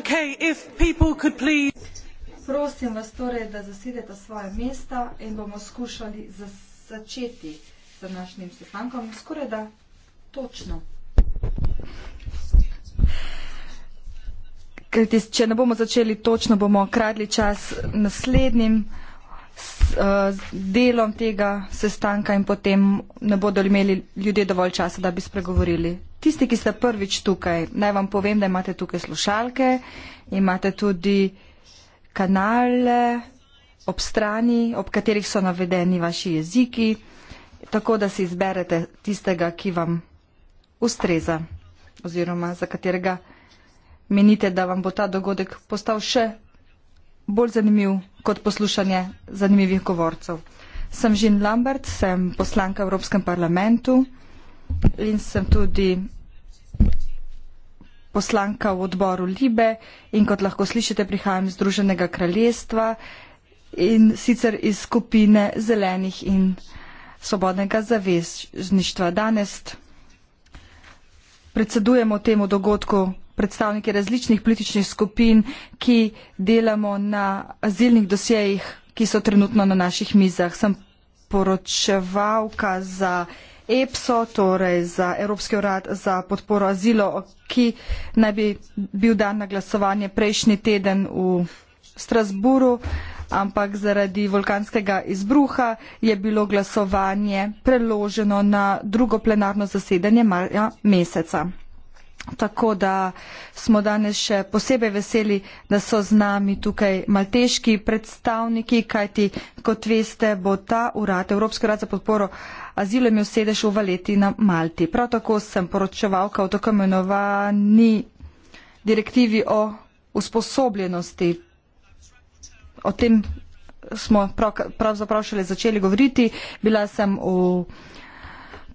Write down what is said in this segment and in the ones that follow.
Okay, if people could please... Prosim vas torej, da zasedete svoje mesta in bomo skušali začeti z današnjim sestankom. Skoraj da točno. Kajti, če ne bomo začeli točno, bomo kradli čas naslednjim uh, delom tega sestanka in potem ne bodo imeli ljudje dovolj časa, da bi spregovorili. Tisti, ki ste prvič tukaj, naj vam povem, da imate tukaj slušalke, imate tudi kanale ob strani, ob katerih so navedeni vaši jeziki, tako da si izberete tistega, ki vam ustreza oziroma za katerega menite, da vam bo ta dogodek postal še bolj zanimiv kot poslušanje zanimivih govorcev. Sem Žin Lambert, sem poslanka v Evropskem parlamentu in sem tudi poslanka v odboru Libe in kot lahko slišite, prihajam iz Združenega kraljestva in sicer iz skupine zelenih in svobodnega zavezništva. Danes predsedujemo temu dogodku predstavniki različnih političnih skupin, ki delamo na azilnih dosjejih, ki so trenutno na naših mizah. Sem poročevalka za EPSO, torej za Evropski urad za podporo azilo, ki naj bi bil dan na glasovanje prejšnji teden v Strasburu, ampak zaradi vulkanskega izbruha je bilo glasovanje preloženo na drugo plenarno zasedanje marja meseca. Tako da smo danes še posebej veseli, da so z nami tukaj malteški predstavniki, kajti kot veste, bo ta urad, Evropski urad za podporo azilu, imel sedež v Valeti na Malti. Prav tako sem poročevalka o tako imenovani direktivi o usposobljenosti. O tem smo pravzaprav prav šele začeli govoriti. Bila sem v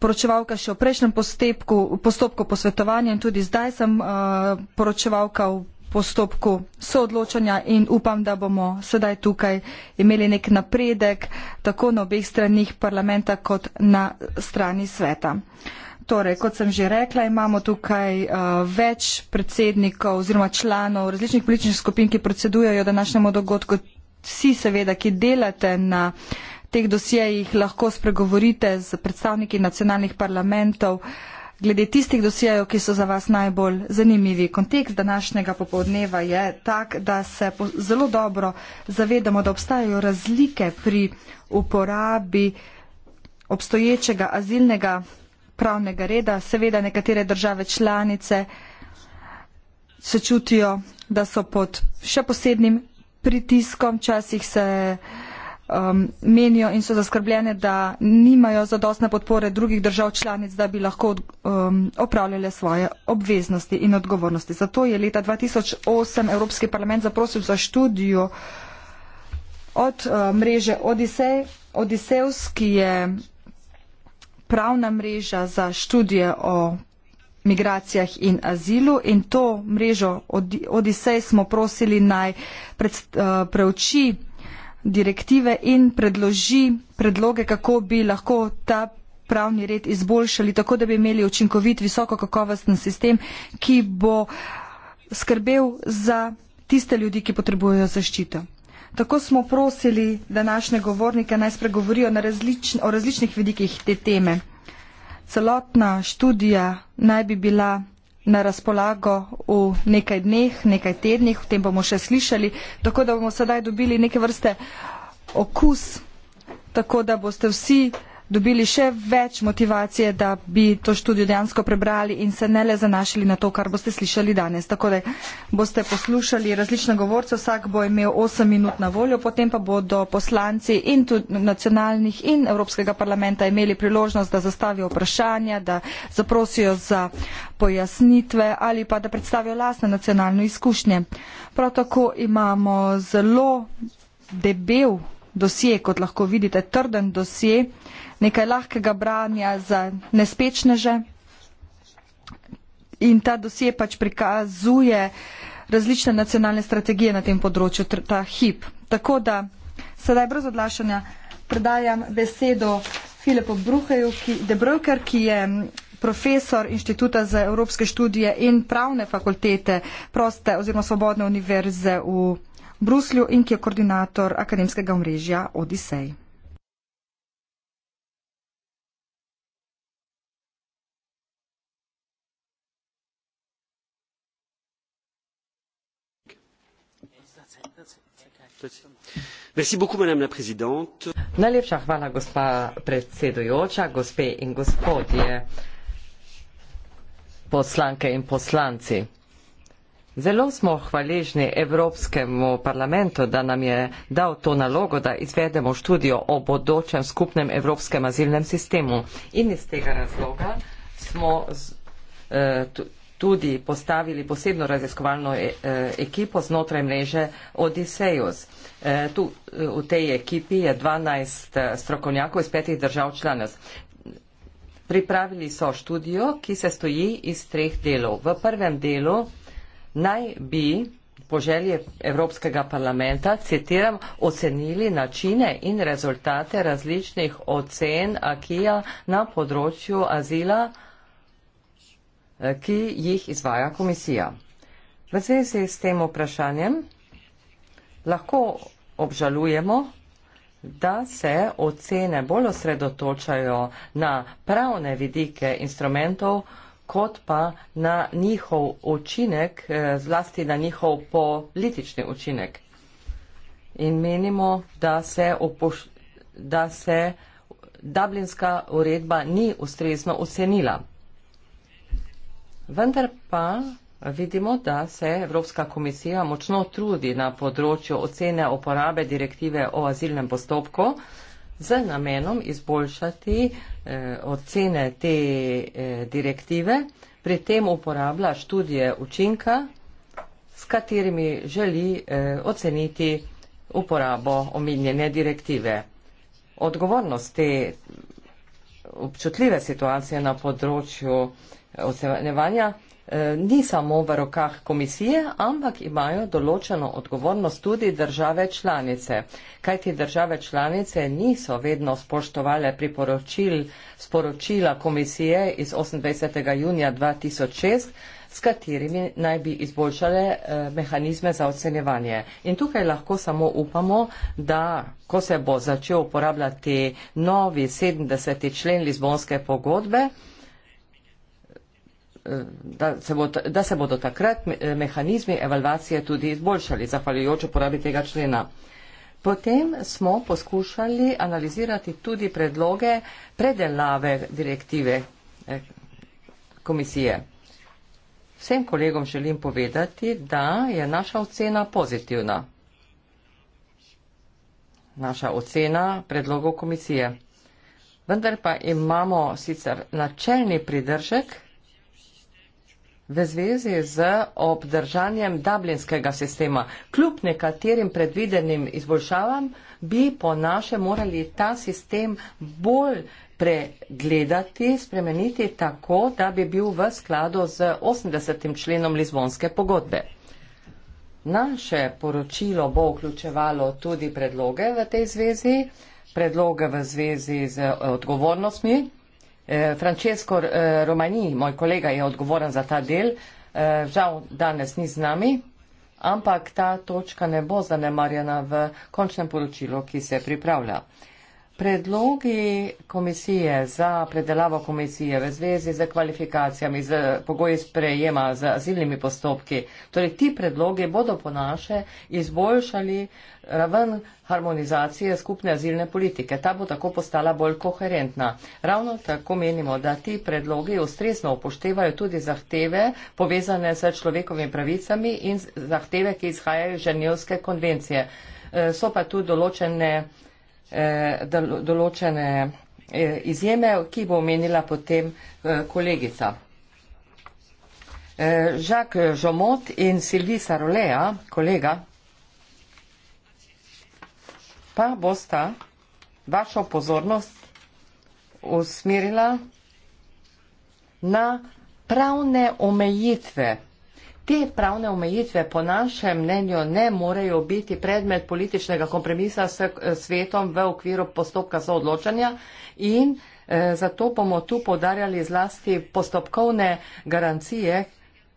poročevalka še v prejšnjem postepku, postopku posvetovanja in tudi zdaj sem uh, poročevalka v postopku soodločanja in upam, da bomo sedaj tukaj imeli nek napredek tako na obeh stranih parlamenta kot na strani sveta. Torej, kot sem že rekla, imamo tukaj uh, več predsednikov oziroma članov različnih političnih skupin, ki predsedujejo današnjemu dogodku. Vsi seveda, ki delate na uh, teh dosjejih lahko spregovorite z predstavniki nacionalnih parlamentov glede tistih dosjejev, ki so za vas najbolj zanimivi. Kontekst današnjega popovdneva je tak, da se zelo dobro zavedamo, da obstajajo razlike pri uporabi obstoječega azilnega pravnega reda. Seveda nekatere države članice se čutijo, da so pod še posebnim pritiskom, včasih se um, menijo in so zaskrbljene, da nimajo zadostne podpore drugih držav članic, da bi lahko um, opravljale svoje obveznosti in odgovornosti. Zato je leta 2008 Evropski parlament zaprosil za študijo od uh, mreže Odisej, Odiseus, ki je pravna mreža za študije o migracijah in azilu in to mrežo Odisej smo prosili naj pred, uh, preuči direktive in predloži predloge, kako bi lahko ta pravni red izboljšali, tako da bi imeli učinkovit, visoko kakovosten sistem, ki bo skrbel za tiste ljudi, ki potrebujejo zaščito. Tako smo prosili današnje govornike naj spregovorijo različ o različnih vidikih te teme. Celotna študija naj bi bila na razpolago v nekaj dneh, nekaj tednih, v tem bomo še slišali, tako da bomo sedaj dobili neke vrste okus, tako da boste vsi dobili še več motivacije, da bi to študijo dejansko prebrali in se ne le zanašali na to, kar boste slišali danes. Tako da boste poslušali različne govorce, vsak bo imel 8 minut na voljo, potem pa bodo poslanci in tudi nacionalnih in Evropskega parlamenta imeli priložnost, da zastavijo vprašanja, da zaprosijo za pojasnitve ali pa da predstavijo lasne nacionalne izkušnje. Prav tako imamo zelo debel dosje, kot lahko vidite, trden dosje, nekaj lahkega branja za nespečneže. In ta dosje pač prikazuje različne nacionalne strategije na tem področju, ta hip. Tako da sedaj brez odlašanja predajam besedo Filipu Bruheju, ki, Debrojker, ki je profesor Inštituta za evropske študije in pravne fakultete proste oziroma svobodne univerze v Bruslju in ki je koordinator akademskega omrežja Odisej. Madame la présidente. Najlepša hvala, gospa predsedujoča, gospe in gospodje, poslanke in poslanci. Zelo smo hvaležni Evropskemu parlamentu, da nam je dal to nalogo, da izvedemo študijo o bodočem skupnem evropskem azilnem sistemu. In iz tega razloga smo eh, tudi postavili posebno raziskovalno eh, ekipo znotraj mreže Odiseus. Eh, tu eh, v tej ekipi je 12 eh, strokovnjakov iz petih držav članic. Pripravili so študijo, ki se stoji iz treh delov. V prvem delu naj bi po želji Evropskega parlamenta, citiram, ocenili načine in rezultate različnih ocen AKIA na področju azila, ki jih izvaja komisija. V zvezi s tem vprašanjem lahko obžalujemo, da se ocene bolj osredotočajo na pravne vidike instrumentov, kot pa na njihov učinek, eh, zlasti na njihov politični učinek. In menimo, da se, upoš da se Dublinska uredba ni ustrezno ocenila. Vendar pa Vidimo, da se Evropska komisija močno trudi na področju ocene uporabe direktive o azilnem postopku z namenom izboljšati eh, ocene te eh, direktive, pri tem uporablja študije učinka, s katerimi želi eh, oceniti uporabo omenjene direktive. Odgovornost te eh, občutljive situacije na področju eh, ocenevanja Eh, ni samo v rokah komisije, ampak imajo določeno odgovornost tudi države članice. Kaj ti države članice niso vedno spoštovale priporočil sporočila komisije iz 28. junija 2006, s katerimi naj bi izboljšale eh, mehanizme za ocenjevanje. In tukaj lahko samo upamo, da ko se bo začel uporabljati novi 70. člen Lizbonske pogodbe, da se, bo, da se bodo takrat eh, mehanizmi evalvacije tudi izboljšali, zahvaljujoč uporabi tega člena. Potem smo poskušali analizirati tudi predloge predelave direktive eh, komisije. Vsem kolegom želim povedati, da je naša ocena pozitivna. Naša ocena predlogov komisije. Vendar pa imamo sicer načelni pridržek, v zvezi z obdržanjem dublinskega sistema. Kljub nekaterim predvidenim izboljšavam bi po našem morali ta sistem bolj pregledati, spremeniti tako, da bi bil v skladu z 80. členom Lizbonske pogodbe. Naše poročilo bo vključevalo tudi predloge v tej zvezi, predloge v zvezi z odgovornostmi, Eh, Francesco eh, Romani, moj kolega, je odgovoren za ta del. Eh, žal danes ni z nami, ampak ta točka ne bo zanemarjena v končnem poročilu, ki se pripravlja. Predlogi komisije za predelavo komisije v zvezi z kvalifikacijami, z pogoji sprejema, z azilnimi postopki, torej ti predlogi bodo po naše izboljšali raven harmonizacije skupne azilne politike. Ta bo tako postala bolj koherentna. Ravno tako menimo, da ti predlogi ustrezno upoštevajo tudi zahteve povezane s človekovimi pravicami in zahteve, ki izhajajo iz Ženevske konvencije. E, so pa tu določene Eh, določene eh, izjeme, ki bo omenila potem eh, kolegica. Jacques Jomot in Sylvie Sarolea, kolega, pa bosta vašo pozornost usmerila na pravne omejitve Te pravne omejitve po našem mnenju ne morejo biti predmet političnega kompromisa s eh, svetom v okviru postopka soodločanja in eh, zato bomo tu podarjali zlasti postopkovne garancije,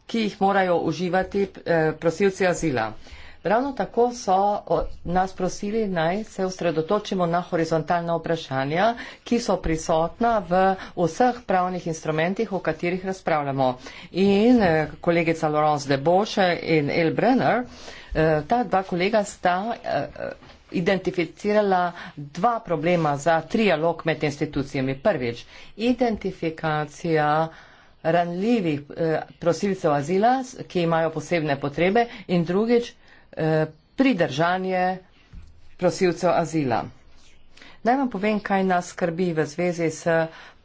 ki jih morajo uživati eh, prosilci azila. Eh, Ravno tako so nas prosili naj se osredotočimo na horizontalna vprašanja, ki so prisotna v vseh pravnih instrumentih, o katerih razpravljamo. In eh, kolegica Laurence de Boche in El Brenner, eh, ta dva kolega sta eh, identificirala dva problema za trialog med institucijami. Prvič, identifikacija ranljivih prosilcev azila, ki imajo posebne potrebe in drugič, Eh, pridržanje prosilcev azila. Naj vam povem, kaj nas skrbi v zvezi s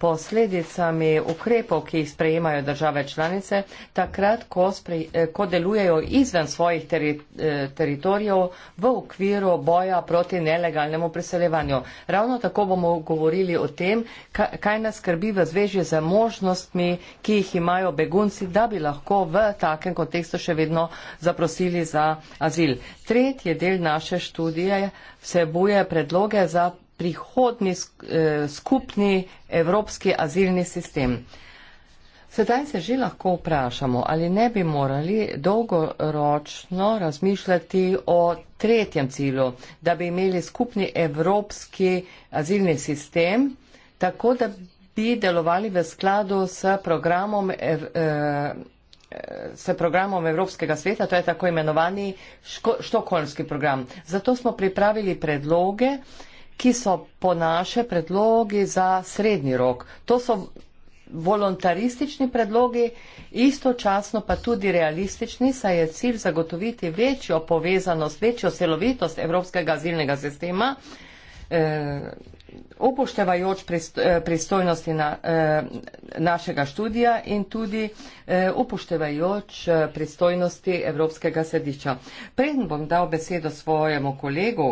posledicami ukrepov, ki jih sprejemajo države članice, takrat, ko, sprej, eh, ko delujejo izven svojih teri, eh, teritorijev v okviru boja proti nelegalnemu priseljevanju. Ravno tako bomo govorili o tem, kaj nas skrbi v zvezi z možnostmi, ki jih imajo begunci, da bi lahko v takem kontekstu še vedno zaprosili za azil. Tretji del naše študije vsebuje predloge za prihodni eh, skupni evropski azilni sistem. Sedaj se že lahko vprašamo, ali ne bi morali dolgoročno razmišljati o tretjem cilju, da bi imeli skupni evropski azilni sistem, tako da bi delovali v skladu s programom, eh, s programom Evropskega sveta, to je tako imenovani štokholmski program. Zato smo pripravili predloge, ki so po naše predlogi za srednji rok. To so voluntaristični predlogi, istočasno pa tudi realistični, saj je cilj zagotoviti večjo povezanost, večjo celovitost Evropskega azilnega sistema, eh, upoštevajoč eh, pristojnosti na, eh, našega študija in tudi eh, upoštevajoč eh, pristojnosti Evropskega sedišča. Preden bom dal besedo svojemu kolegu,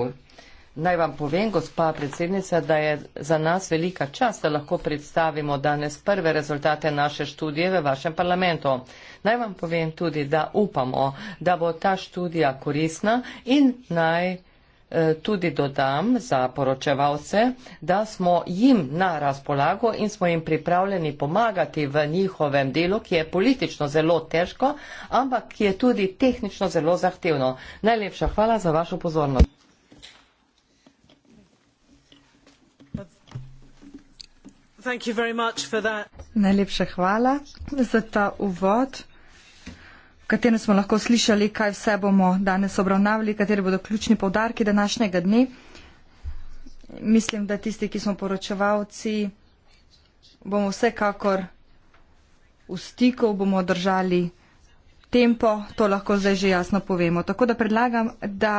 Naj vam povem, gospa predsednica, da je za nas velika čas, da lahko predstavimo danes prve rezultate naše študije v vašem parlamentu. Naj vam povem tudi, da upamo, da bo ta študija korisna in naj eh, tudi dodam za poročevalce, da smo jim na razpolago in smo jim pripravljeni pomagati v njihovem delu, ki je politično zelo težko, ampak ki je tudi tehnično zelo zahtevno. Najlepša hvala za vašo pozornost. Najlepša hvala za ta uvod, v katerem smo lahko slišali, kaj vse bomo danes obravnavali, kateri bodo ključni povdarki današnjega dne. Mislim, da tisti, ki smo poročevalci, bomo vsekakor v stiku, bomo držali tempo, to lahko zdaj že jasno povemo. Tako da predlagam, da.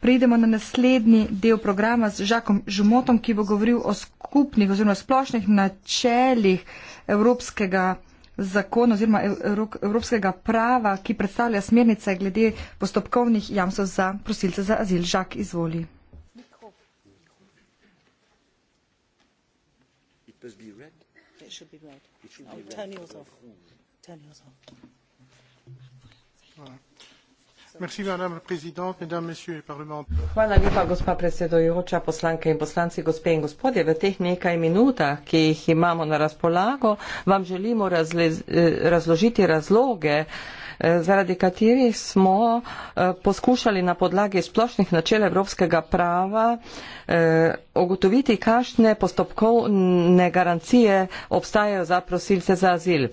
Preidemo na naslednji del programa z Žakom Žumotom, ki bo govoril o skupnih oziroma splošnih načelih evropskega zakona oziroma evropskega prava, ki predstavlja smernice glede postopkovnih jamstv za prosilce za azil. Žak, izvoli. Hvala. Hvala lepa, gospa predsedojoča, poslanke in poslanci, gospe in gospodje. V teh nekaj minutah, ki jih imamo na razpolago, vam želimo razle, eh, razložiti razloge, eh, zaradi katerih smo eh, poskušali na podlagi splošnih načel evropskega prava ogotoviti, kakšne postopkovne garancije obstajajo za prosilce za azil.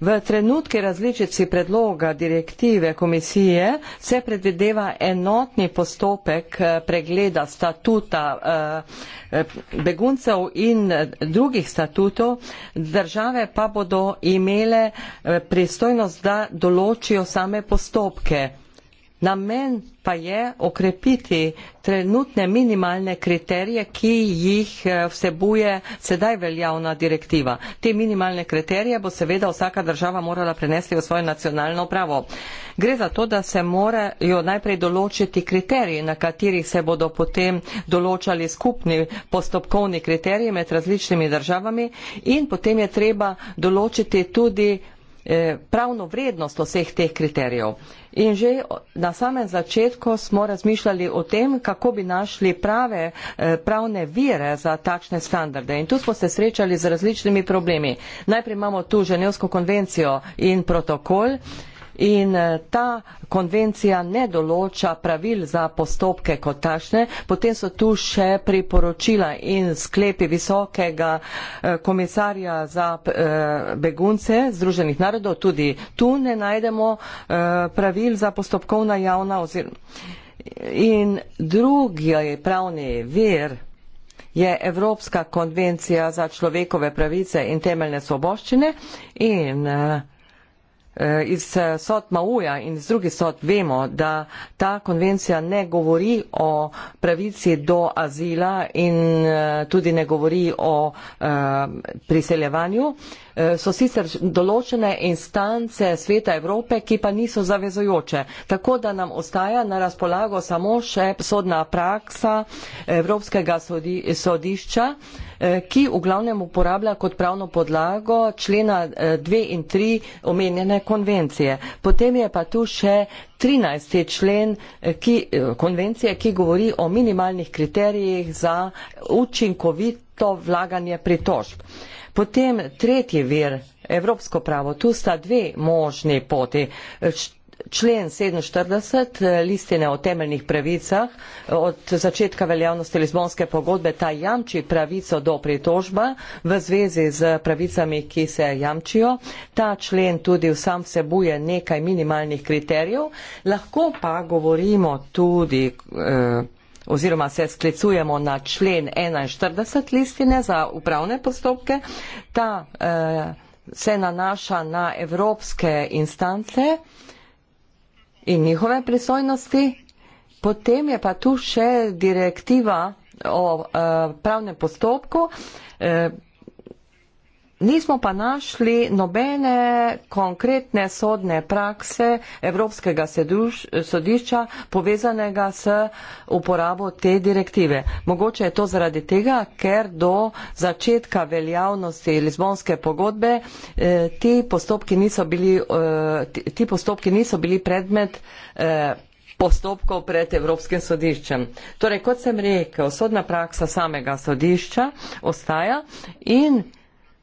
V trenutke različici predloga direktive komisije se predvideva enotni postopek eh, pregleda statuta eh, eh, beguncev in drugih statutov, države pa bodo imele pristojnost, da določijo same postopke Namen pa je okrepiti trenutne minimalne kriterije, ki jih eh, vsebuje sedaj veljavna direktiva. Te minimalne kriterije bo seveda vsaka država morala prenesti v svojo nacionalno pravo. Gre za to, da se morajo najprej določiti kriteriji, na katerih se bodo potem določali skupni postopkovni kriteriji med različnimi državami in potem je treba določiti tudi eh, pravno vrednost vseh teh kriterijev. In že na samem začetku smo razmišljali o tem, kako bi našli prave eh, pravne vire za takšne standarde. In tu smo se srečali z različnimi problemi. Najprej imamo tu Ženevsko konvencijo in protokol in eh, ta konvencija ne določa pravil za postopke kot tašne, potem so tu še priporočila in sklepi visokega eh, komisarja za eh, begunce Združenih narodov, tudi tu ne najdemo pravil za postopkovna javna oziroma. In drugi pravni vir je Evropska konvencija za človekove pravice in temeljne svoboščine in uh, Eh, iz eh, sod Mauja in iz drugih sod vemo, da ta konvencija ne govori o pravici do azila in eh, tudi ne govori o priseljevanju. So sicer določene instance sveta Evrope, ki pa niso zavezojoče. Tako da nam ostaja na razpolago samo še sodna praksa Evropskega sodišča. Sodi Eh, ki v glavnem uporablja kot pravno podlago člena 2 eh, in 3 omenjene konvencije. Potem je pa tu še 13. člen eh, ki, konvencije, ki govori o minimalnih kriterijih za učinkovito vlaganje pritožb. Potem tretji vir, evropsko pravo, tu sta dve možni poti člen sedemštirideset eh, listine o temeljnih pravicah eh, od začetka veljavnosti lizbonske pogodbe ta jamči pravico do pritožba v zvezi z pravicami, ki se jamčijo. Ta člen tudi sam vsebuje nekaj minimalnih kriterijev, lahko pa govorimo tudi eh, oziroma se sklicujemo na člen 41 listine za upravne postopke. Ta se nanaša na evropske instance, in njihove pristojnosti. Potem je pa tu še direktiva o uh, pravnem postopku. Uh, Nismo pa našli nobene konkretne sodne prakse Evropskega seduš, sodišča povezanega s uporabo te direktive. Mogoče je to zaradi tega, ker do začetka veljavnosti Lizbonske pogodbe eh, ti postopki niso bili, eh, ti postopki niso bili predmet eh, postopkov pred Evropskim sodiščem. Torej, kot sem rekel, sodna praksa samega sodišča ostaja in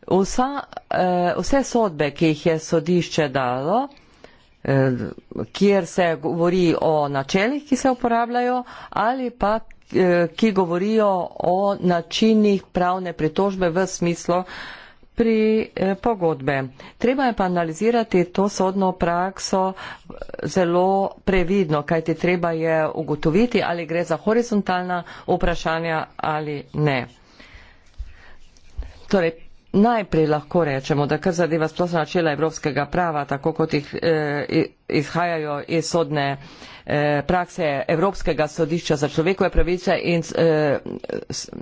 vsa, eh, vse sodbe, ki jih je sodišče dalo, eh, kjer se govori o načelih, ki se uporabljajo, ali pa eh, ki govorijo o načinih pravne pritožbe v smislu pri eh, pogodbe. Treba je pa analizirati to sodno prakso zelo previdno, kajti treba je ugotoviti, ali gre za horizontalna vprašanja ali ne. Torej, Najprej lahko rečemo, da kar zadeva splošna načela evropskega prava, tako kot jih eh, izhajajo iz sodne eh, prakse Evropskega sodišča za človekove pravice in eh,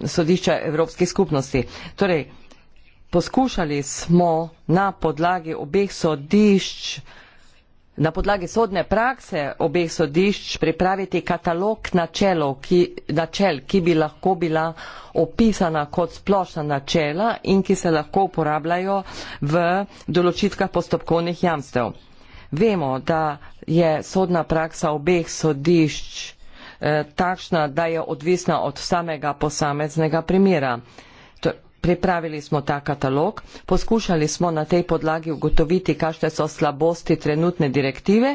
sodišča Evropskih skupnosti. Torej, poskušali smo na podlagi obeh sodišč eh, na podlagi sodne prakse obeh sodišč pripraviti katalog načelov, ki, načel, ki bi lahko bila opisana kot splošna načela in ki se lahko uporabljajo v določitkah postopkovnih jamstev. Vemo, da je sodna praksa obeh sodišč eh, takšna, da je odvisna od samega posameznega primera. Eh, pripravili smo ta katalog, poskušali smo na tej podlagi ugotoviti, kakšne so slabosti trenutne direktive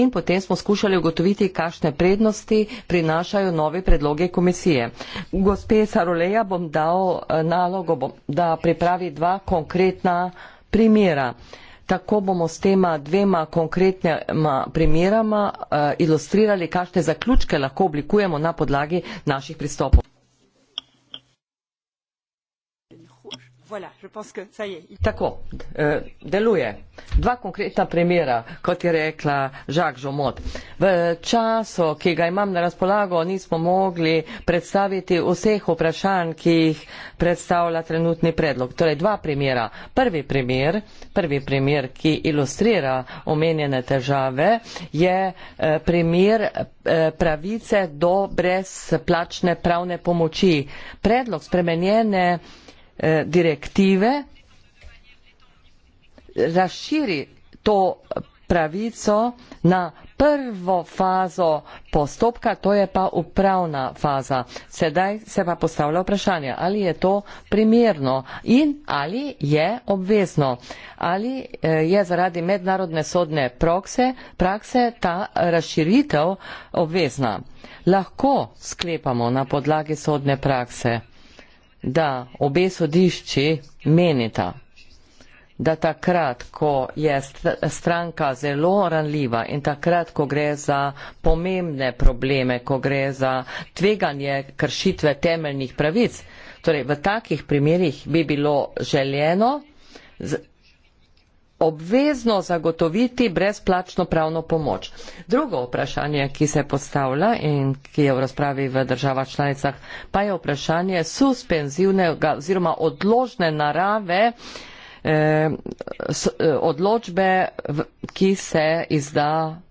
in potem smo skušali ugotoviti, kakšne prednosti prinašajo nove predloge komisije. Gospe Saroleja bom dal eh, nalogo, da pripravi dva konkretna primera. Tako bomo s tema dvema konkretnima primerama uh, ilustrirali, kakšne zaključke lahko oblikujemo na podlagi naših pristopov. Tako, eh, deluje. Dva konkretna primera, kot je rekla Žak Žomot. V času, ki ga imam na razpolago, nismo mogli predstaviti vseh vprašanj, ki jih predstavlja trenutni predlog. Torej, dva primera. Prvi primer, prvi primer ki ilustrira omenjene težave, je eh, primer eh, pravice do brezplačne pravne pomoči. Predlog spremenjene Eh, direktive razširi to pravico na prvo fazo postopka, to je pa upravna faza. Sedaj se pa postavlja vprašanje, ali je to primerno in ali je obvezno, ali eh, je zaradi mednarodne sodne prokse, prakse ta razširitev obvezna. Lahko sklepamo na podlagi sodne prakse da obe sodišči menita, da takrat, ko je stranka zelo ranljiva in takrat, ko gre za pomembne probleme, ko gre za tveganje kršitve temeljnih pravic, torej v takih primerjih bi bilo želeno obvezno zagotoviti brezplačno pravno pomoč. Drugo vprašanje, ki se postavlja in ki je v razpravi v državah članicah, pa je vprašanje suspenzivnega oziroma odložne narave eh, eh odločbe, ki se izda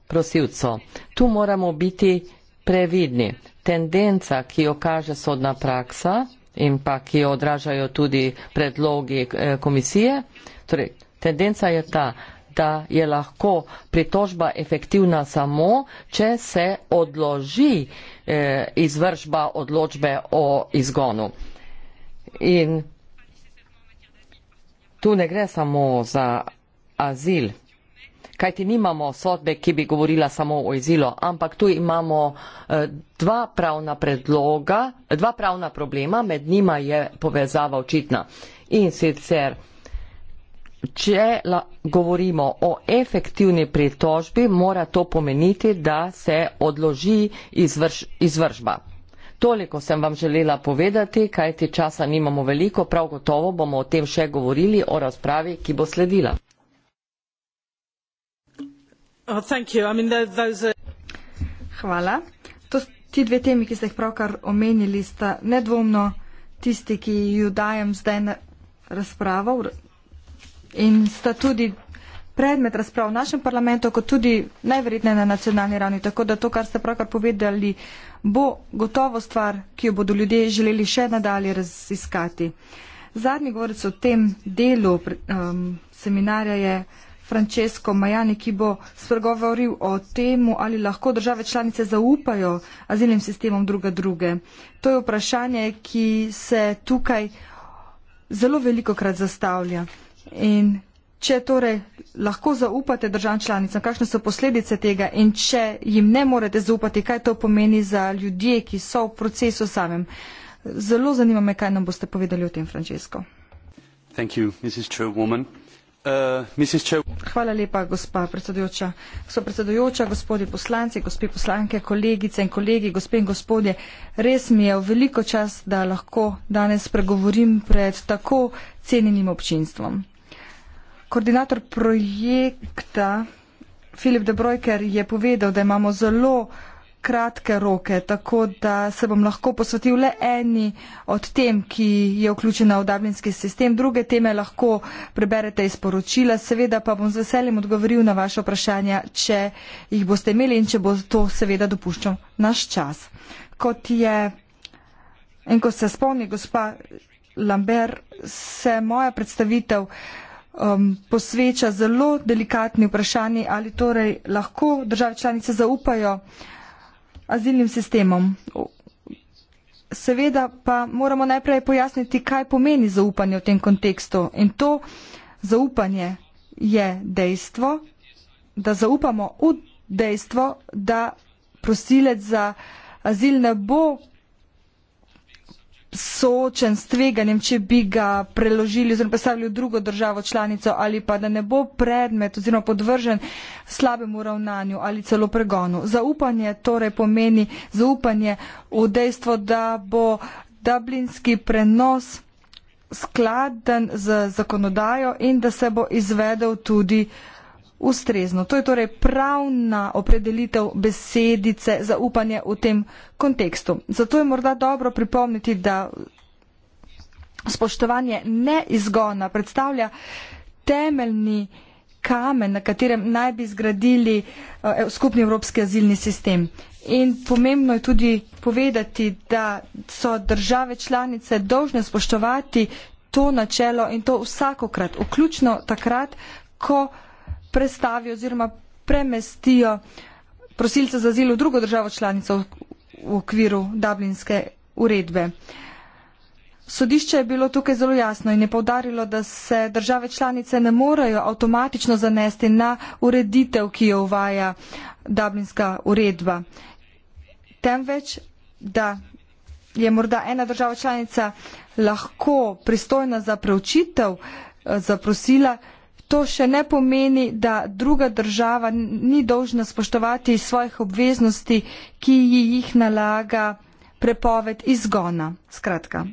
prosilcu. Tu moramo biti previdni. Tendenca, ki jo kaže sodna praksa in pa ki jo odražajo tudi predlogi eh, komisije, torej Tendenca je ta, da je lahko pritožba efektivna samo, če se odloži eh, izvršba odločbe o izgonu. In tu ne gre samo za azil, kajti nimamo sodbe, ki bi govorila samo o azilu, ampak tu imamo eh, dva pravna predloga, dva pravna problema, med njima je povezava očitna. In sicer Če la, govorimo o efektivni pritožbi, mora to pomeniti, da se odloži izvrš, izvršba. Toliko sem vam želela povedati, kajti časa nimamo veliko, prav gotovo bomo o tem še govorili, o razpravi, ki bo sledila. Oh, Hvala. To, ti dve temi, ki ste jih pravkar omenili, sta nedvomno tisti, ki ju dajem zdaj na razpravo, in sta tudi predmet razprav v našem parlamentu, kot tudi najverjetne na nacionalni ravni. Tako da to, kar ste pravkar povedali, bo gotovo stvar, ki jo bodo ljudje želeli še nadalje raziskati. Zadnji govorec o tem delu um, seminarja je Francesco Majani, ki bo spregovoril o temu, ali lahko države članice zaupajo azilnim sistemom druga druge. To je vprašanje, ki se tukaj zelo veliko krat zastavlja. In če torej lahko zaupate državam članicam, kakšne so posledice tega in če jim ne morete zaupati, kaj to pomeni za ljudje, ki so v procesu samem. Zelo zanima me, kaj nam boste povedali o tem, Francesko. Uh, Hvala lepa, gospa predsedujoča. Gospa predsedujoča, gospodje poslanci, gospe poslanke, kolegice in kolegi, gospe in gospodje, res mi je veliko čas, da lahko danes pregovorim pred tako cenjenim občinstvom. Koordinator projekta Filip Debrojker je povedal, da imamo zelo kratke roke, tako da se bom lahko posvetil le eni od tem, ki je vključena v dablinski sistem. Druge teme lahko preberete iz poročila, seveda pa bom z veseljem odgovoril na vaše vprašanja, če jih boste imeli in če bo to seveda dopuščal naš čas. Kot je, in ko se spomni gospa Lambert, se moja predstavitev um, posveča zelo delikatni vprašanji, ali torej lahko države članice zaupajo azilnim sistemom. Seveda pa moramo najprej pojasniti, kaj pomeni zaupanje v tem kontekstu. In to zaupanje je dejstvo, da zaupamo v dejstvo, da prosilec za azil ne bo soočen s tveganjem, če bi ga preložili oziroma postavili v drugo državo članico ali pa da ne bo predmet oziroma podvržen slabemu ravnanju ali celo pregonu. Zaupanje torej pomeni zaupanje v dejstvo, da bo dublinski prenos skladen z zakonodajo in da se bo izvedel tudi uh, ustrezno. To je torej pravna opredelitev besedice zaupanje v tem kontekstu. Zato je morda dobro pripomniti, da spoštovanje neizgona predstavlja temeljni kamen, na katerem naj bi zgradili eh, skupni evropski azilni sistem. In pomembno je tudi povedati, da so države članice dožne spoštovati to načelo in to vsakokrat, vključno takrat, ko prestavi oziroma premestijo prosilca za zilo v drugo državo članico v okviru Dublinske uredbe. Sodišče je bilo tukaj zelo jasno in je povdarilo, da se države članice ne morejo avtomatično zanesti na ureditev, ki jo uvaja Dublinska uredba. Temveč, da je morda ena država članica lahko pristojna za preučitev, eh, za prosila, To še ne pomeni, da druga država ni dolžna spoštovati svojih obveznosti, ki jih nalaga prepoved izgona. Skratka,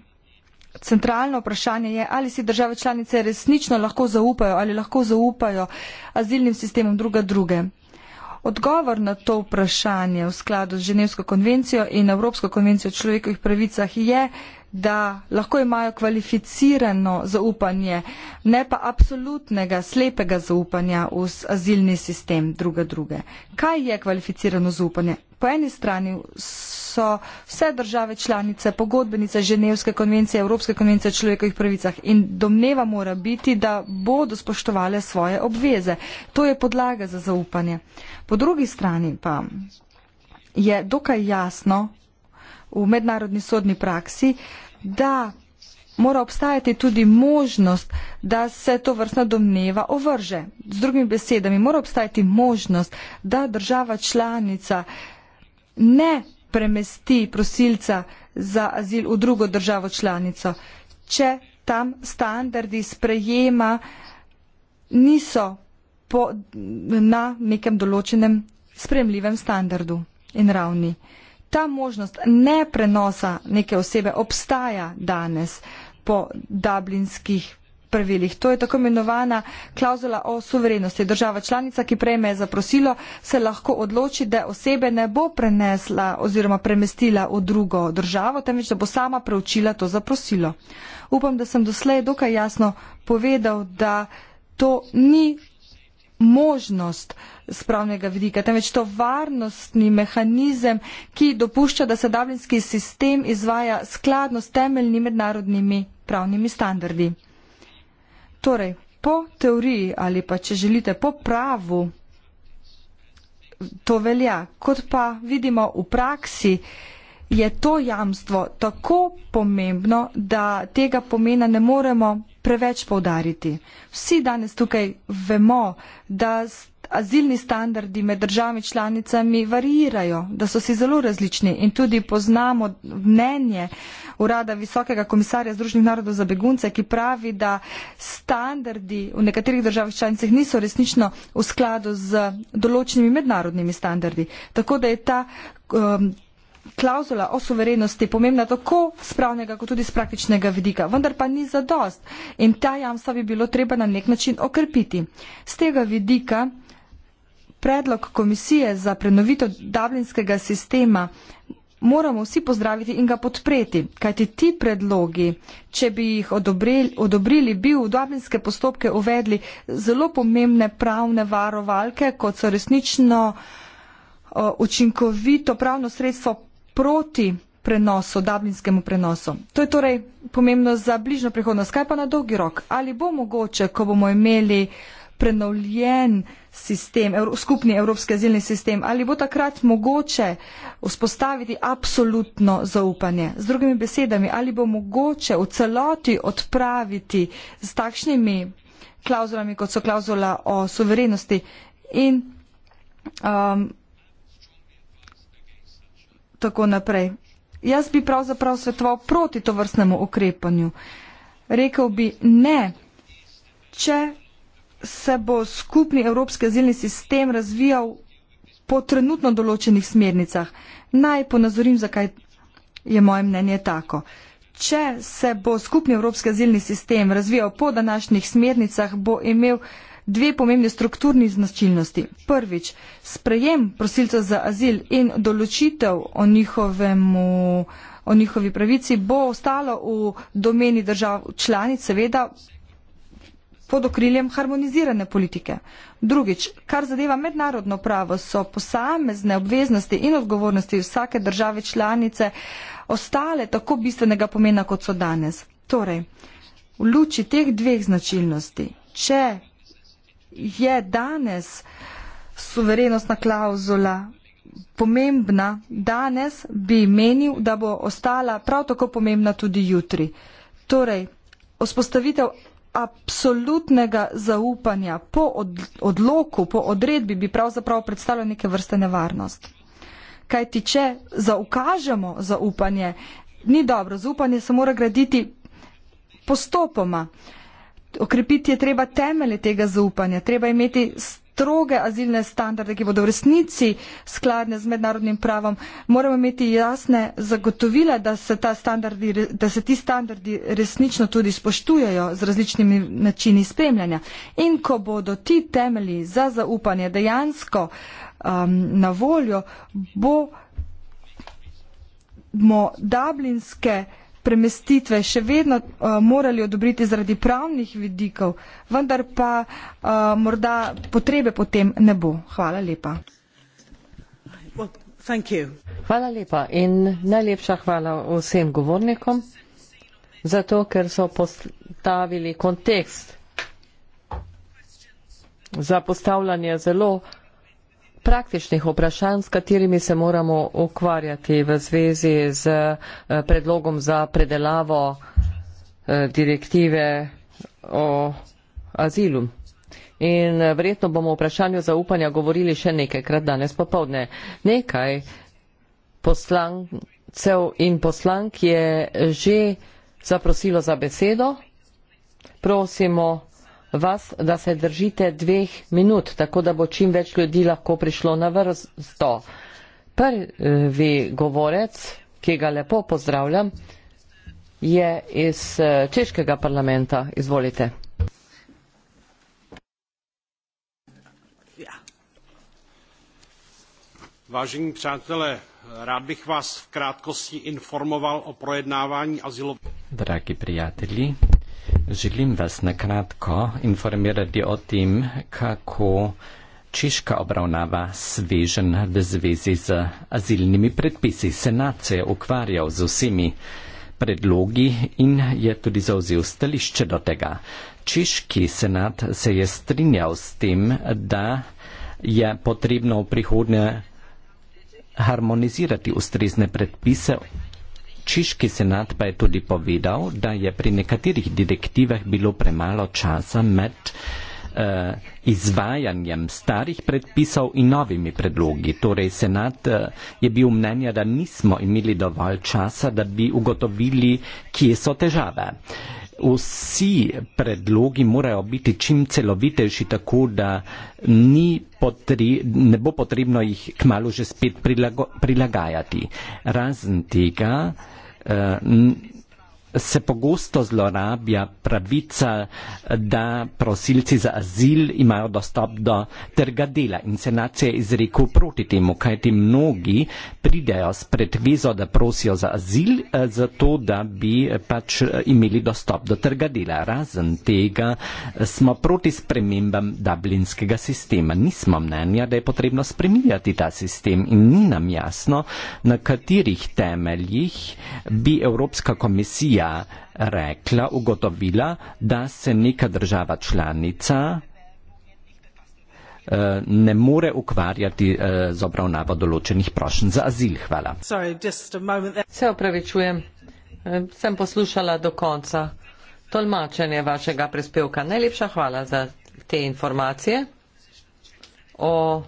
centralno vprašanje je, ali si države članice resnično lahko zaupajo ali lahko zaupajo azilnim sistemom druga druge. Odgovor na to vprašanje v skladu z Ženevsko konvencijo in Evropsko konvencijo o človekovih pravicah je, da lahko imajo kvalificirano zaupanje, ne pa absolutnega, slepega zaupanja v azilni sistem druga druge. Kaj je kvalificirano zaupanje? Po eni strani so vse države članice, pogodbenice Ženevske konvencije, Evropske konvencije o človekovih pravicah in domneva mora biti, da bodo spoštovale svoje obveze. To je podlaga za zaupanje. Po drugi strani pa je dokaj jasno, v mednarodni sodni praksi, da mora obstajati tudi možnost, da se to vrstna domneva ovrže. Z drugimi besedami, mora obstajati možnost, da država članica ne premesti prosilca za azil v drugo državo članico, če tam standardi sprejema niso po, na nekem določenem spremljivem standardu in ravni ta možnost ne prenosa neke osebe obstaja danes po dublinskih pravilih. To je tako imenovana klauzula o suverenosti. Država članica, ki prejme zaprosilo, se lahko odloči, da osebe ne bo prenesla oziroma premestila v drugo državo, temveč da bo sama preučila to zaprosilo. Upam, da sem doslej dokaj jasno povedal, da to ni možnost spravnega vidika, temveč to varnostni mehanizem, ki dopušča, da se davljinski sistem izvaja skladno s temeljnimi mednarodnimi pravnimi standardi. Torej, po teoriji ali pa, če želite, po pravu to velja, kot pa vidimo v praksi, je to jamstvo tako pomembno, da tega pomena ne moremo preveč povdariti. Vsi danes tukaj vemo, da azilni standardi med državami članicami varirajo, da so si zelo različni in tudi poznamo mnenje Urada Visokega komisarja Združenih narodov za begunce, ki pravi, da standardi v nekaterih državah članicah niso resnično v skladu z določenimi mednarodnimi standardi. Tako da je ta um, klauzula o suverenosti pomembna tako z pravnega, kot tudi z praktičnega vidika, vendar pa ni zadost in ta jamstva bi bilo treba na nek način okrepiti. Z tega vidika predlog komisije za prenovitev dablinskega sistema moramo vsi pozdraviti in ga podpreti, kajti ti predlogi, če bi jih odobrili, odobrili bi v dablinske postopke uvedli zelo pomembne pravne varovalke, kot so resnično učinkovito pravno sredstvo proti prenosu, dublinskemu prenosu. To je torej pomembno za bližnjo prihodnost. Kaj pa na dolgi rok? Ali bo mogoče, ko bomo imeli prenovljen sistem, evro, skupni evropski azilni sistem, ali bo takrat mogoče vzpostaviti absolutno zaupanje? Z drugimi besedami, ali bo mogoče v celoti odpraviti z takšnimi klauzulami, kot so klauzula o suverenosti in um, tako naprej. Jaz bi pravzaprav svetoval proti to vrstnemu ukrepanju. Rekel bi ne, če se bo skupni evropski azilni sistem razvijal po trenutno določenih smernicah. Naj ponazorim, zakaj je moje mnenje tako. Če se bo skupni evropski azilni sistem razvijal po današnjih smernicah, bo imel dve pomembni strukturni značilnosti. Prvič, sprejem prosilcev za azil in določitev o njihovemu o njihovi pravici bo ostalo v domeni držav članic, seveda pod okriljem harmonizirane politike. Drugič, kar zadeva mednarodno pravo, so posamezne obveznosti in odgovornosti vsake države članice ostale tako bistvenega pomena, kot so danes. Torej, v luči teh dveh značilnosti, če je danes suverenostna klauzula pomembna, danes bi menil, da bo ostala prav tako pomembna tudi jutri. Torej, vzpostavitev absolutnega zaupanja po odloku, po odredbi bi pravzaprav predstavljala neke vrste nevarnost. Kaj ti, če zaukažemo zaupanje, ni dobro, zaupanje se mora graditi postopoma. Uh, Okrepiti je treba temelje tega zaupanja, treba imeti stroge azilne standarde, ki bodo v resnici skladne z mednarodnim pravom. Moramo imeti jasne zagotovila, da se, standardi, da se ti standardi resnično tudi spoštujejo z različnimi načini spremljanja. In ko bodo ti temelji za zaupanje dejansko um, na voljo, bomo dablinske premestitve še vedno uh, morali odobriti zaradi pravnih vidikov, vendar pa uh, morda potrebe potem ne bo. Hvala lepa. Hvala lepa in najlepša hvala vsem govornikom za to, ker so postavili kontekst za postavljanje zelo praktičnih vprašanj, s katerimi se moramo ukvarjati v zvezi z eh, predlogom za predelavo eh, direktive o azilu. In eh, verjetno bomo o vprašanju zaupanja govorili še nekajkrat danes popovdne. Nekaj poslancev in poslank je že zaprosilo za besedo. Prosimo vas, da se držite dveh minut, tako da bo čim več ljudi lahko prišlo na vrsto. Prvi govorec, ki ga lepo pozdravljam, je iz eh, Češkega parlamenta. Izvolite. Ja. Vážení přátelé, rád bych vás v krátkosti informoval o projednávání azylového. Dragi prijatelji, Želim vas na kratko informirati o tem, kako Češka obravnava svežen v zvezi z azilnimi predpisi. Senat se je ukvarjal z vsemi predlogi in je tudi zauzel stališče do tega. Češki senat se je strinjal s tem, da je potrebno v prihodnje harmonizirati ustrezne predpise Češki senat pa je tudi povedal, da je pri nekaterih direktivah bilo premalo časa med eh, izvajanjem starih predpisov in novimi predlogi. Torej, senat eh, je bil mnenja, da nismo imeli dovolj časa, da bi ugotovili, kje so težave. Eh, vsi predlogi morajo biti čim celovitejši, tako da ni potri, ne bo potrebno jih kmalo že spet prilago, prilagajati. Razen tega, uh, se pogosto zlorablja pravica, da prosilci za azil imajo dostop do trga dela in senacija je izrekel proti temu, kajti mnogi pridejo s pretvizo, da prosijo za azil, eh, zato da bi eh, pač eh, imeli dostop do trga dela. Razen tega smo proti spremembam dublinskega sistema. Nismo mnenja, da je potrebno spremljati ta sistem in ni nam jasno, na katerih temeljih bi Evropska komisija komisija rekla, ugotovila, da se neka država članica eh, ne more ukvarjati eh, z obravnavo določenih prošenj za azil. Hvala. Se opravičujem, eh, sem poslušala do konca tolmačenje vašega prispevka. Najlepša hvala za te informacije o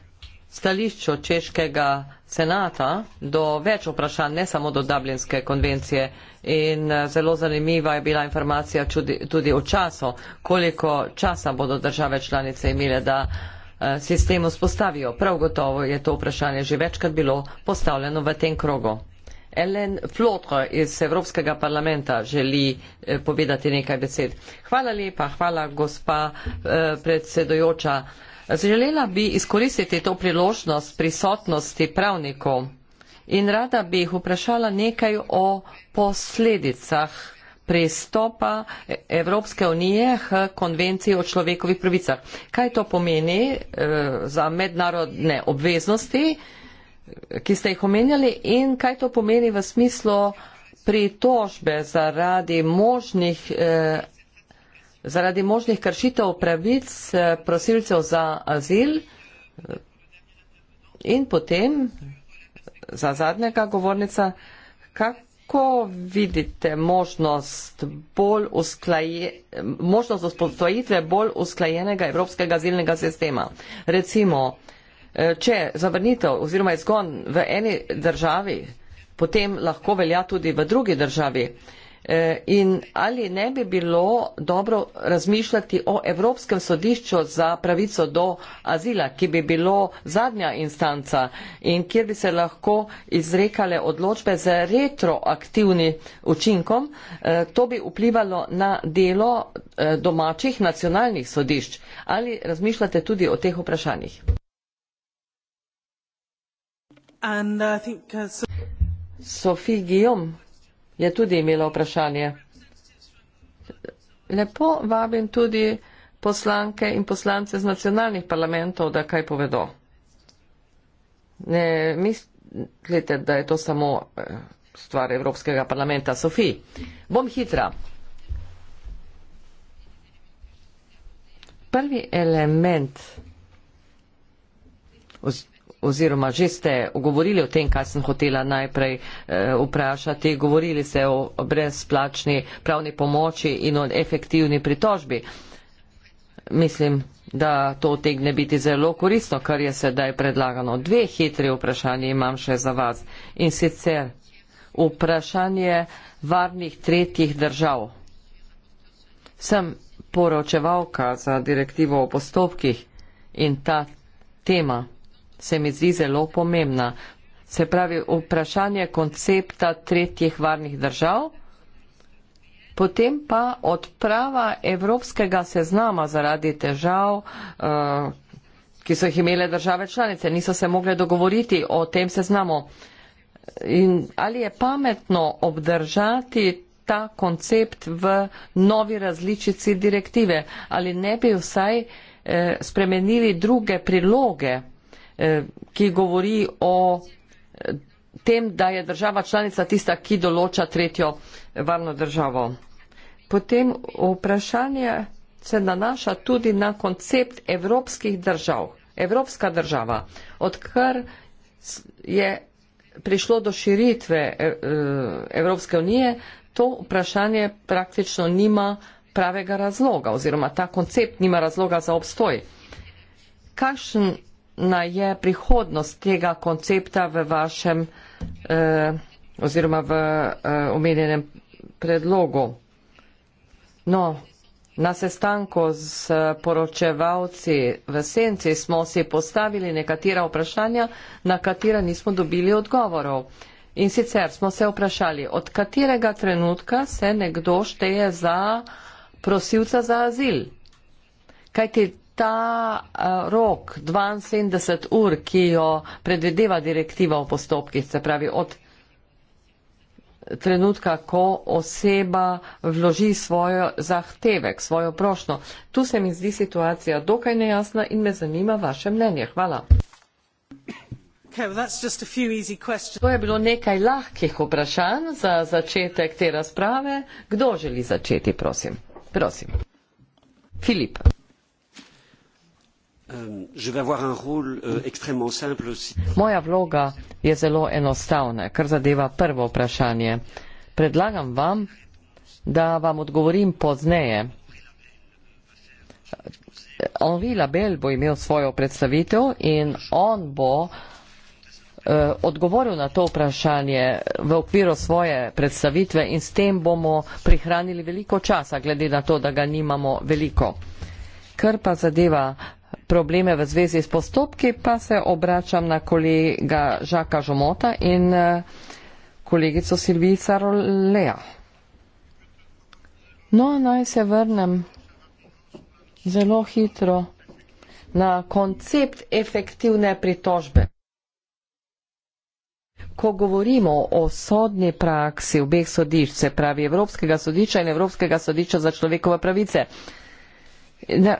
stališču češkega senata do več vprašanj, ne samo do Dublinske konvencije. In eh, zelo zanimiva je bila informacija čudi, tudi o času, koliko časa bodo države članice imele, da eh, sistem vzpostavijo. Prav gotovo je to vprašanje že večkrat bilo postavljeno v tem krogu. Ellen Flotre iz Evropskega parlamenta želi eh, povedati nekaj besed. Hvala lepa, hvala gospa predsedojoča. Želela bi izkoristiti to priložnost prisotnosti pravnikov in rada bi jih vprašala nekaj o posledicah pristopa Evropske unije k konvenciji o človekovih pravicah. Kaj to pomeni eh, za mednarodne obveznosti, ki ste jih omenjali in kaj to pomeni v smislu pritožbe zaradi možnih eh, zaradi možnih kršitev pravic eh, prosilcev za azil eh, in potem eh, za zadnjega govornica, kako vidite možnost, bolj usklaje, možnost vzpostojitve bolj usklajenega evropskega azilnega sistema? Recimo, če zavrnitev oziroma izgon v eni državi potem lahko velja tudi v drugi državi. E, in ali ne bi bilo dobro razmišljati o Evropskem sodišču za pravico do azila, ki bi bilo zadnja instanca in kjer bi se lahko izrekale odločbe z retroaktivnim učinkom, e, to bi vplivalo na delo e, domačih nacionalnih sodišč. Ali razmišljate tudi o teh vprašanjih? Uh, Sofi Gijom je tudi imela vprašanje. Lepo vabim tudi poslanke in poslance z nacionalnih parlamentov, da kaj povedo. Ne mislite, da je to samo eh, stvar Evropskega parlamenta. Sofi, bom hitra. Prvi element oziroma že ste govorili o tem, kaj sem hotela najprej eh, vprašati. Govorili ste o brezplačni pravni pomoči in o efektivni pritožbi. Mislim, da to tegne biti zelo koristno, kar je sedaj predlagano. Dve hitri vprašanje imam še za vas. In sicer vprašanje varnih tretjih držav. Sem poročevalka za direktivo o postopkih in ta tema se mi zdi zelo pomembna. Se pravi, vprašanje koncepta tretjih varnih držav, potem pa odprava evropskega seznama zaradi težav, eh, ki so jih imele države članice, niso se mogle dogovoriti o tem seznamu. In ali je pametno obdržati ta koncept v novi različici direktive, ali ne bi vsaj eh, spremenili druge priloge Eh, ki govori o eh, tem, da je država članica tista, ki določa tretjo varno državo. Potem vprašanje se nanaša tudi na koncept evropskih držav, evropska država, odkar je prišlo do širitve eh, Evropske unije, to vprašanje praktično nima pravega razloga oziroma ta koncept nima razloga za obstoj. Kakšen kakšna je prihodnost tega koncepta v vašem eh, oziroma v eh, omenjenem predlogu. No, na sestanku z poročevalci v Senci smo si postavili nekatera vprašanja, na katera nismo dobili odgovorov. In sicer smo se vprašali, od katerega trenutka se nekdo šteje za prosilca za azil. Kajti ta eh, rok 72 ur, ki jo predvedeva direktiva o postopkih, se pravi od trenutka, ko oseba vloži svojo zahtevek, svojo prošno. Tu se mi zdi situacija dokaj nejasna in me zanima vaše mnenje. Hvala. Okay, well, to je bilo nekaj lahkih vprašanj za začetek te razprave. Kdo želi začeti, prosim? Prosim. Filipa. Euh, je vais avoir un rôle, euh, extrêmement simple aussi. Moja vloga je zelo enostavna, kar zadeva prvo vprašanje. Predlagam vam, da vam odgovorim pozneje. Henri Label bo imel svojo predstavitev in on bo eh, odgovoril na to vprašanje v okviru svoje predstavitve in s tem bomo prihranili veliko časa, glede na to, da ga nimamo veliko. Kar pa zadeva probleme v zvezi s postopki, pa se obračam na kolega Žaka Žomota in eh, kolegico Silvica Roleja. No, naj se vrnem zelo hitro na koncept efektivne pritožbe. Ko govorimo o sodni praksi obeh sodišč, se pravi Evropskega sodišča in Evropskega sodišča za človekove pravice, ne,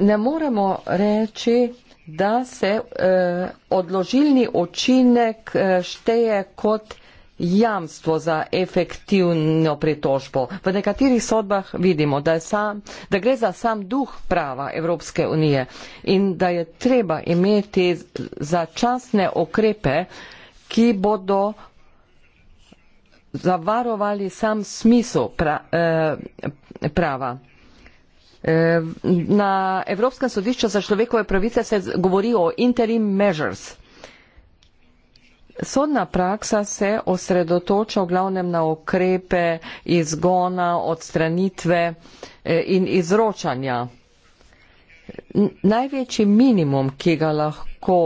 ne moremo reči, da se eh, odložilni učinek eh, šteje kot jamstvo za efektivno pritožbo. V nekaterih sodbah vidimo, da, sam, da gre za sam duh prava Evropske unije in da je treba imeti začasne okrepe, ki bodo zavarovali sam smisel pra, eh, prava. Eh, na Evropskem sodišču za človekove pravice se govori o interim measures. Sodna praksa se osredotoča v glavnem na okrepe izgona, odstranitve eh, in izročanja. Največji minimum, ki ga lahko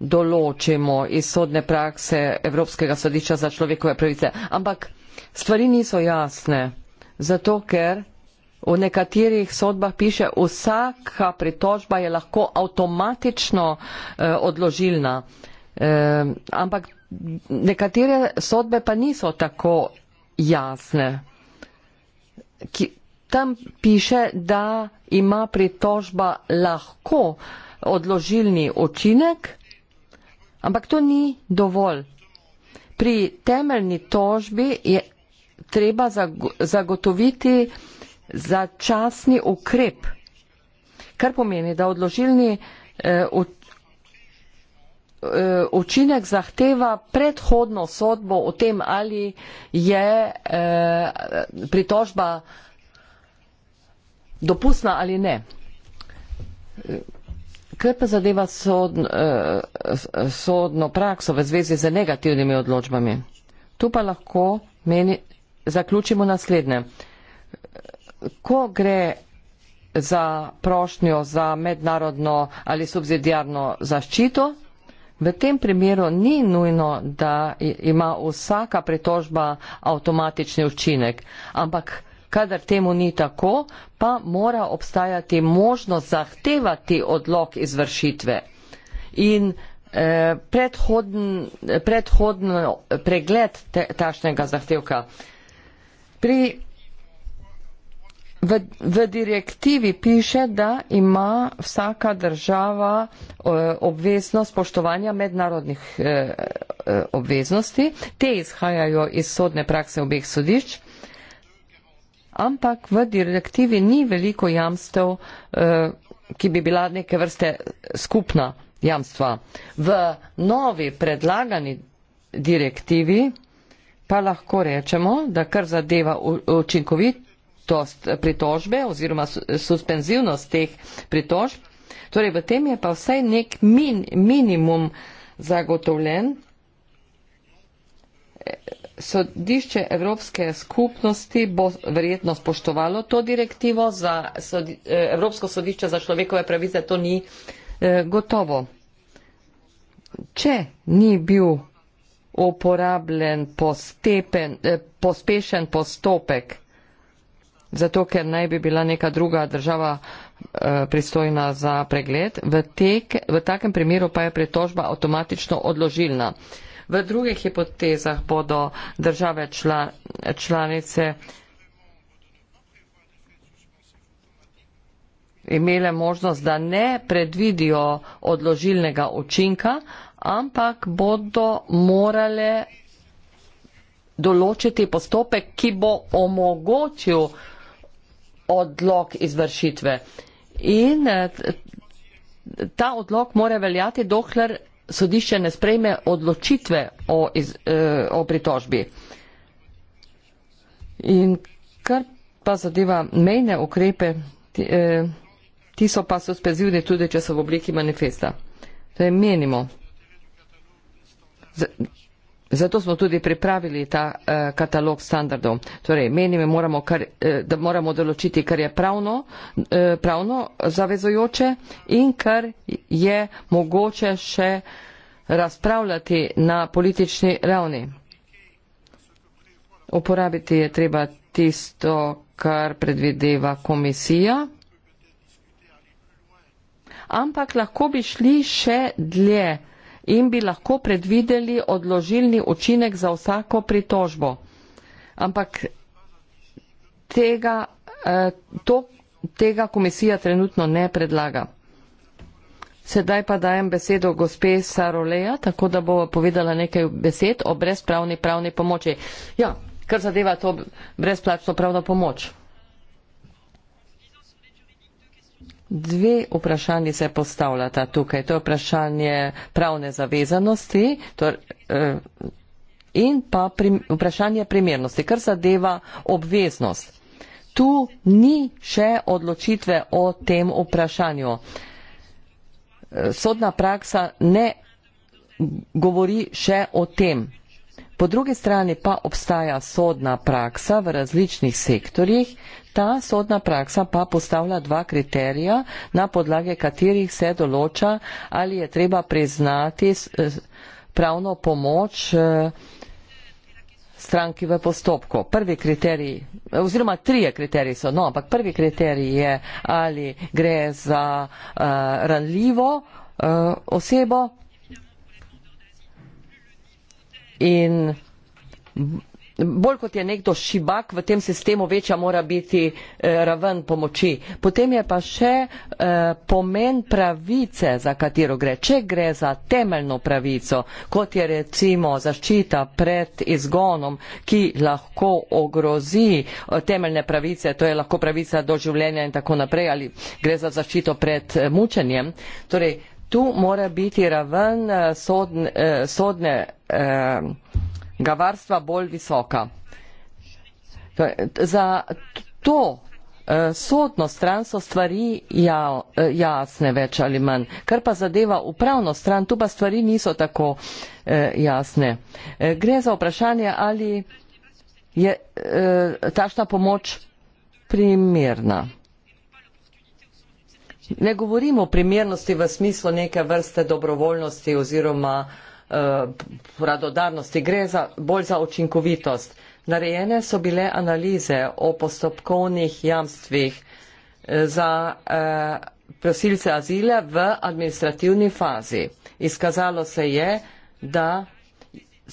določimo iz sodne prakse Evropskega sodišča za človekove pravice. Ampak stvari niso jasne, zato ker V nekaterih sodbah piše, vsaka pritožba je lahko avtomatično eh, odložilna, eh, ampak nekatere sodbe pa niso tako jasne. Ki, tam piše, da ima pritožba lahko odložilni učinek, ampak to ni dovolj. Pri temeljni tožbi je treba zagotoviti, začasni ukrep, kar pomeni, da odložilni eh, eh, učinek zahteva predhodno sodbo o tem, ali je eh, pritožba dopustna ali ne. Kaj pa zadeva sodno, sodno prakso v zvezi z negativnimi odločbami? Tu pa lahko meni, zaključimo naslednje ko gre za prošnjo za mednarodno ali subsidijarno zaščito, v tem primeru ni nujno, da ima vsaka pritožba avtomatični učinek, ampak kadar temu ni tako, pa mora obstajati možnost zahtevati odlog izvršitve. In eh, predhodno pregled te, tašnega zahtevka. Pri V, v direktivi piše, da ima vsaka država eh, obveznost spoštovanja mednarodnih eh, eh, obveznosti. Te izhajajo iz sodne prakse obeh sodišč, ampak v direktivi ni veliko jamstev, ki bi bila neke vrste skupna jamstva. V novi predlagani direktivi pa lahko rečemo, da kar zadeva učinkovit hitrost pritožbe oziroma suspenzivnost teh pritožb. Torej, v tem je pa vsaj nek min, minimum zagotovljen. Sodišče Evropske skupnosti bo verjetno spoštovalo to direktivo, za sodi, eh, Evropsko sodišče za človekove pravice to ni eh, gotovo. Če ni bil uporabljen postepen, eh, pospešen postopek zato ker naj bi bila neka druga država eh, pristojna za pregled. V, tek, v takem primeru pa je pretožba avtomatično odložilna. V drugih hipotezah bodo države čla, članice imele možnost, da ne predvidijo odložilnega učinka, ampak bodo morale določiti postopek, ki bo omogočil odlog izvršitve. In eh, ta odlog mora veljati, dokler sodišče ne sprejme odločitve o, iz, eh, o pritožbi. In kar pa zadeva mejne ukrepe, ti, eh, ti so pa suspezivni tudi, če so v obliki manifesta. To je menimo. Z, Zato smo tudi pripravili ta eh, katalog standardov. Torej, menimo, moramo kar, eh, da moramo določiti, kar je pravno, eh, pravno zavezojoče in kar je mogoče še razpravljati na politični ravni. Uporabiti je treba tisto, kar predvideva komisija. Ampak lahko bi šli še dlje in bi lahko predvideli odložilni učinek za vsako pritožbo. Ampak tega, eh, to, tega komisija trenutno ne predlaga. Sedaj pa dajem besedo gospe Saroleja, tako da bo povedala nekaj besed o brezpravni pravni pomoči. Ja, kar zadeva to brezplačno pravno pomoč. Dve vprašanji se postavljata tukaj. To je vprašanje pravne zavezanosti tor, eh, in pa prim, vprašanje primernosti, kar zadeva obveznost. Tu ni še odločitve o tem vprašanju. Eh, sodna praksa ne govori še o tem. Po drugi strani pa obstaja sodna praksa v različnih sektorjih, ta sodna praksa pa postavlja dva kriterija, na podlage katerih se določa, ali je treba priznati pravno pomoč eh, stranki v postopku. Prvi kriterij, oziroma trije kriteriji so, no, ampak prvi kriterij je, ali gre za uh, ranljivo uh, osebo, In bolj kot je nekdo šibak v tem sistemu, večja mora biti eh, raven pomoči. Potem je pa še eh, pomen pravice, za katero gre. Če gre za temeljno pravico, kot je recimo zaščita pred izgonom, ki lahko ogrozi eh, temeljne pravice, to je lahko pravica do življenja in tako naprej, ali gre za zaščito pred mučenjem, torej tu mora biti raven eh, sodne, eh, sodne eh, ga varstva bolj visoka. Za to eh, sodno stran so stvari ja, eh, jasne več ali manj. Kar pa zadeva upravno stran, tu pa stvari niso tako eh, jasne. Eh, gre za vprašanje, ali je eh, tašna pomoč primerna. Ne govorim o primernosti v smislu neke vrste dobrovoljnosti oziroma uh, radodarnosti, gre za, bolj za učinkovitost. Narejene so bile analize o postopkovnih jamstvih eh, za eh, prosilce azile v administrativni fazi. Izkazalo se je, da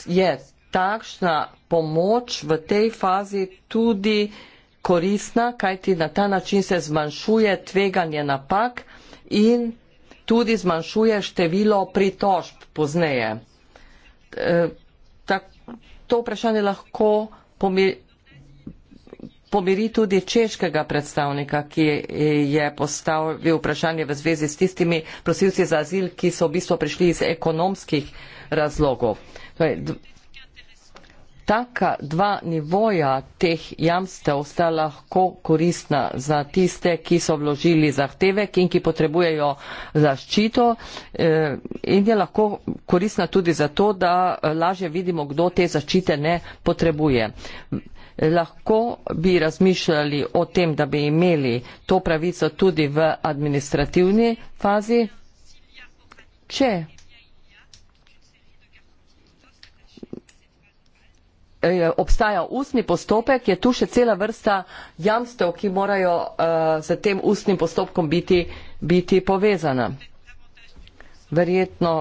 je takšna pomoč v tej fazi tudi eh, koristna, kajti na ta način se zmanjšuje tveganje napak in tudi zmanjšuje število pritožb pozneje. E, ta, to vprašanje lahko pomir, pomiri tudi češkega predstavnika, ki je postavil vprašanje v zvezi s tistimi prosilci za azil, ki so v bistvu prišli iz ekonomskih razlogov. Torej, taka dva nivoja teh jamstev sta lahko koristna za tiste, ki so vložili zahtevek in ki potrebujejo zaščito eh, in je lahko koristna tudi zato, da lažje vidimo, kdo te zaščite ne potrebuje. Lahko bi razmišljali o tem, da bi imeli to pravico tudi v administrativni fazi, če Eh, obstaja ustni postopek, je tu še cela vrsta jamstev, ki morajo uh, s tem ustnim postopkom biti, biti povezana. Verjetno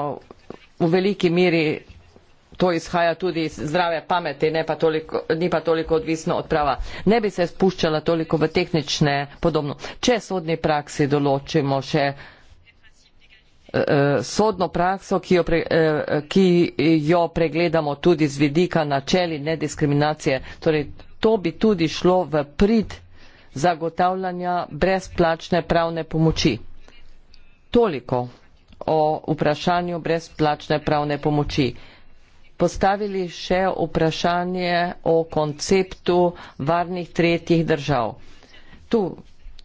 v veliki miri to izhaja tudi iz zdrave pameti, ne pa toliko, ni pa toliko odvisno od prava. Ne bi se spuščala toliko v tehnične podobno. Če sodni praksi določimo še uh, Eh, sodno prakso, ki jo, pre, eh, ki jo pregledamo tudi z vidika načeli nediskriminacije. Torej, to bi tudi šlo v prid zagotavljanja brezplačne pravne pomoči. Toliko o vprašanju brezplačne pravne pomoči. Postavili še vprašanje o konceptu varnih tretjih držav. Tu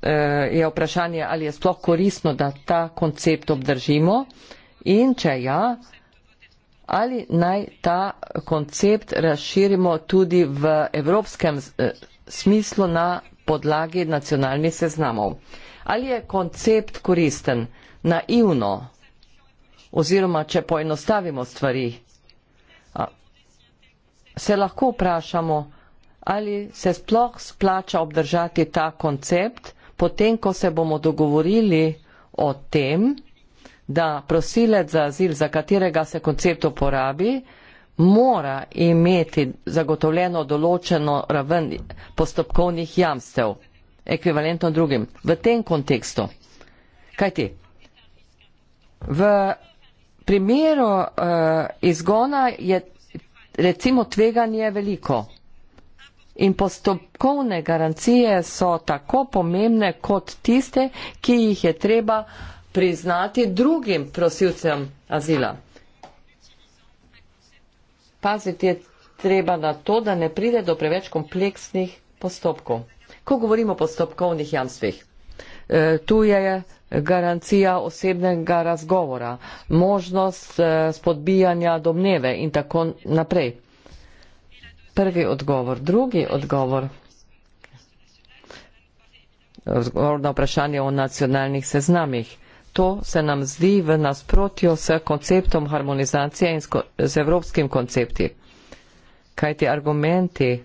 Eh, je vprašanje, ali je sploh korisno, da ta koncept obdržimo in če ja, ali naj ta koncept razširimo tudi v evropskem eh, smislu na podlagi nacionalnih seznamov. Ali je koncept koristen naivno oziroma če poenostavimo stvari, se lahko vprašamo, ali se sploh splača obdržati ta koncept, potem, ko se bomo dogovorili o tem, da prosilec za azil, za katerega se koncept uporabi, mora imeti zagotovljeno določeno raven postopkovnih jamstev, ekvivalentno drugim, v tem kontekstu. Kaj ti? V primeru uh, izgona je recimo tveganje veliko. In postopkovne garancije so tako pomembne kot tiste, ki jih je treba priznati drugim prosilcem azila. Paziti je treba na to, da ne pride do preveč kompleksnih postopkov. Ko govorimo o postopkovnih jamstvih, eh, tu je garancija osebnega razgovora, možnost eh, spodbijanja domneve in tako naprej. Prvi odgovor. Drugi odgovor. Odgovor na vprašanje o nacionalnih seznamih. To se nam zdi v nasprotju s konceptom harmonizacije in z evropskim koncepti. Kaj ti argumenti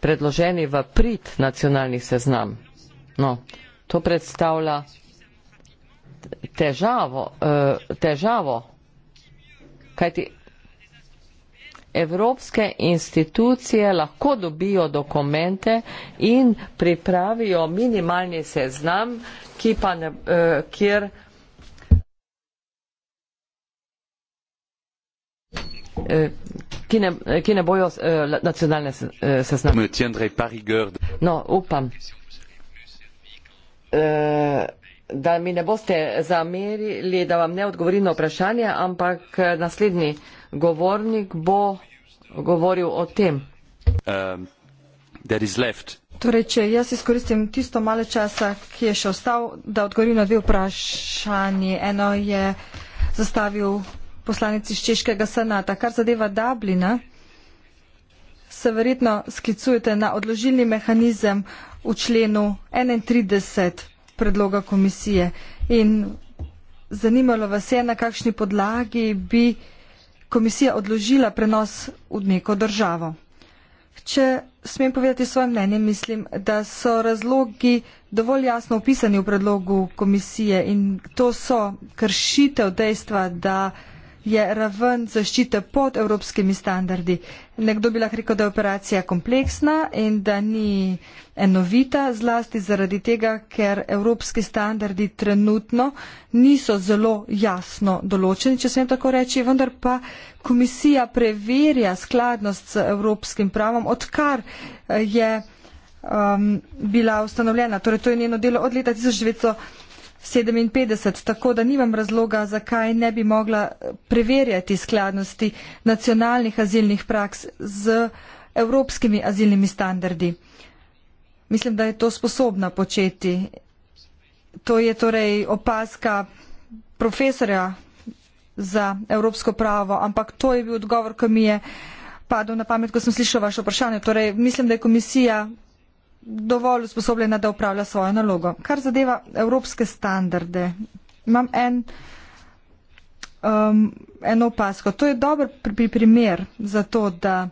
predloženi v prid nacionalnih seznam? No, to predstavlja težavo, eh, težavo kaj ti evropske institucije lahko dobijo dokumente in pripravijo minimalni seznam, ki pa ne, eh, kjer eh, Ki ne, eh, ki ne bojo eh, nacionalne seznamke. No, upam, eh, da mi ne boste zamerili, da vam ne odgovorim na vprašanje, ampak naslednji eh, govornik bo govoril o tem. Um, torej, če jaz izkoristim tisto malo časa, ki je še ostal, da odgovorim na dve vprašanje. Eno je zastavil poslanec iz Češkega senata. Kar zadeva Dublina, se verjetno sklicujete na odložilni mehanizem v členu 31 predloga komisije. In zanimalo vas je, na kakšni podlagi bi komisija odložila prenos v neko državo. Če smem povedati svoje mnenje, mislim, da so razlogi dovolj jasno opisani v predlogu komisije in to so kršitev dejstva, da uh, je raven zaščite pod evropskimi standardi. Nekdo bi lahko rekel, da je operacija kompleksna in da ni enovita, zlasti zaradi tega, ker evropski standardi trenutno niso zelo jasno določeni, če smem tako reči, vendar pa komisija preverja skladnost s evropskim pravom, odkar eh, je um, bila ustanovljena. Torej, to je njeno delo od leta 1900. 57, tako da nimam razloga, zakaj ne bi mogla eh, preverjati skladnosti nacionalnih azilnih praks z evropskimi azilnimi standardi. Mislim, da je to sposobna početi. To je torej opaska profesorja za evropsko pravo, ampak to je bil odgovor, ko mi je padel na pamet, ko sem slišal vaše vprašanje. Torej, mislim, da je komisija dovolj usposobljena, da upravlja svojo nalogo. Kar zadeva evropske standarde, imam en, um, eno opasko. To je dober pri, pri primer za to, da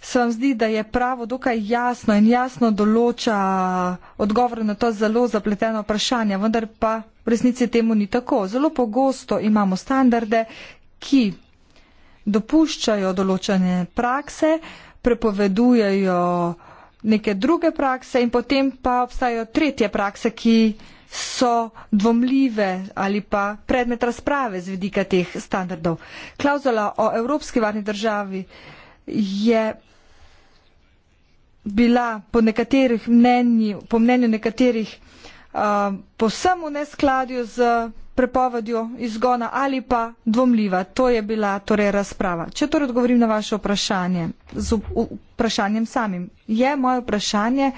se vam zdi, da je pravo dokaj jasno in jasno določa odgovore na to zelo zapleteno vprašanje, vendar pa v resnici temu ni tako. Zelo pogosto imamo standarde, ki dopuščajo določene prakse, prepovedujejo neke druge prakse in potem pa obstajajo tretje prakse, ki so dvomljive ali pa predmet razprave z vidika teh standardov. Klauzula o evropski varni državi je bila po, mnenji, po mnenju nekaterih uh, posem v neskladju z prepovedjo izgona ali pa dvomljiva. To je bila torej razprava. Če torej odgovorim na vaše vprašanje z vprašanjem samim, je moje vprašanje,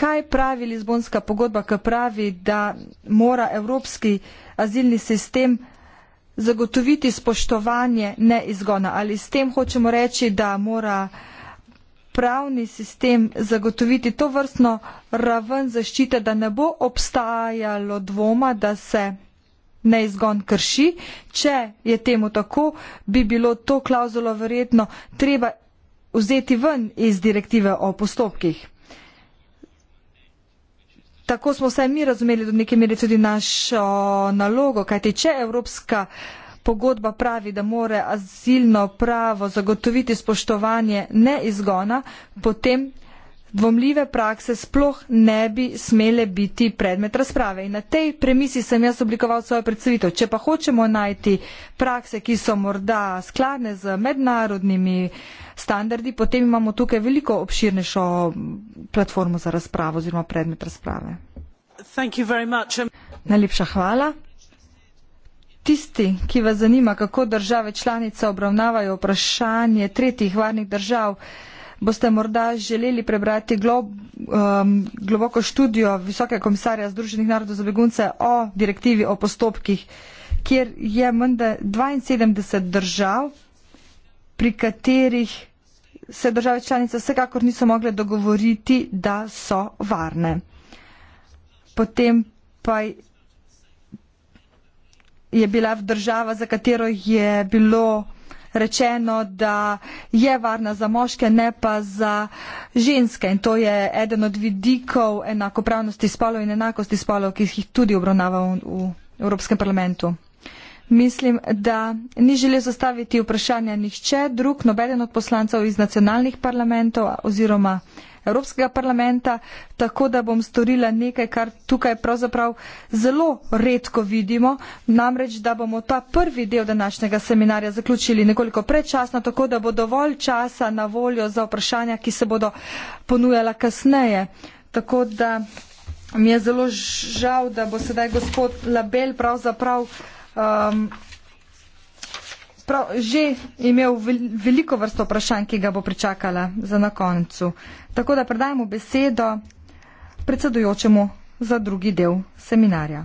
kaj pravi Lizbonska pogodba, ki pravi, da mora evropski azilni sistem zagotoviti spoštovanje ne izgona. Ali s tem hočemo reči, da mora uh, pravni sistem zagotoviti to vrstno raven zaščite, da ne bo obstajalo dvoma, da se neizgon krši. Če je temu tako, bi bilo to klauzulo verjetno treba vzeti ven iz direktive o postopkih. Tako smo vsaj mi razumeli do neke mere tudi našo nalogo, kajti če Evropska Pogodba pravi, da more azilno pravo zagotoviti spoštovanje ne izgona, potem dvomljive prakse sploh ne bi smele biti predmet razprave. In na tej premisi sem jaz oblikoval svojo predstavitev. Če pa hočemo najti prakse, ki so morda skladne z mednarodnimi standardi, potem imamo tukaj veliko obširnejšo platformo za razpravo oziroma predmet razprave. Najlepša hvala. Tisti, ki vas zanima, kako države članice obravnavajo vprašanje tretjih varnih držav, boste morda želeli prebrati glo, um, globoko študijo Visokega komisarja Združenih narodov za begunce o direktivi o postopkih, kjer je menda 72 držav, pri katerih se države članice vsekakor niso mogle dogovoriti, da so varne. Potem pa je bila država, za katero je bilo rečeno, da je varna za moške, ne pa za ženske. In to je eden od vidikov enakopravnosti spolov in enakosti spolov, ki jih tudi obravnava v, v Evropskem parlamentu. Mislim, da ni želel zastaviti vprašanja nihče drug, nobeden od poslancev iz nacionalnih parlamentov oziroma Evropskega parlamenta, tako da bom storila nekaj, kar tukaj pravzaprav zelo redko vidimo, namreč, da bomo ta prvi del današnjega seminarja zaključili nekoliko predčasno, tako da bo dovolj časa na voljo za vprašanja, ki se bodo ponujala kasneje. Tako da mi je zelo žal, da bo sedaj gospod Label pravzaprav um, prav, že imel veliko vrsto vprašanj, ki ga bo pričakala za na koncu. Tako da predajmo besedo predsedujočemu za drugi del seminarja.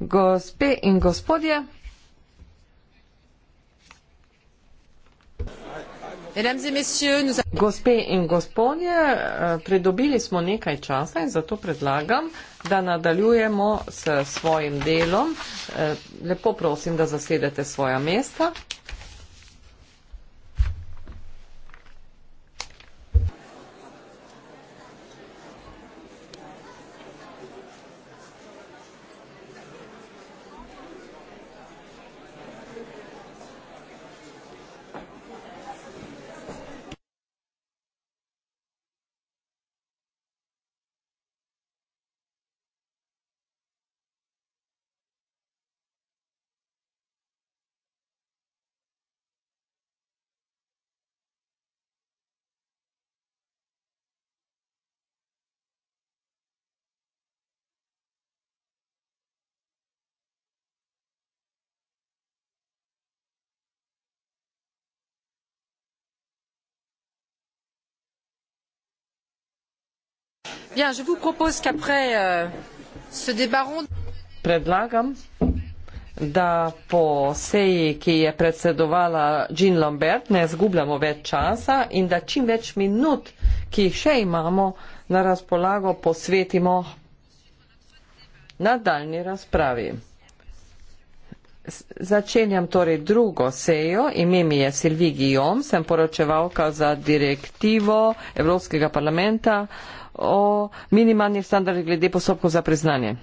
Gospe in gospodje, Gospe in gospodje, eh, pridobili smo nekaj časa in zato predlagam, da nadaljujemo s svojim delom. Eh, lepo prosim, da zasedete svoja mesta. Euh, Predlagam, da po seji, ki je predsedovala Jean Lambert, ne zgubljamo več časa in da čim več minut, ki jih še imamo na razpolago, posvetimo nadaljni razpravi. Začenjam torej drugo sejo. Ime mi je Silvi Gijom, sem poročevalka za direktivo Evropskega parlamenta o minimalnih standardih glede postopkov za priznanje.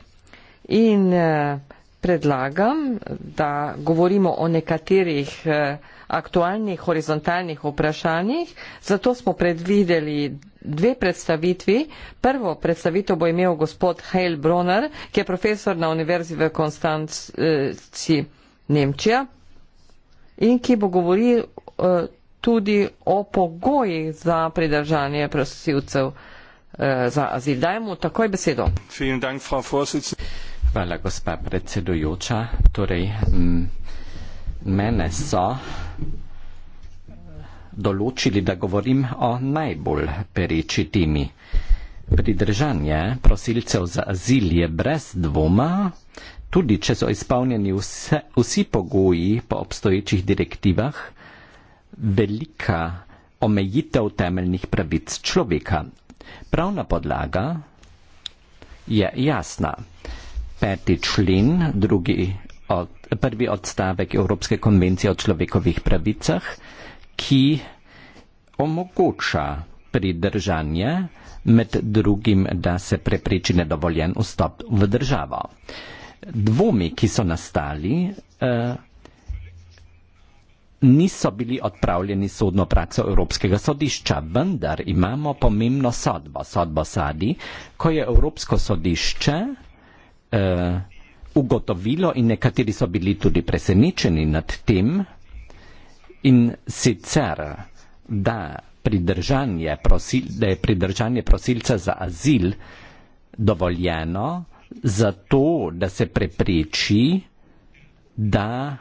In eh, predlagam, da govorimo o nekaterih eh, aktualnih horizontalnih vprašanjih. Zato smo predvideli dve predstavitvi. Prvo predstavitev bo imel gospod Heil Bronner, ki je profesor na Univerzi v Konstanci Nemčija in ki bo govoril eh, tudi o pogojih za pridržanje prosilcev. Eh, za azil. Dajemo takoj besedo. Dank, Hvala, gospa predsedujoča. Torej, mene so eh, določili, da govorim o najbolj pereči temi. Pridržanje prosilcev za azil je brez dvoma, tudi če so izpolnjeni vse, vsi pogoji po obstoječih direktivah, velika omejitev temeljnih pravic človeka. Pravna podlaga je jasna. Peti člen, drugi od, prvi odstavek Evropske konvencije o človekovih pravicah, ki omogoča pridržanje, med drugim, da se prepreči nedovoljen vstop v državo. Dvomi, ki so nastali, eh, niso bili odpravljeni sodno prakso Evropskega sodišča, vendar imamo pomembno sodbo, sodbo Sadi, ko je Evropsko sodišče eh, ugotovilo in nekateri so bili tudi presenečeni nad tem in sicer, da, pridržanje prosil, da je pridržanje prosilca za azil dovoljeno, zato da se prepreči, da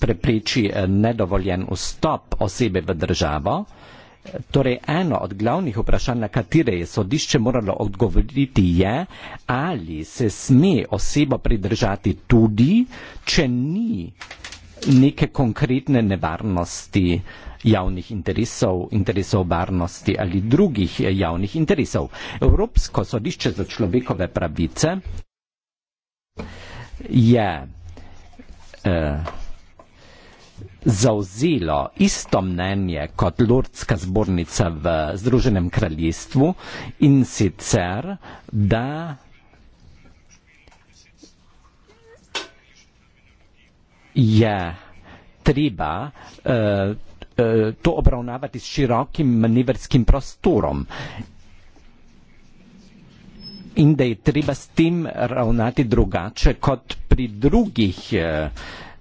prepreči eh, nedovoljen vstop osebe v državo. Torej, eno od glavnih vprašanj, na katere je sodišče moralo odgovoriti, je, ali se sme osebo pridržati tudi, če ni neke konkretne nevarnosti javnih interesov, interesov varnosti ali drugih eh, javnih interesov. Evropsko sodišče za človekove pravice je Eh, zauzelo isto mnenje kot Lurdska zbornica v Združenem kraljestvu in sicer, da je treba uh, uh, to obravnavati s širokim manevrskim prostorom in da je treba s tem ravnati drugače kot pri drugih eh,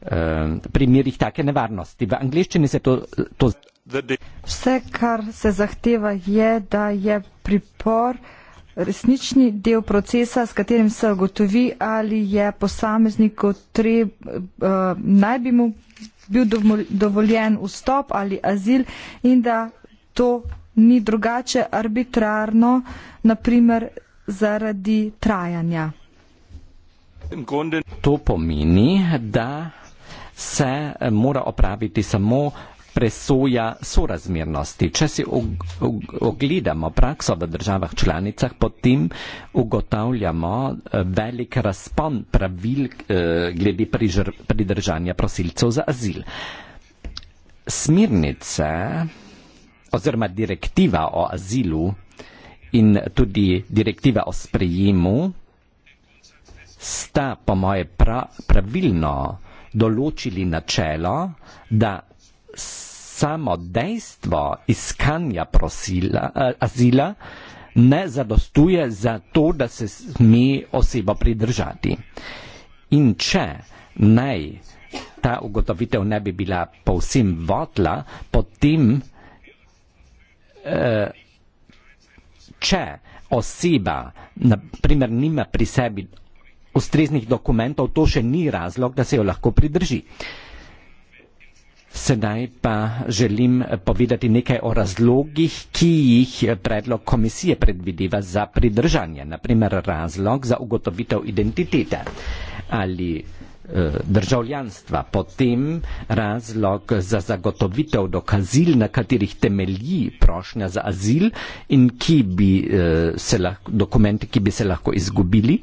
eh, primerih take nevarnosti. V angliščini se to, to... Vse, kar se zahteva, je, da je pripor resnični del procesa, s katerim se ugotovi, ali je posamezniku treb, eh, naj bi mu bil dovoljen vstop ali azil in da to ni drugače arbitrarno, naprimer zaradi trajanja. To pomeni, da se mora opraviti samo presoja sorazmernosti. Če si ogledamo prakso v državah članicah, potem ugotavljamo eh, velik razpon pravil eh, glede pridržanja prosilcev za azil. Smirnice oziroma direktiva o azilu in tudi direktiva o sprejemu sta po moje pra, pravilno določili načelo, da samo dejstvo iskanja prosila, eh, azila ne zadostuje za to, da se sme osebo pridržati. In če naj ta ugotovitev ne bi bila povsem votla, potem eh, če oseba, naprimer, nima pri sebi ustreznih dokumentov, to še ni razlog, da se jo lahko pridrži. Sedaj pa želim povedati nekaj o razlogih, ki jih predlog komisije predvideva za pridržanje, naprimer razlog za ugotovitev identitete ali Eh, državljanstva. Potem razlog za zagotovitev dokazil, na katerih temelji prošnja za azil in ki bi eh, se lahko, dokumenti, ki bi se lahko izgubili.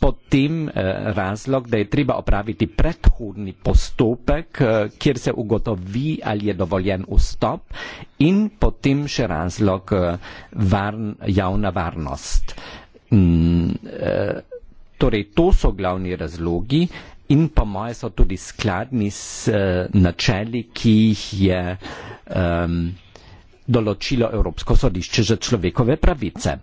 Potem eh, razlog, da je treba opraviti predhodni postopek, kjer se ugotovi, ali je dovoljen vstop. In potem še razlog varn, javna varnost. Mm, torej, to so glavni razlogi in pa moje so tudi skladni s eh, načeli, ki jih je um, določilo Evropsko sodišče za človekove pravice.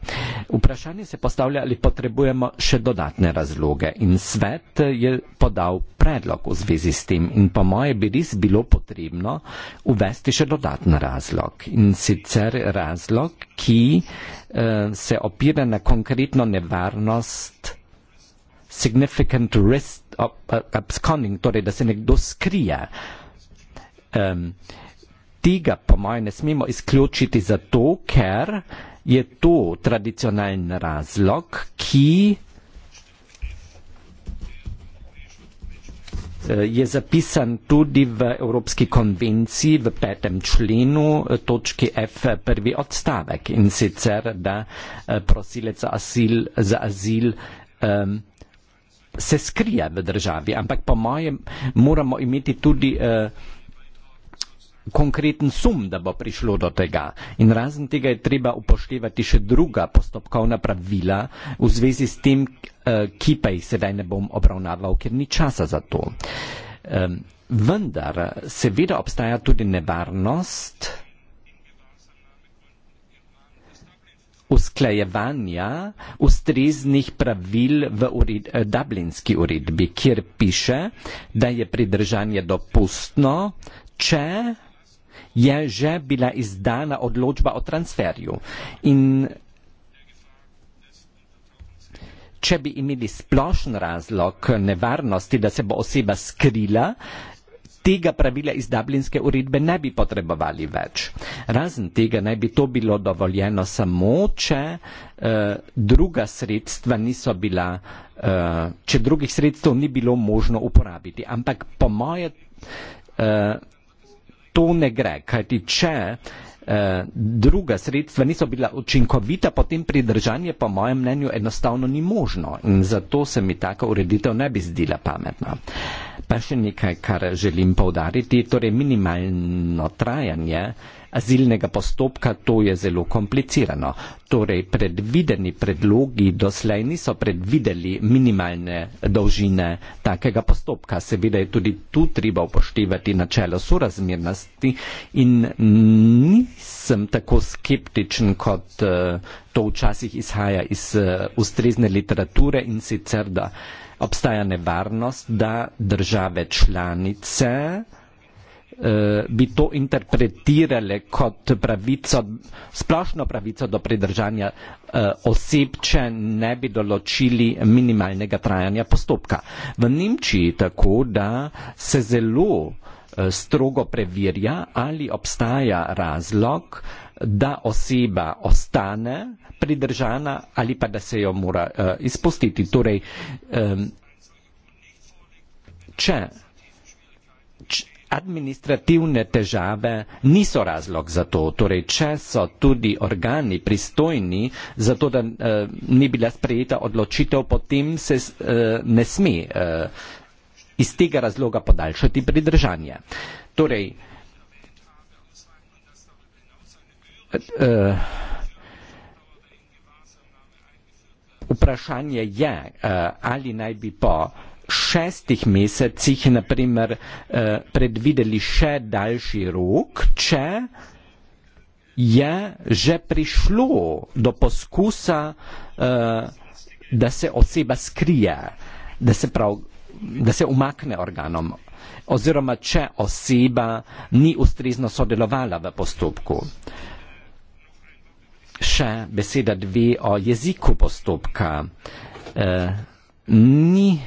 Vprašanje se postavlja, ali potrebujemo še dodatne razloge in svet je podal predlog v zvezi s tem in po moje bi res bilo potrebno uvesti še dodatni razlog in sicer razlog, ki eh, se opira na konkretno nevarnost significant risk absconding, torej da se nekdo skrije. Um, tega, po mojem, ne smemo izključiti zato, ker je to tradicionalen razlog, ki e, je zapisan tudi v Evropski konvenciji v petem členu e, točki F prvi odstavek in sicer, da e, prosilec za azil, za azil um, se skrija v državi, ampak po mojem moramo imeti tudi eh, konkreten sum, da bo prišlo do tega. In razen tega je treba upoštevati še druga postopkovna pravila v zvezi s tem, eh, ki pa jih sedaj ne bom obravnaval, ker ni časa za to. Eh, vendar seveda obstaja tudi nevarnost, eh, usklajevanja ustreznih pravil v ured, eh, dublinski uredbi, kjer piše, da je pridržanje dopustno, če je že bila izdana odločba o transferju. In če bi imeli splošen razlog nevarnosti, da se bo oseba skrila, tega pravila iz Dublinske uredbe ne bi potrebovali več. Razen tega naj bi to bilo dovoljeno samo, če eh, druga sredstva niso bila, eh, če drugih sredstev ni bilo možno uporabiti. Ampak po moje eh, to ne gre, kajti če eh, druga sredstva niso bila učinkovita, potem pridržanje po mojem mnenju enostavno ni možno in zato se mi taka ureditev ne bi zdila pametna. Uh, Pa še nekaj, kar želim povdariti, torej minimalno trajanje azilnega postopka, to je zelo komplicirano. Torej, predvideni predlogi doslej niso predvideli minimalne dolžine takega postopka. Seveda je tudi tu treba upoštevati načelo sorazmernosti in nisem tako skeptičen, kot eh, to včasih izhaja iz eh, ustrezne literature in sicer da obstaja nevarnost, da države članice eh, bi to interpretirale kot pravico, splošno pravico do pridržanja eh, oseb, če ne bi določili minimalnega trajanja postopka. V Nemčiji tako, da se zelo eh, strogo preverja, ali obstaja razlog, da oseba ostane pridržana ali pa da se jo mora uh, izpustiti. Torej, um, če, če administrativne težave niso razlog za to, torej, če so tudi organi pristojni za to, da uh, ni bila sprejeta odločitev, potem se uh, ne sme uh, iz tega razloga podaljšati pridržanje. Torej, Eh, vprašanje je, eh, ali naj bi po šestih mesecih naprimer eh, predvideli še daljši rok, če je že prišlo do poskusa, da se oseba skrije, da se prav, da se umakne organom oziroma če oseba ni ustrezno sodelovala v postopku. Uh, še beseda dve o jeziku postopka. Uh, ni,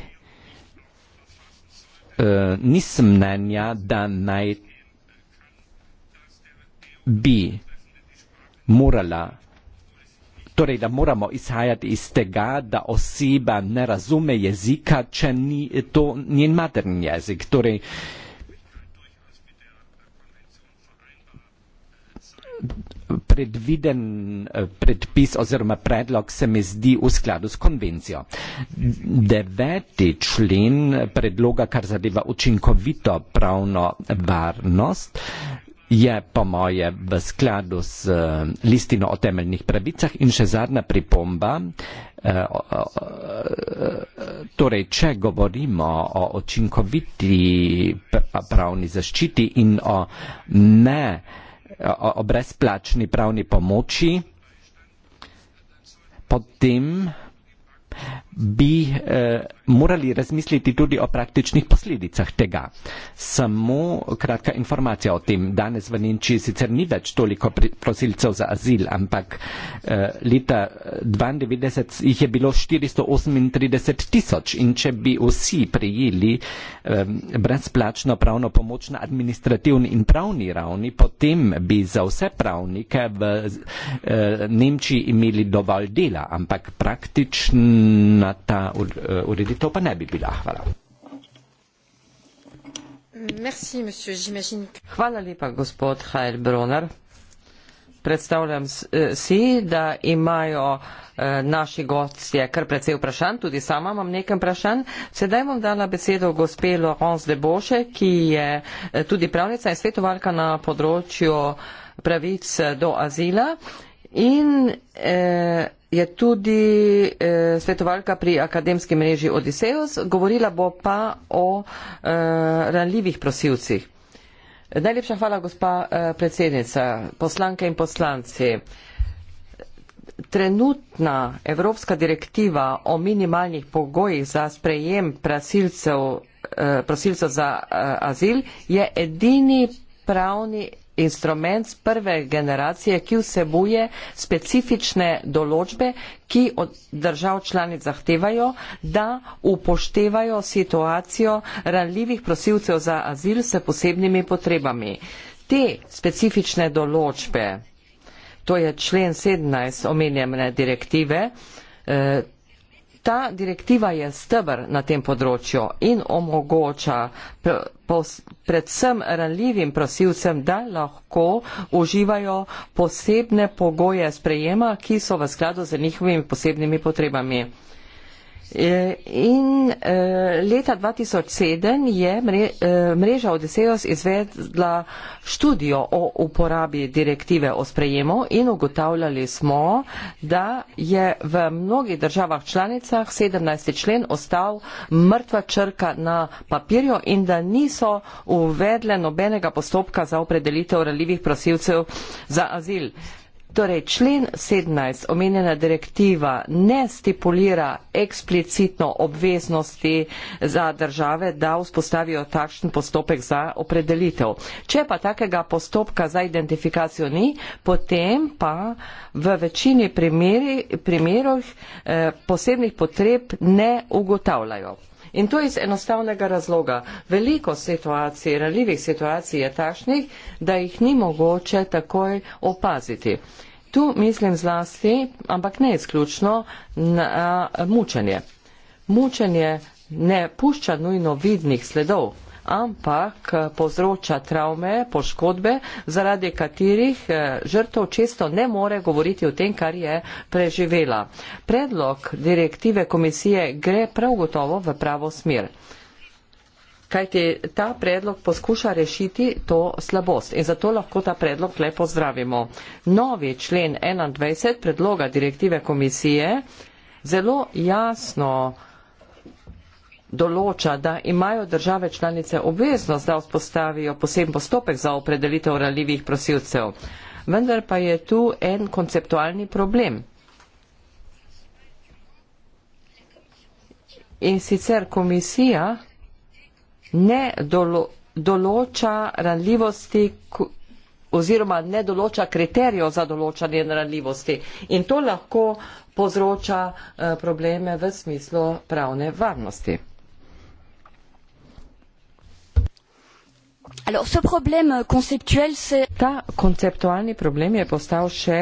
uh, nisem mnenja, da naj bi morala, torej da moramo izhajati iz tega, da oseba ne razume jezika, če ni to njen materni jezik. Torej, uh, predviden eh, predpis oziroma predlog se mi zdi v skladu s konvencijo. Deveti člen predloga, kar zadeva učinkovito pravno varnost, je po moje v skladu s eh, listino o temeljnih pravicah in še zadnja pripomba, eh, torej če govorimo o učinkoviti pravni zaščiti in o ne o, o brezplačni pravni pomoči, potem bi eh, morali razmisliti tudi o praktičnih posledicah tega. Samo kratka informacija o tem. Danes v Nemčiji sicer ni več toliko prosilcev za azil, ampak eh, leta 1992 eh, jih je bilo 438 tisoč in če bi vsi prijeli eh, brezplačno pravno pomoč na administrativni in pravni ravni, potem bi za vse pravnike v eh, Nemčiji imeli dovolj dela, ampak praktično na ta eh, ureditev pa ne bi bila. Hvala. Merci, monsieur, Hvala lepa, gospod Heilbronner. Predstavljam eh, si, da imajo eh, naši gostje kar precej vprašanj, tudi sama imam nekaj vprašanj. Sedaj bom dala besedo gospe Laurence de Boše, ki je tudi pravnica in svetovalka na področju pravic do azila. In, eh, je tudi eh, svetovalka pri akademski mreži Odiseus, govorila bo pa o eh, ranljivih prosilcih. Najlepša hvala, gospa eh, predsednica, poslanke in poslanci. Trenutna evropska direktiva o minimalnih pogojih za sprejem prosilcev, eh, prosilcev za eh, azil je edini pravni instrument prve generacije, ki vsebuje specifične določbe, ki od držav članic zahtevajo, da upoštevajo situacijo ranljivih prosilcev za azil s posebnimi potrebami. Te specifične določbe, to je člen 17 omenjene direktive, eh, ta direktiva je stebr na tem področju in omogoča predvsem ranljivim prosilcem, da lahko uživajo posebne pogoje sprejema, ki so v skladu z njihovimi posebnimi potrebami. Eh, in eh, leta 2007 je eh, mreža Odiseos izvedla študijo o uporabi direktive o sprejemu in ugotavljali smo, da je v mnogih državah članicah 17. člen ostal mrtva črka na papirju in da niso uvedle nobenega postopka za opredelitev ranljivih prosilcev za azil. Torej, člen 17 omenjena direktiva ne stipulira eksplicitno obveznosti za države, da vzpostavijo takšen postopek za opredelitev. Če pa takega postopka za identifikacijo ni, potem pa v večini primerov eh, posebnih potreb ne ugotavljajo. In to iz enostavnega razloga. Veliko situacij, ranljivih situacij je takšnih, da jih ni mogoče takoj opaziti. Tu mislim zlasti, ampak ne izključno, na mučenje. Mučenje ne pušča nujno vidnih sledov ampak eh, povzroča travme, poškodbe, zaradi katerih eh, žrtov često ne more govoriti o tem, kar je preživela. Predlog direktive komisije gre prav gotovo v pravo smer. Kajti ta predlog poskuša rešiti to slabost in zato lahko ta predlog le pozdravimo. Novi člen 21 predloga direktive komisije zelo jasno določa, da imajo države članice obveznost, da vzpostavijo poseben postopek za opredelitev ranljivih prosilcev. Vendar pa je tu en konceptualni problem. In sicer komisija ne dolo določa ranljivosti oziroma ne določa kriterijev za določanje ranljivosti. In to lahko povzroča uh, probleme v smislu pravne varnosti. Alors, ce problème euh, conceptuel, c'est... Ta konceptualni problem je postal še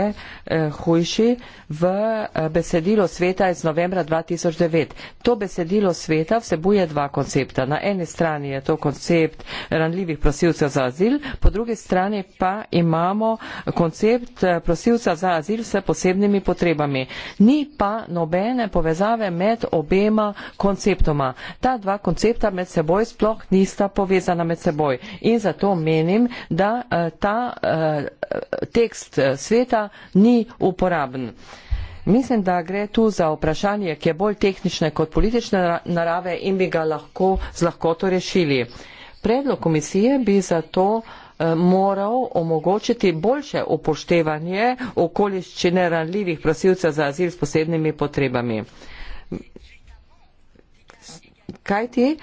eh, hujši v eh, besedilo sveta iz novembra 2009. To besedilo sveta vsebuje dva koncepta. Na eni strani je to koncept ranljivih prosilcev za azil, po drugi strani pa imamo koncept eh, prosilca za azil s posebnimi potrebami. Ni pa nobene povezave med obema konceptoma. Ta dva koncepta med seboj sploh nista povezana med seboj in zato menim, da eh, ta eh, tekst eh, sveta ni uporaben. Mislim, da gre tu za vprašanje, ki je bolj tehnične kot politične narave in bi ga lahko z lahkoto rešili. Predlog komisije bi zato moral omogočiti boljše upoštevanje okoliščine ranljivih prosilcev za azil s posebnimi potrebami. Kaj ti?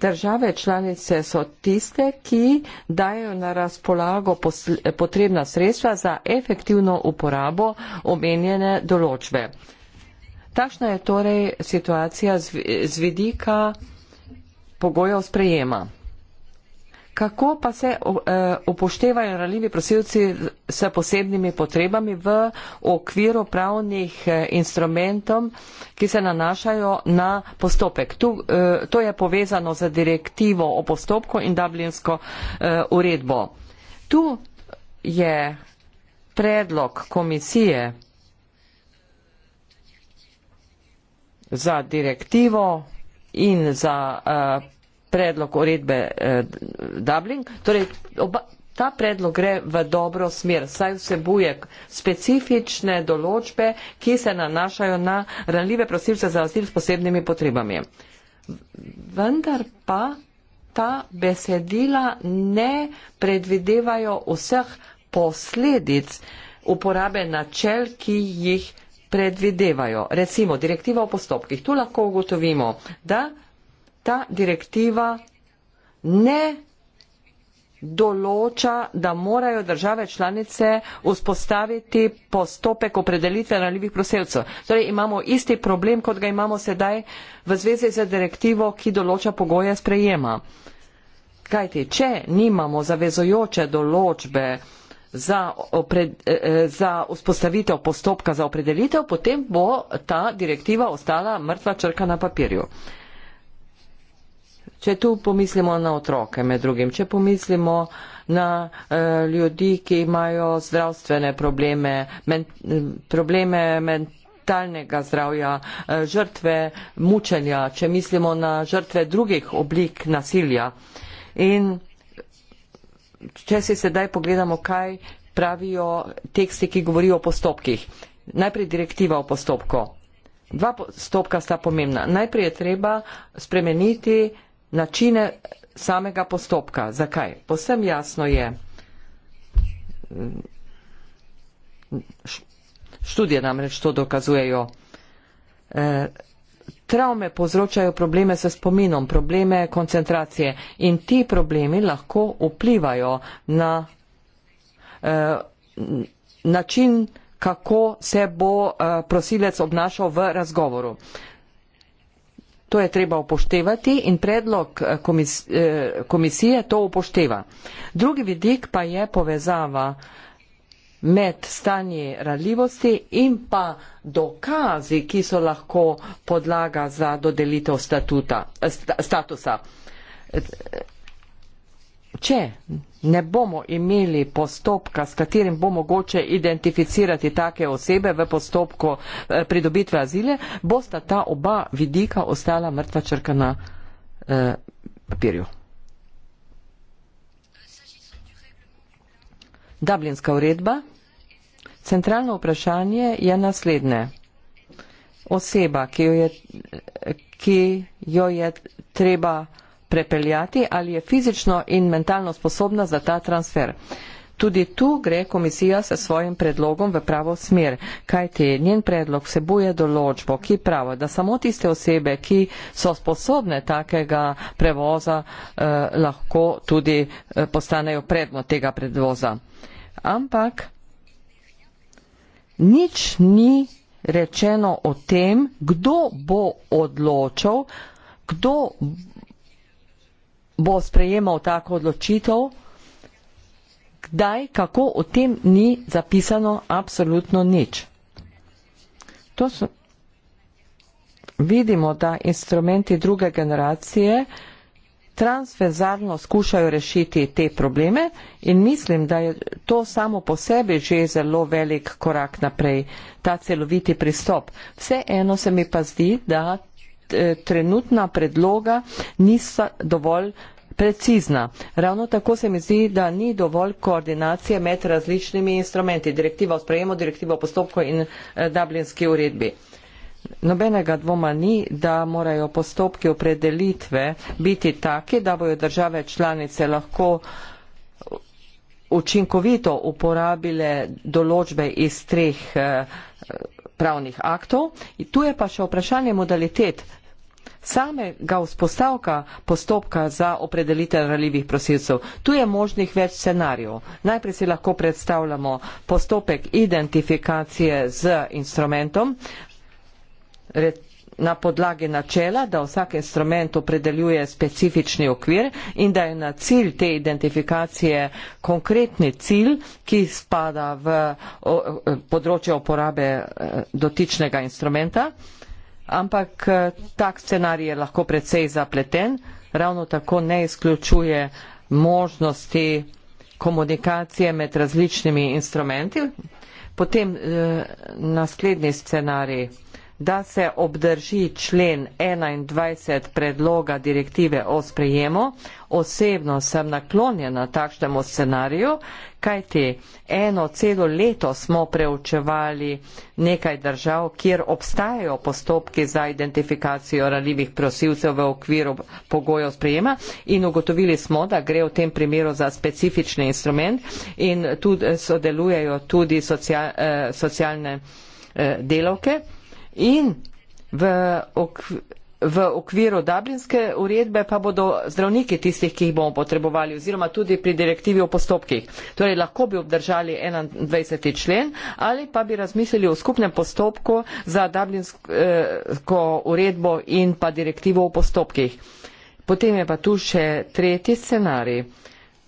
države članice so tiste, ki dajo na razpolago potrebna sredstva za efektivno uporabo omenjene določbe. Takšna je torej situacija z vidika pogojev sprejema. Kako pa se e, upoštevajo ranljivi prosilci s posebnimi potrebami v okviru pravnih e, instrumentov, ki se nanašajo na postopek? Tu, e, to je povezano z direktivo o postopku in dublinsko uredbo. Tu je predlog komisije za direktivo in za uh, predlog uredbe eh, Dublin. Torej, oba, ta predlog gre v dobro smer, saj vsebuje specifične določbe, ki se nanašajo na ranljive prosilce za azil s posebnimi potrebami. Vendar pa ta besedila ne predvidevajo vseh posledic uporabe načel, ki jih predvidevajo. Recimo, direktiva o postopkih. Tu lahko ugotovimo, da ta direktiva ne določa, da morajo države članice vzpostaviti postopek opredelitve ranljivih prosevcev. Torej imamo isti problem, kot ga imamo sedaj v zvezi z direktivo, ki določa pogoje sprejema. Kajti, če nimamo zavezojoče določbe za, opred, eh, eh, za vzpostavitev postopka za opredelitev, potem bo ta direktiva ostala mrtva črka na papirju. Če tu pomislimo na otroke med drugim, če pomislimo na eh, ljudi, ki imajo zdravstvene probleme, men, probleme mentalnega zdravja, eh, žrtve mučenja, če mislimo na žrtve drugih oblik nasilja. In če si sedaj pogledamo, kaj pravijo teksti, ki govorijo o postopkih. Najprej direktiva o postopku. Dva postopka sta pomembna. Najprej je treba spremeniti načine samega postopka. Zakaj? Posem jasno je študije namreč to dokazujejo. E, traume povzročajo probleme s spominom, probleme koncentracije in ti problemi lahko vplivajo na e, način, kako se bo e, prosilec obnašal v razgovoru. To je treba upoštevati in predlog eh, eh, komisije to upošteva. Drugi vidik pa je povezava med stanji radljivosti in pa dokazi, ki so lahko podlaga za dodelitev statuta, eh, statusa. Če ne bomo imeli postopka, s katerim bo mogoče identificirati take osebe v postopku eh, pridobitve azile, bosta ta oba vidika ostala mrtva črka na eh, papirju. Dublinska uredba. Centralno vprašanje je naslednje. Oseba, ki jo je, ki jo je treba prepeljati ali je fizično in mentalno sposobna za ta transfer. Tudi tu gre komisija s svojim predlogom v pravo smer, kajti njen predlog vsebuje določbo, ki pravo, da samo tiste osebe, ki so sposobne takega prevoza, eh, lahko tudi eh, postanejo predmo tega predvoza. Ampak nič ni rečeno o tem, kdo bo odločal, kdo bo sprejemal tako odločitev, kdaj, kako o tem ni zapisano absolutno nič. To so, vidimo, da instrumenti druge generacije transverzarno skušajo rešiti te probleme in mislim, da je to samo po sebi že zelo velik korak naprej, ta celoviti pristop. Vseeno se mi pa zdi, da Eh, trenutna predloga nista dovolj precizna. Ravno tako se mi zdi, da ni dovolj koordinacije med različnimi instrumenti, direktiva o sprejemu, direktiva o postopku in eh, dublinski uredbi. Nobenega dvoma ni, da morajo postopki opredelitve biti take, da bojo države članice lahko učinkovito uporabile določbe iz treh eh, pravnih aktov. Tu je pa še vprašanje modalitet samega vzpostavka postopka za opredelitev ranljivih prosilcev. Tu je možnih več scenarijev. Najprej si lahko predstavljamo postopek identifikacije z instrumentom na podlagi načela, da vsak instrument opredeljuje specifični okvir in da je na cilj te identifikacije konkretni cilj, ki spada v področje uporabe eh, dotičnega instrumenta ampak eh, tak scenarij je lahko precej zapleten, ravno tako ne izključuje možnosti komunikacije med različnimi instrumenti. Potem eh, naslednji scenarij da se obdrži člen 21 predloga direktive o sprejemu. Osebno sem naklonjena takšnemu scenariju, kajti eno celo leto smo preučevali nekaj držav, kjer obstajajo postopki za identifikacijo ranljivih prosilcev v okviru pogojev sprejema in ugotovili smo, da gre v tem primeru za specifični instrument in tudi sodelujejo tudi socia eh, socialne eh, delovke in v, okv, v okviru Dublinske uredbe pa bodo zdravniki tistih, ki jih bomo potrebovali oziroma tudi pri direktivi o postopkih. Torej lahko bi obdržali 21. člen ali pa bi razmislili o skupnem postopku za Dublinsko eh, uredbo in pa direktivo o postopkih. Potem je pa tu še tretji scenarij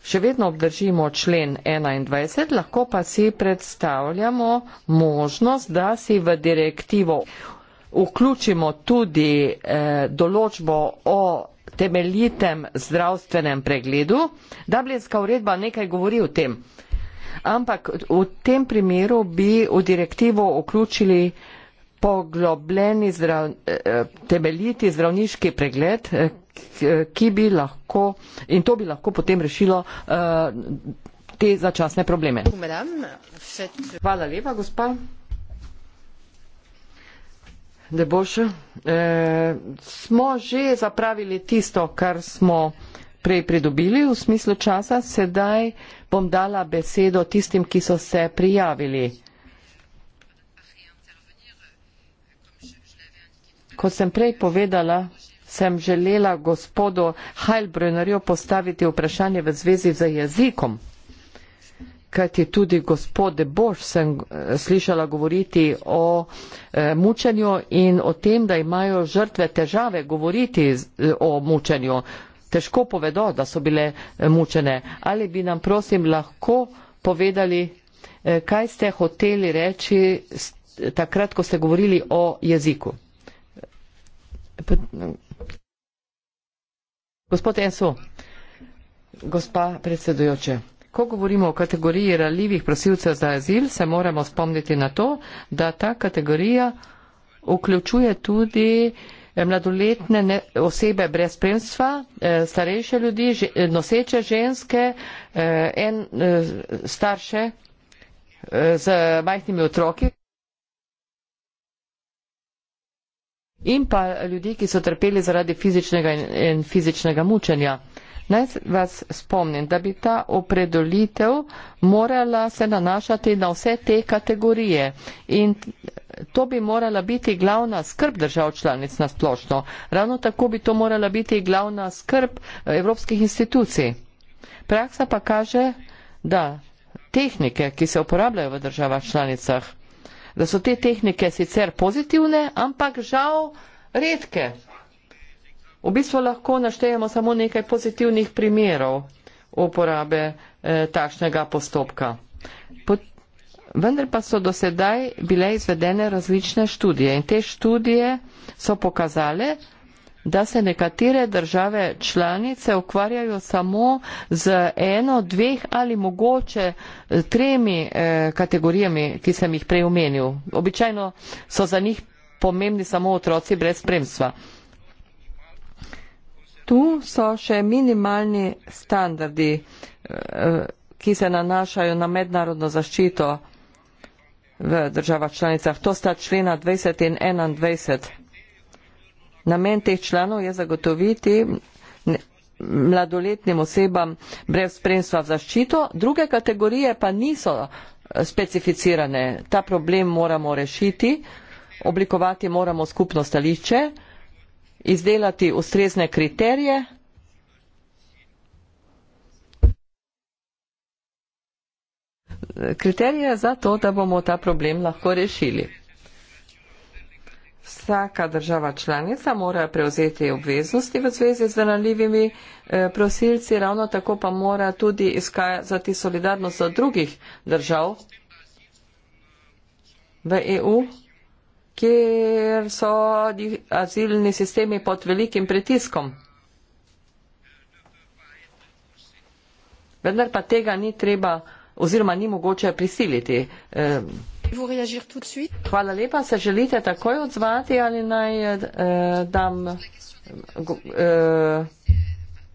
še vedno obdržimo člen 21, lahko pa si predstavljamo možnost, da si v direktivo vključimo tudi eh, določbo o temeljitem zdravstvenem pregledu. Dublinska uredba nekaj govori o tem. Ampak v tem primeru bi v direktivo vključili poglobljeni zdrav, eh, temeljiti zdravniški pregled, eh, eh, ki bi lahko in to bi lahko potem rešilo te začasne probleme. Hvala lepa, gospa. Da boš. E, smo že zapravili tisto, kar smo prej pridobili v smislu časa. Sedaj bom dala besedo tistim, ki so se prijavili. Ko sem prej povedala, sem želela gospodu Heilbrunnerju postaviti vprašanje v zvezi z jezikom, kajti tudi gospode Bož sem eh, slišala govoriti o eh, mučenju in o tem, da imajo žrtve težave govoriti eh, o mučenju. Težko povedo, da so bile mučene. Ali bi nam prosim lahko povedali, kaj ste hoteli reči takrat, ko ste govorili o jeziku? Gospod Enso, gospa predsedujoče, ko govorimo o kategoriji raljivih prosilcev za azil, se moramo spomniti na to, da ta kategorija vključuje tudi eh, mladoletne osebe brez spremstva, eh, starejše ljudi, eh, noseče ženske, en starše z majhnimi otroki. in pa ljudi, ki so trpeli zaradi fizičnega in, in fizičnega mučenja. Naj vas spomnim, da bi ta opredolitev morala se nanašati na vse te kategorije in to bi morala biti glavna skrb držav članic na splošno. Ravno tako bi to morala biti glavna skrb eh, evropskih institucij. Praksa pa kaže, da tehnike, ki se uporabljajo v državah članicah, da so te tehnike sicer pozitivne, ampak žal redke. V bistvu lahko naštejemo samo nekaj pozitivnih primerov uporabe eh, takšnega postopka. Pot, vendar pa so do sedaj bile izvedene različne študije in te študije so pokazale, da se nekatere države članice ukvarjajo samo z eno, dveh ali mogoče eh, tremi eh, kategorijami, ki sem jih prej omenil. Običajno so za njih pomembni samo otroci brez spremstva. Tu so še minimalni standardi, eh, ki se nanašajo na mednarodno zaščito v državah članicah. To sta člena 20 in 21. Namen teh članov je zagotoviti mladoletnim osebam brez spremstva v zaščito, druge kategorije pa niso eh, specificirane. Ta problem moramo rešiti, oblikovati moramo skupno stališče, izdelati ustrezne kriterije. Kriterije je za to, da bomo ta problem lahko rešili. Vsaka država članica mora prevzeti obveznosti v zvezi z ranljivimi eh, prosilci, ravno tako pa mora tudi izkazati solidarnost do drugih držav v EU, kjer so azilni sistemi pod velikim pritiskom. Vendar pa tega ni treba oziroma ni mogoče prisiliti. Eh, Pouvez-vous réagir tout de suite Hvala lepa, se želite takoj odzvati ali naj eh, dam eh,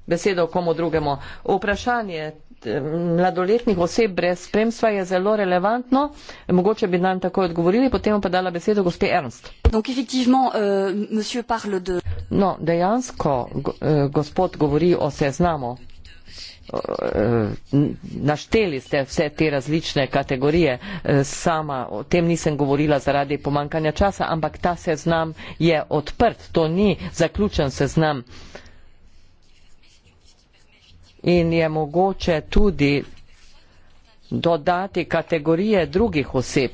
besedo komu drugemu? Vprašanje eh, mladoletnih oseb brez spremstva je zelo relevantno. Mogoče bi nam takoj odgovorili, potem pa dala besedo gospe Ernst. Donc, effectivement, euh, monsieur parle de... No, dejansko go, eh, gospod govori o seznamu Eh, našteli ste vse te različne kategorije. Eh, sama o tem nisem govorila zaradi pomankanja časa, ampak ta seznam je odprt, to ni zaključen seznam. In je mogoče tudi dodati kategorije drugih oseb.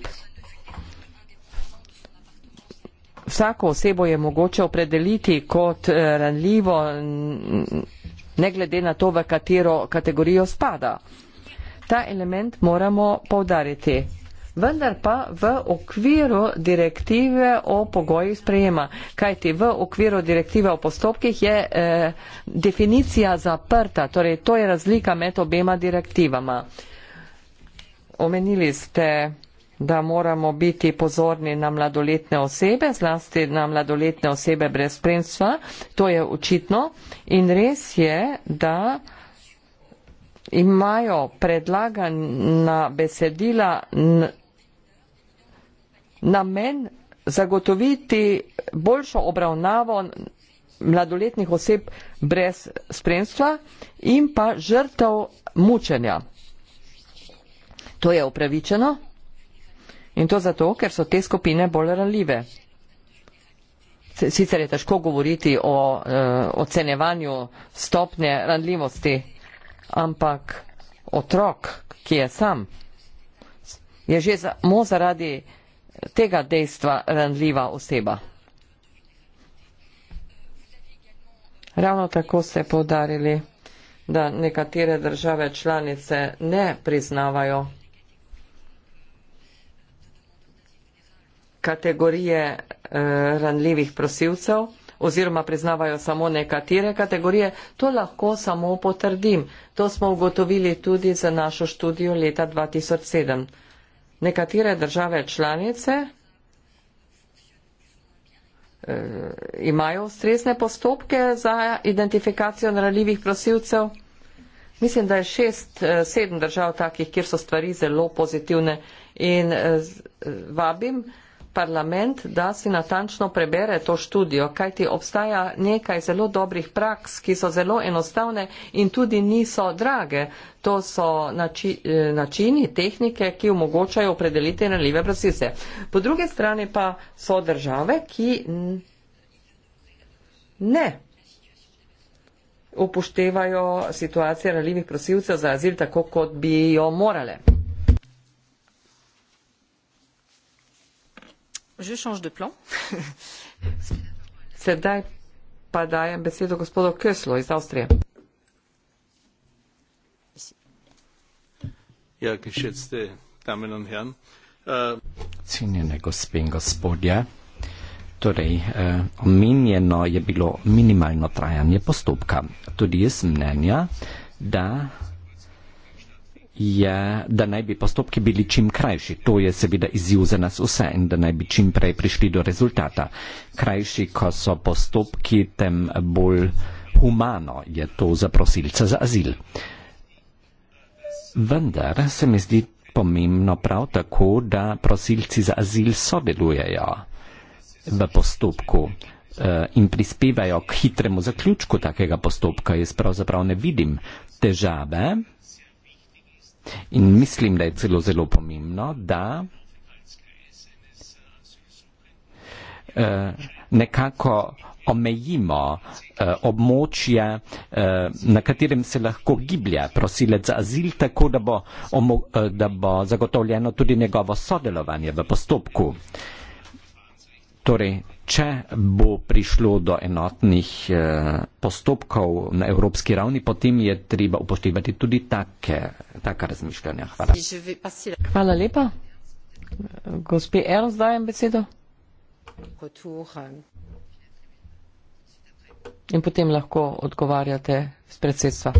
Vsako osebo je mogoče opredeliti kot eh, ranljivo ne glede na to, v katero kategorijo spada. Ta element moramo povdariti. Vendar pa v okviru direktive o pogojih sprejema. Kajti v okviru direktive o postopkih je eh, definicija zaprta, torej to je razlika med obema direktivama. Omenili ste da moramo biti pozorni na mladoletne osebe, zlasti na mladoletne osebe brez spremstva, to je očitno in res je, da imajo predlagana besedila namen zagotoviti boljšo obravnavo mladoletnih oseb brez spremstva in pa žrtev mučenja. To je upravičeno. In to zato, ker so te skupine bolj ranljive. Sicer je težko govoriti o e, eh, ocenevanju stopnje ranljivosti, ampak otrok, ki je sam, je že samo zaradi tega dejstva ranljiva oseba. Ravno tako ste podarili, da nekatere države članice ne priznavajo kategorije eh, ranljivih prosilcev oziroma priznavajo samo nekatere kategorije, to lahko samo potrdim. To smo ugotovili tudi za našo študijo leta 2007. Nekatere države članice eh, imajo ustrezne postopke za identifikacijo naraljivih prosilcev. Mislim, da je šest, eh, sedem držav takih, kjer so stvari zelo pozitivne in vabim parlament, da si natančno prebere to študijo, kajti obstaja nekaj zelo dobrih praks, ki so zelo enostavne in tudi niso drage. To so nači, eh, načini, tehnike, ki omogočajo opredeliti naljive brasice. Po druge strani pa so države, ki ne upoštevajo situacije raljivih prosilcev za azil tako, kot bi jo morale. Je change de plan. Sedaj pa dajem besedo gospodu Köslo iz Avstrije. Ja, geschätzte Damen und Herren. Uh, Cenjene gospe in gospodje, torej uh, omenjeno je bilo minimalno trajanje postopka. Tudi jaz mnenja, da je, da naj bi postopki bili čim krajši. To je seveda izziv za nas vse in da naj bi čim prej prišli do rezultata. Krajši, ko so postopki, tem bolj humano je to za prosilce za azil. Vendar se mi zdi pomembno prav tako, da prosilci za azil sodelujejo v postopku eh, in prispevajo k hitremu zaključku takega postopka. Jaz pravzaprav ne vidim težave In mislim, da je celo zelo pomembno, da eh, nekako omejimo eh, območje, eh, na katerem se lahko giblja prosilec za azil, tako da bo, omo, eh, da bo zagotovljeno tudi njegovo sodelovanje v postopku. Eh, Torej, če bo prišlo do enotnih eh, postopkov na evropski ravni, potem je treba upoštevati tudi take, take razmišljanja. Hvala. Hvala lepa. Gospe Ernst, dajem besedo. In potem lahko odgovarjate z predsedstva.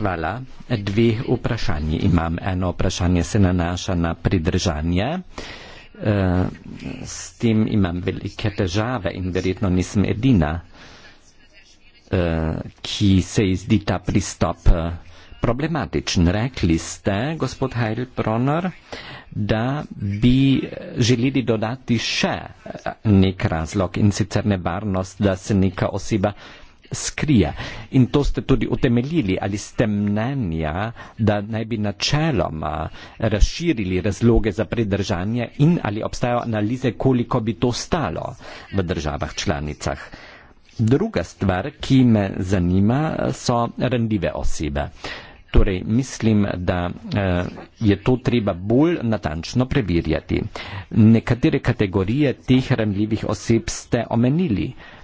Hvala. Dve vprašanje imam. Eno vprašanje se nanaša na pridržanje. Eh, s tem imam velike težave in verjetno nisem edina, eh, ki se izdi ta pristop eh, problematičen. Rekli ste, gospod Heilbronner, da bi želeli dodati še nek razlog in sicer nevarnost, da se neka oseba skrije. In to ste tudi utemeljili, ali ste mnenja, da naj bi načeloma razširili razloge za pridržanje in ali obstajajo analize, koliko bi to stalo v državah članicah. Druga stvar, ki me zanima, so randive osebe. Torej, mislim, da eh, je to treba bolj natančno preverjati. Nekatere kategorije teh ranljivih oseb ste omenili. Eh,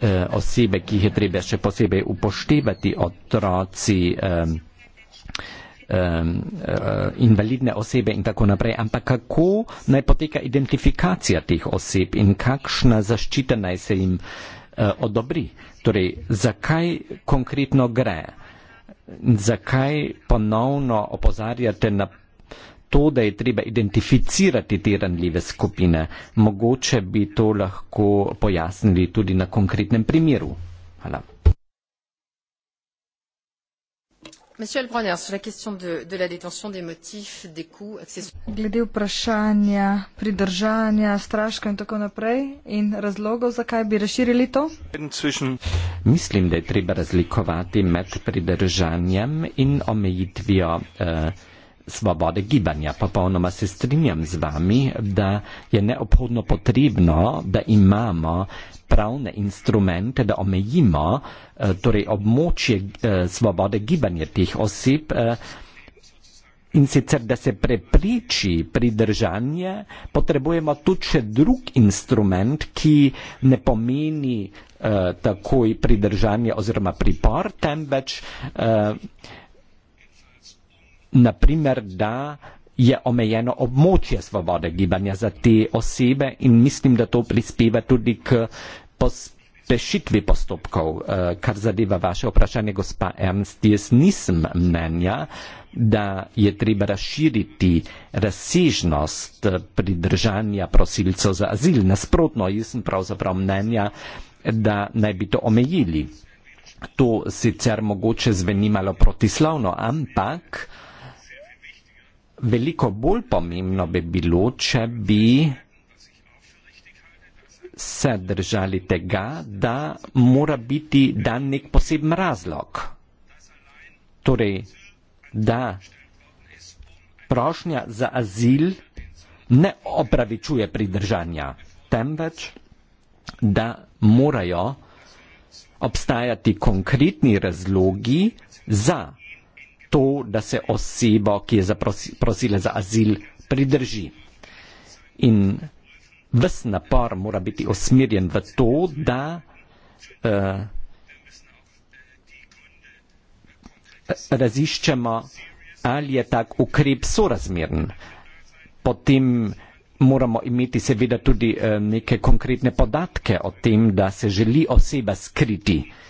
eh, osebe, ki jih je treba še posebej upoštevati, otroci, eh, eh, invalidne osebe in tako naprej. Ampak kako naj poteka identifikacija teh oseb in kakšna zaščita naj se jim eh, odobri? Torej, zakaj konkretno gre? Zakaj ponovno opozarjate na to, da je treba identificirati te ranljive skupine. Mogoče bi to lahko pojasnili tudi na konkretnem primeru. Hvala. Monsieur Albrunner, sur la question de, de la détention des motifs, des coûts accessoires. Glede vprašanja pridržanja, straška in tako naprej in razlogov, zakaj bi razširili to? Mislim, da je treba razlikovati med pridržanjem in omejitvijo. Uh, svobode gibanja. Popolnoma se strinjam z vami, da je neophodno potrebno, da imamo pravne instrumente, da omejimo eh, torej območje eh, svobode gibanja teh oseb eh, in sicer, da se prepriči pridržanje, potrebujemo tudi še drug instrument, ki ne pomeni takoj pridržanje oziroma pripor, temveč na primer, da je omejeno območje svobode gibanja za te osebe in mislim, da to prispeva tudi k pospešitvi postopkov. Eh, kar zadeva vaše vprašanje, gospa Ernst, jaz nisem mnenja, da je treba razširiti razsežnost pridržanja prosilcev za azil. Nasprotno, jaz sem pravzaprav mnenja, da naj bi to omejili. To sicer mogoče zveni malo protislavno, ampak uh, veliko bolj pomembno bi bilo, če bi se držali tega, da mora biti dan nek poseben razlog. Torej, da prošnja za azil ne opravičuje pridržanja, temveč, da morajo obstajati konkretni razlogi za to, da se osebo, ki je zaprosila za azil, pridrži. In ves napor mora biti osmerjen v to, da uh, raziščemo, ali je tak ukrep sorazmeren. Potem moramo imeti seveda tudi uh, neke konkretne podatke o tem, da se želi oseba skriti. Uh,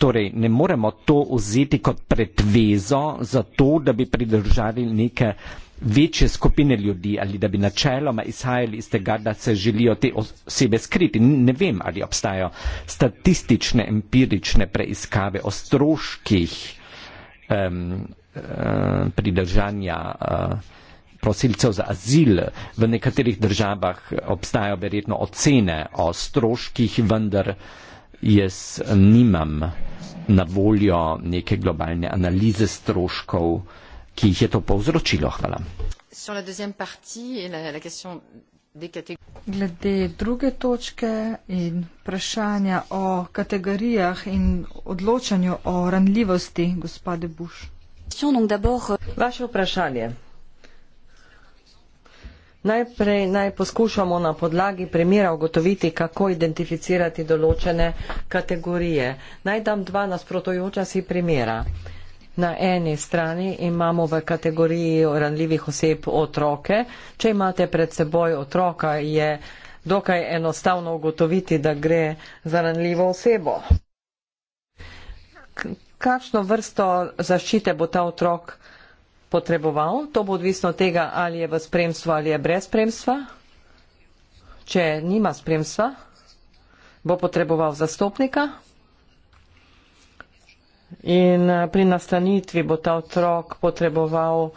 Torej, ne moremo to vzeti kot predvezo za to, da bi pridržali neke večje skupine ljudi ali da bi načeloma izhajali iz tega, da se želijo te osebe skriti. Ne vem, ali obstajajo statistične, empirične preiskave o stroških um, pridržanja uh, prosilcev za azil. V nekaterih državah obstajajo verjetno ocene o stroških, vendar jaz nimam na voljo neke globalne analize stroškov, ki jih je to povzročilo. Hvala. Glede druge točke in vprašanja o kategorijah in odločanju o ranljivosti, gospode Buš. Euh, Vaše vprašanje. Najprej naj poskušamo na podlagi primera ugotoviti, kako identificirati določene kategorije. Naj dam dva nasprotujoča si primera. Na eni strani imamo v kategoriji ranljivih oseb otroke. Če imate pred seboj otroka, je dokaj enostavno ugotoviti, da gre za ranljivo osebo. Kakšno vrsto zaščite bo ta otrok potreboval, to bo odvisno od tega, ali je v spremstvu ali je brez spremstva. Če nima spremstva, bo potreboval zastopnika. In eh, pri nastanitvi bo ta otrok potreboval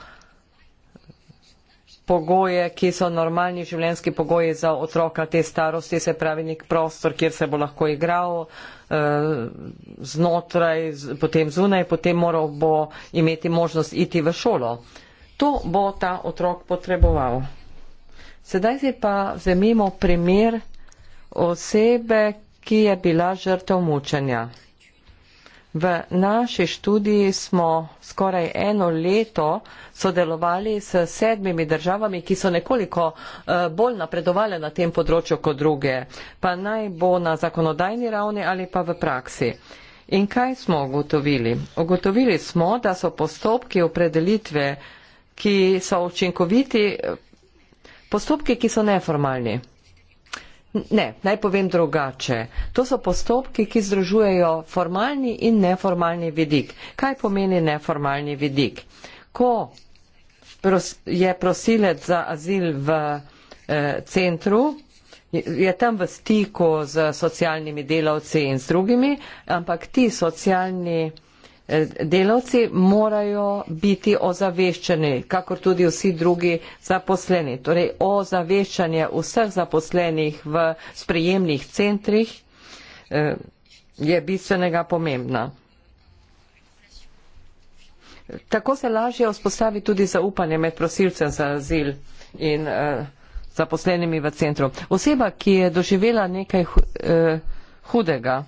pogoje, ki so normalni življenjski pogoji za otroka te starosti, se pravi nek prostor, kjer se bo lahko igral eh, znotraj, potem zunaj, potem moral bo imeti možnost iti v šolo. To bo ta otrok potreboval. Sedaj si pa vzemimo primer osebe, ki je bila žrtev mučenja. V naši študiji smo skoraj eno leto sodelovali s sedmimi državami, ki so nekoliko eh, bolj napredovali na tem področju kot druge, pa naj bo na zakonodajni ravni ali pa v praksi. In kaj smo ugotovili? Ugotovili smo, da so postopki opredelitve, ki so učinkoviti, postopki, ki so neformalni. Ne, naj povem drugače. To so postopki, ki združujejo formalni in neformalni vidik. Kaj pomeni neformalni vidik? Ko je prosilec za azil v eh, centru, je tam v stiku z socialnimi delavci in z drugimi, ampak ti socialni delavci morajo biti ozaveščeni, kakor tudi vsi drugi zaposleni. Torej, ozaveščanje vseh zaposlenih v sprejemnih centrih eh, je bistvenega pomembna. Tako se lažje vzpostavi tudi zaupanje med prosilcem za azil in eh, zaposlenimi v centru. Oseba, ki je doživela nekaj eh, hudega,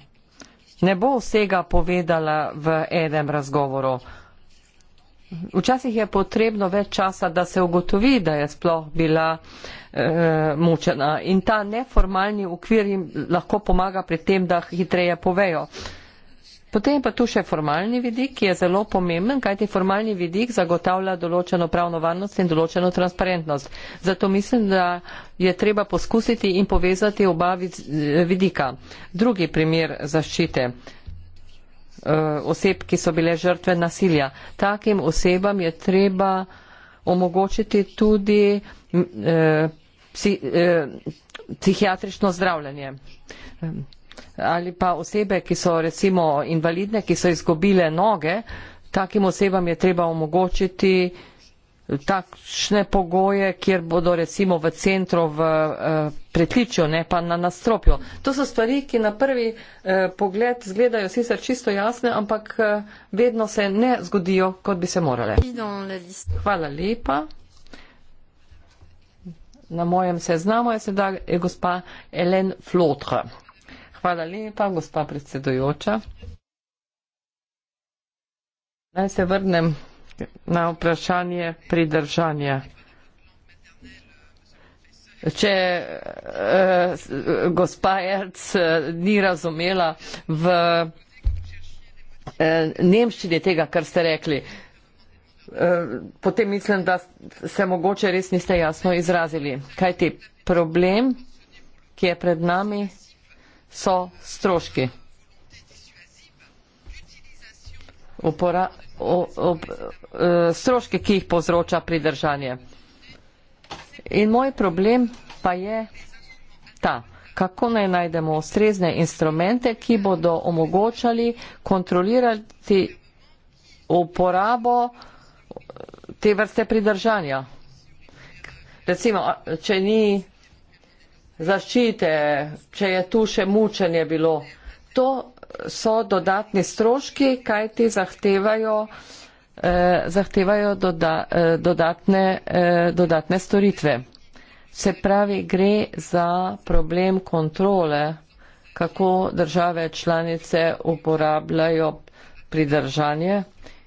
ne bo vsega povedala v enem razgovoru. Včasih je potrebno več časa, da se ugotovi, da je sploh bila e, mučena in ta neformalni ukvir jim lahko pomaga pri tem, da hitreje povejo. Potem pa tu še formalni vidik, ki je zelo pomemben, kajti formalni vidik zagotavlja določeno pravno varnost in določeno transparentnost. Zato mislim, da je treba poskusiti in povezati oba vidika. Drugi primer zaščite eh, oseb, ki so bile žrtve nasilja. Takim osebam je treba omogočiti tudi eh, psi, eh, psihiatrično zdravljanje ali pa osebe, ki so recimo invalidne, ki so izgubile noge, takim osebam je treba omogočiti takšne pogoje, kjer bodo recimo v centru v eh, pretličju, ne pa na nastropju. To so stvari, ki na prvi eh, pogled zgledajo sicer čisto jasne, ampak eh, vedno se ne zgodijo, kot bi se morale. Hvala lepa. Na mojem seznamu je sedaj gospa Ellen Flotre. Hvala lepa, gospa predsedujoča. Naj se vrnem na vprašanje pridržanja. Če eh, gospa Erc eh, ni razumela v eh, nemščini tega, kar ste rekli, eh, potem mislim, da se mogoče res niste jasno izrazili. Kaj ti problem, ki je pred nami, so stroški. Upora, u, up, eh, stroški, ki jih povzroča pridržanje. In moj problem pa je ta, kako naj najdemo ustrezne instrumente, ki bodo omogočali kontrolirati uporabo te vrste pridržanja. Recimo, če ni zaščite, če je tu še mučenje bilo. To so dodatni stroški, kaj ti zahtevajo, eh, zahtevajo doda, eh, dodatne, eh, dodatne storitve. Se pravi, gre za problem kontrole, kako države članice uporabljajo pridržanje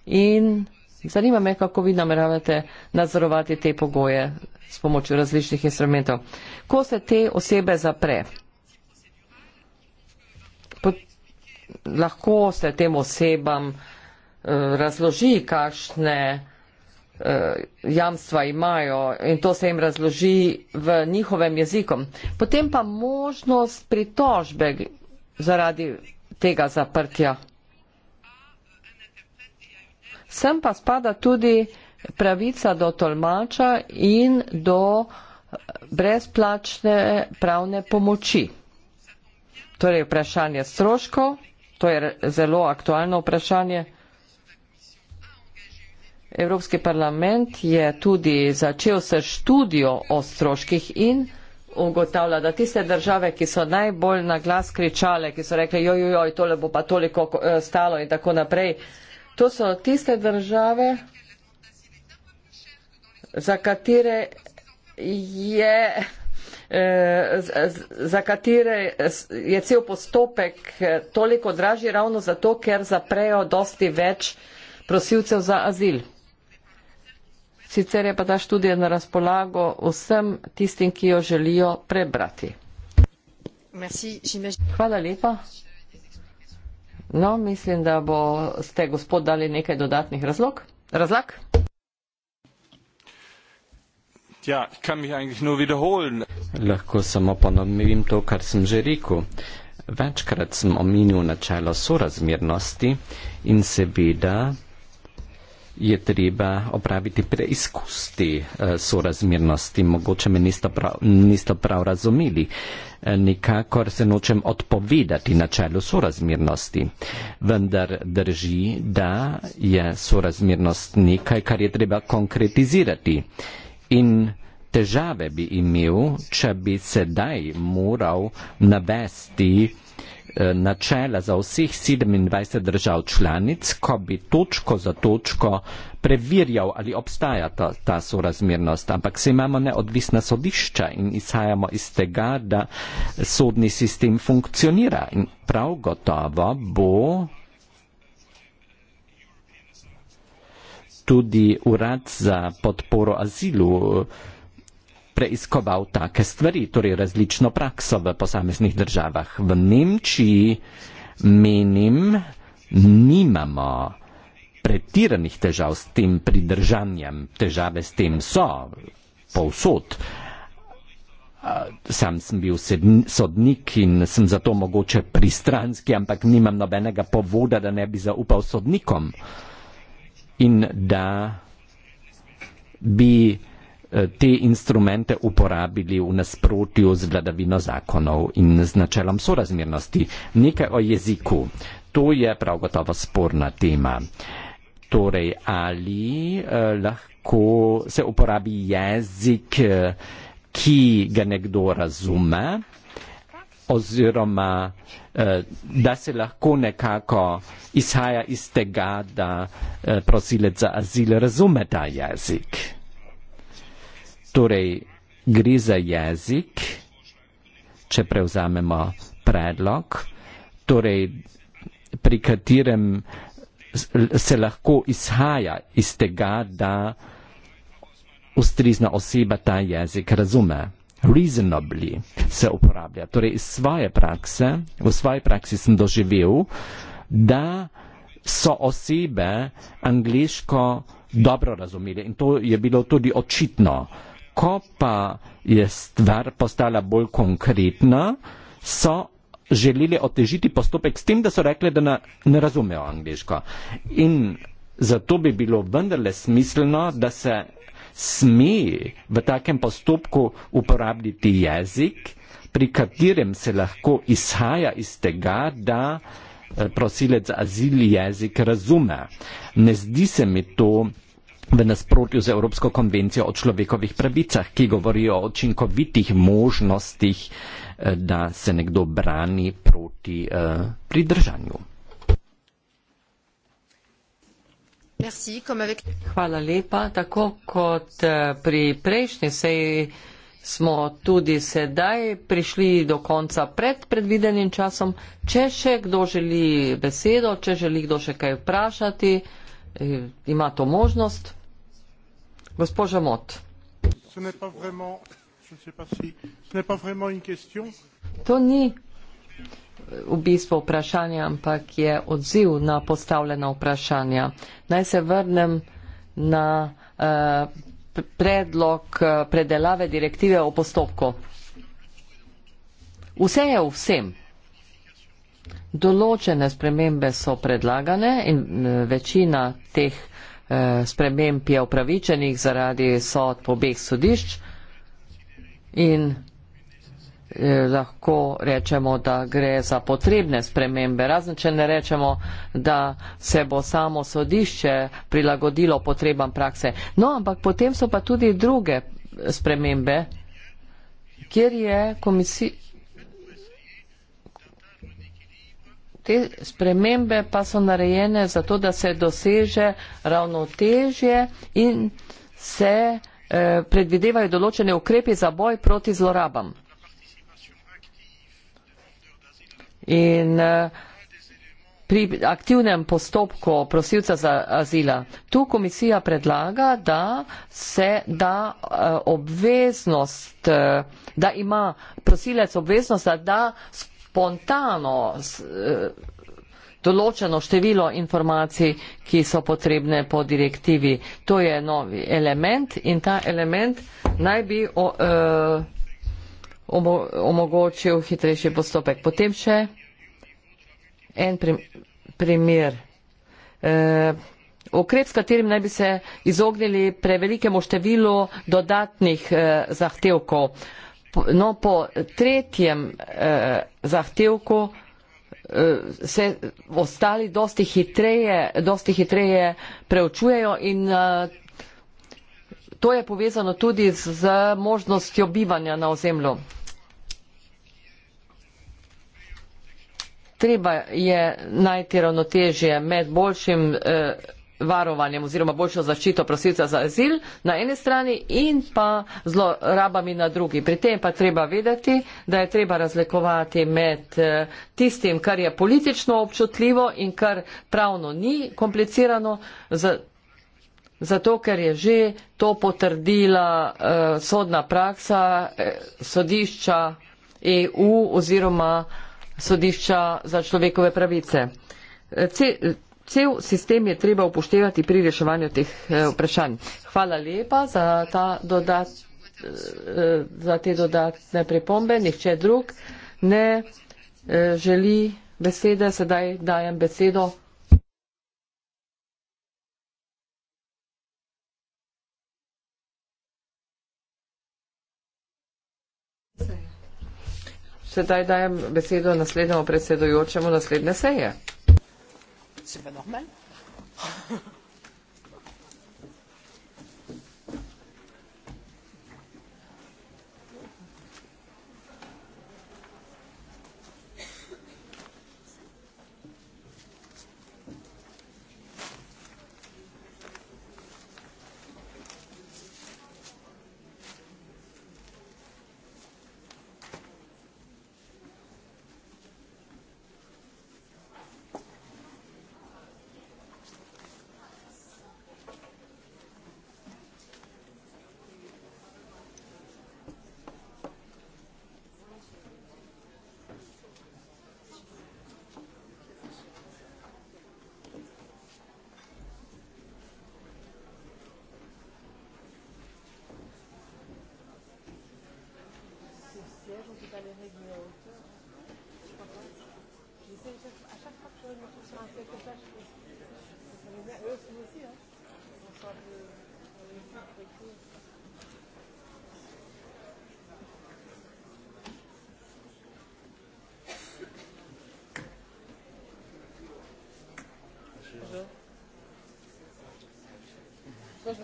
in zanima me, kako vi nameravate nadzorovati te pogoje s pomočjo različnih instrumentov. Eh, ko se te osebe zapre. Pot, lahko se tem osebam uh, razloži, kakšne uh, jamstva imajo in to se jim razloži v njihovem jeziku. Potem pa možnost pritožbe zaradi tega zaprtja. Sem pa spada tudi pravica do tolmača in do uh, brezplačne pravne pomoči. Torej, vprašanje stroškov, to je zelo aktualno vprašanje. Evropski parlament je tudi začel s študijo o stroških in ugotavlja, da tiste države, ki so najbolj na glas kričale, ki so rekli, joj, joj, joj, tole bo pa toliko eh, stalo in tako naprej, to so tiste države, za katere je, eh, za katere je cel postopek eh, toliko dražji ravno zato, ker zaprejo dosti več prosilcev za azil. Sicer je pa ta študija na razpolago vsem tistim, ki jo želijo prebrati. Hvala lepa. No, mislim, da boste gospod dali nekaj dodatnih razlog. Razlag? Ja, ich kann mich eigentlich nur wiederholen. Lahko samo ponovim to, kar sem že rekel. Večkrat sem omenil načelo sorazmernosti in seveda je treba opraviti preizkus te eh, sorazmernosti. Mogoče me niste prav, niste prav razumeli. Eh, nikakor se nočem odpovedati načelu sorazmernosti. Vendar drži, da je sorazmernost nekaj, kar je treba konkretizirati. In težave bi imel, če bi sedaj moral navesti eh, načela za vseh 27 držav članic, ko bi točko za točko preverjal, ali obstaja ta, ta sorazmernost. Ampak se imamo neodvisna sodišča in izhajamo iz tega, da sodni sistem funkcionira. In prav gotovo bo tudi urad za podporo azilu preiskoval take stvari, torej različno prakso v posameznih državah. V Nemčiji menim, nimamo pretiranih težav s tem pridržanjem. Težave s tem so povsod. Sam sem bil sodnik in sem zato mogoče pristranski, ampak nimam nobenega povoda, da ne bi zaupal sodnikom. Uh, in da bi eh, te instrumente uporabili v nasprotju z vladavino zakonov in z načelom sorazmernosti. Nekaj o jeziku. To je prav gotovo sporna tema. Torej, ali eh, lahko se uporabi jezik, eh, ki ga nekdo razume, oziroma eh, da se lahko nekako izhaja iz tega, da eh, prosilec za azil razume ta jezik. Torej, gre za jezik, če prevzamemo predlog, torej, pri katerem se lahko izhaja iz tega, da ustrizna oseba ta jezik razume reasonably se uporablja. Torej, iz svoje prakse, v svoji praksi sem doživel, da so osebe angliško dobro razumeli in to je bilo tudi očitno. Ko pa je stvar postala bolj konkretna, so želeli otežiti postopek s tem, da so rekli, da ne razumejo angliško. In zato bi bilo vendarle smiselno, da se sme v takem postopku uporabljati jezik, pri katerem se lahko izhaja iz tega, da eh, prosilec azil jezik razume. Ne zdi se mi to v nasprotju z Evropsko konvencijo o človekovih pravicah, ki govori o očinkovitih možnostih, eh, da se nekdo brani proti eh, pridržanju. Hvala lepa. Tako kot eh, pri prejšnji seji smo tudi sedaj prišli do konca pred predvidenim časom. Če še kdo želi besedo, če želi kdo še kaj vprašati, eh, ima to možnost. Gospoža Mot. To ni v bistvu vprašanje, ampak je odziv na postavljena vprašanja. Naj se vrnem na uh, predlog eh, predelave direktive o postopku. Vse je vsem. Določene spremembe so predlagane in eh, večina teh eh, sprememb je upravičenih zaradi sod pobeh sodišč in Eh, lahko rečemo, da gre za potrebne spremembe, razen če ne rečemo, da se bo samo sodišče prilagodilo potrebam prakse. No, ampak potem so pa tudi druge spremembe, kjer je komisija. Te spremembe pa so narejene zato, da se doseže ravnotežje in se eh, predvidevajo določene ukrepe za boj proti zlorabam. in eh, pri aktivnem postopku prosilca za azila. Tu komisija predlaga, da se da eh, obveznost, eh, da ima prosilec obveznost, da da spontano določeno število informacij, ki so potrebne po direktivi. To je novi element in ta element naj bi. O, uh, omogočil hitrejši postopek. Potem še en primer. E, ukrep, s katerim naj bi se izognili prevelikemu številu dodatnih e, zahtevkov. Po, no, po tretjem e, zahtevku e, se ostali dosti hitreje, dosti hitreje preučujejo in e, to je povezano tudi z, z možnostjo bivanja na ozemlju. treba je najti ravnotežje med boljšim eh, varovanjem oziroma boljšo zaščito prosilca za azil na eni strani in pa zlorabami na drugi. Pri tem pa treba vedeti, da je treba razlikovati med eh, tistim, kar je politično občutljivo in kar pravno ni komplicirano. Zato, ker je že to potrdila eh, sodna praksa eh, sodišča EU oziroma eh, sodišča za človekove pravice. Ce, cel sistem je treba upoštevati pri reševanju teh eh, vprašanj. Hvala lepa za, dodat, eh, za te dodatne pripombe. Nihče drug ne eh, želi besede. Sedaj dajem besedo. Sedaj dajem besedo naslednjemu predsedujočemu naslednje seje. Se pa normalno. Je vais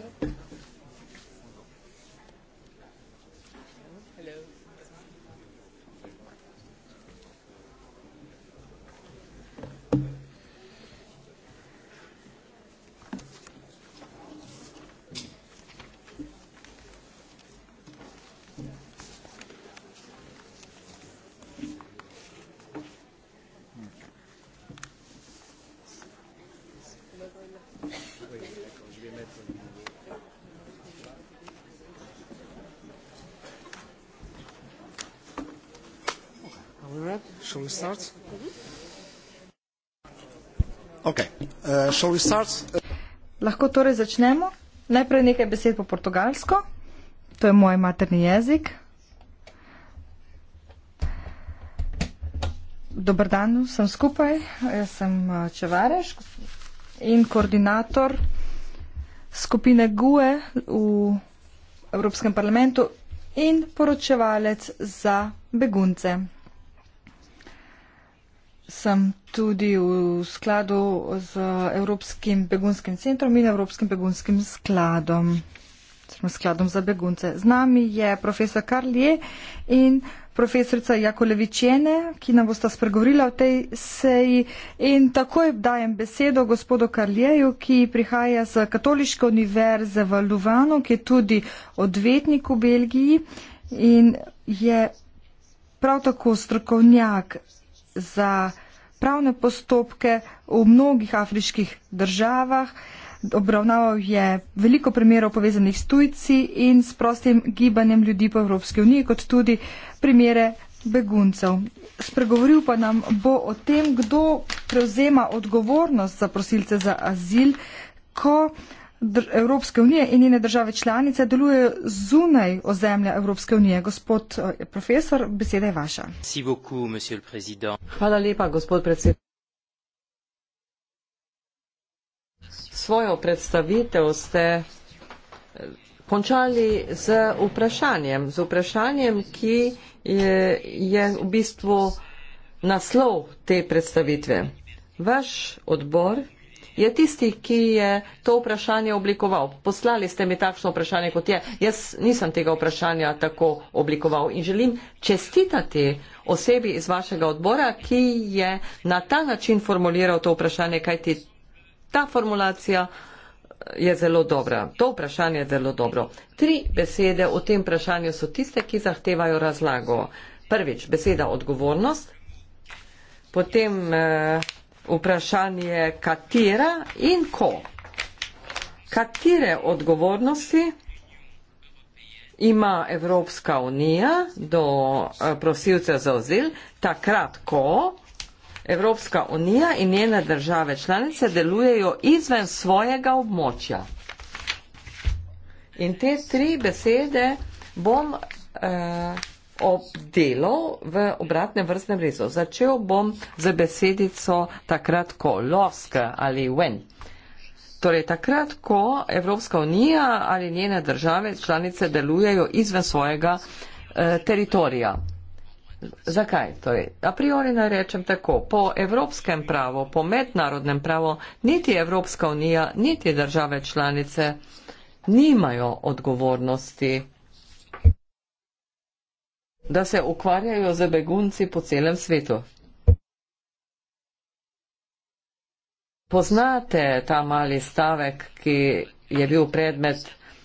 mettre... Okay. Shall we start? Okay. Uh, shall we start? Lahko torej začnemo. Najprej nekaj besed po portugalsko. To je moj materni jezik. Dobar dan, sem skupaj. Jaz sem uh, Čevareš in koordinator skupine GUE v Evropskem parlamentu in poročevalec za begunce sem tudi v skladu z Evropskim begunskim centrom in Evropskim begunskim skladom, oziroma skladom za begunce. Z nami je profesor Karlije in profesorica Jakolevičene, ki nam bosta spregovorila v tej seji. In takoj dajem besedo gospodu Karlijeju, ki prihaja z Katoliške univerze v Luvanu, ki je tudi odvetnik v Belgiji in je prav tako strokovnjak za pravne postopke v mnogih afriških državah. Obravnaval je veliko primerov povezanih s tujci in s prostim gibanjem ljudi po Evropski uniji, kot tudi primere beguncev. Spregovoril pa nam bo o tem, kdo prevzema odgovornost za prosilce za azil, ko Evropske unije in njene države članice delujejo zunaj ozemlja Evropske unije. Gospod eh, profesor, beseda je vaša. Beaucoup, Hvala lepa, gospod predsednik. Svojo predstavitev ste eh, končali z vprašanjem, z vprašanjem, ki je, je v bistvu naslov te predstavitve. Vaš odbor je tisti, ki je to vprašanje oblikoval. Poslali ste mi takšno vprašanje, kot je. Jaz nisem tega vprašanja tako oblikoval in želim čestitati osebi iz vašega odbora, ki je na ta način formuliral to vprašanje, kajti ta formulacija eh, je zelo dobra. To vprašanje je zelo dobro. Tri besede o tem vprašanju so tiste, ki zahtevajo razlago. Prvič, beseda odgovornost, potem eh, Vprašanje, katera in ko. Katere odgovornosti ima Evropska unija do eh, prosilcev za ozil takrat, ko Evropska unija in njene države članice delujejo izven svojega območja. In te tri besede bom. Uh, obdelo v obratnem vrstnem rezu. Začel bom z besedico takrat, ko losk ali when. Torej, takrat, ko Evropska unija ali njene države članice delujejo izven svojega eh, teritorija. Zakaj? Torej, a priori narečem tako, po evropskem pravu, po mednarodnem pravu, niti Evropska unija, niti države članice nimajo odgovornosti da se ukvarjajo z begunci po celem svetu. Poznate ta mali stavek, ki je bil predmet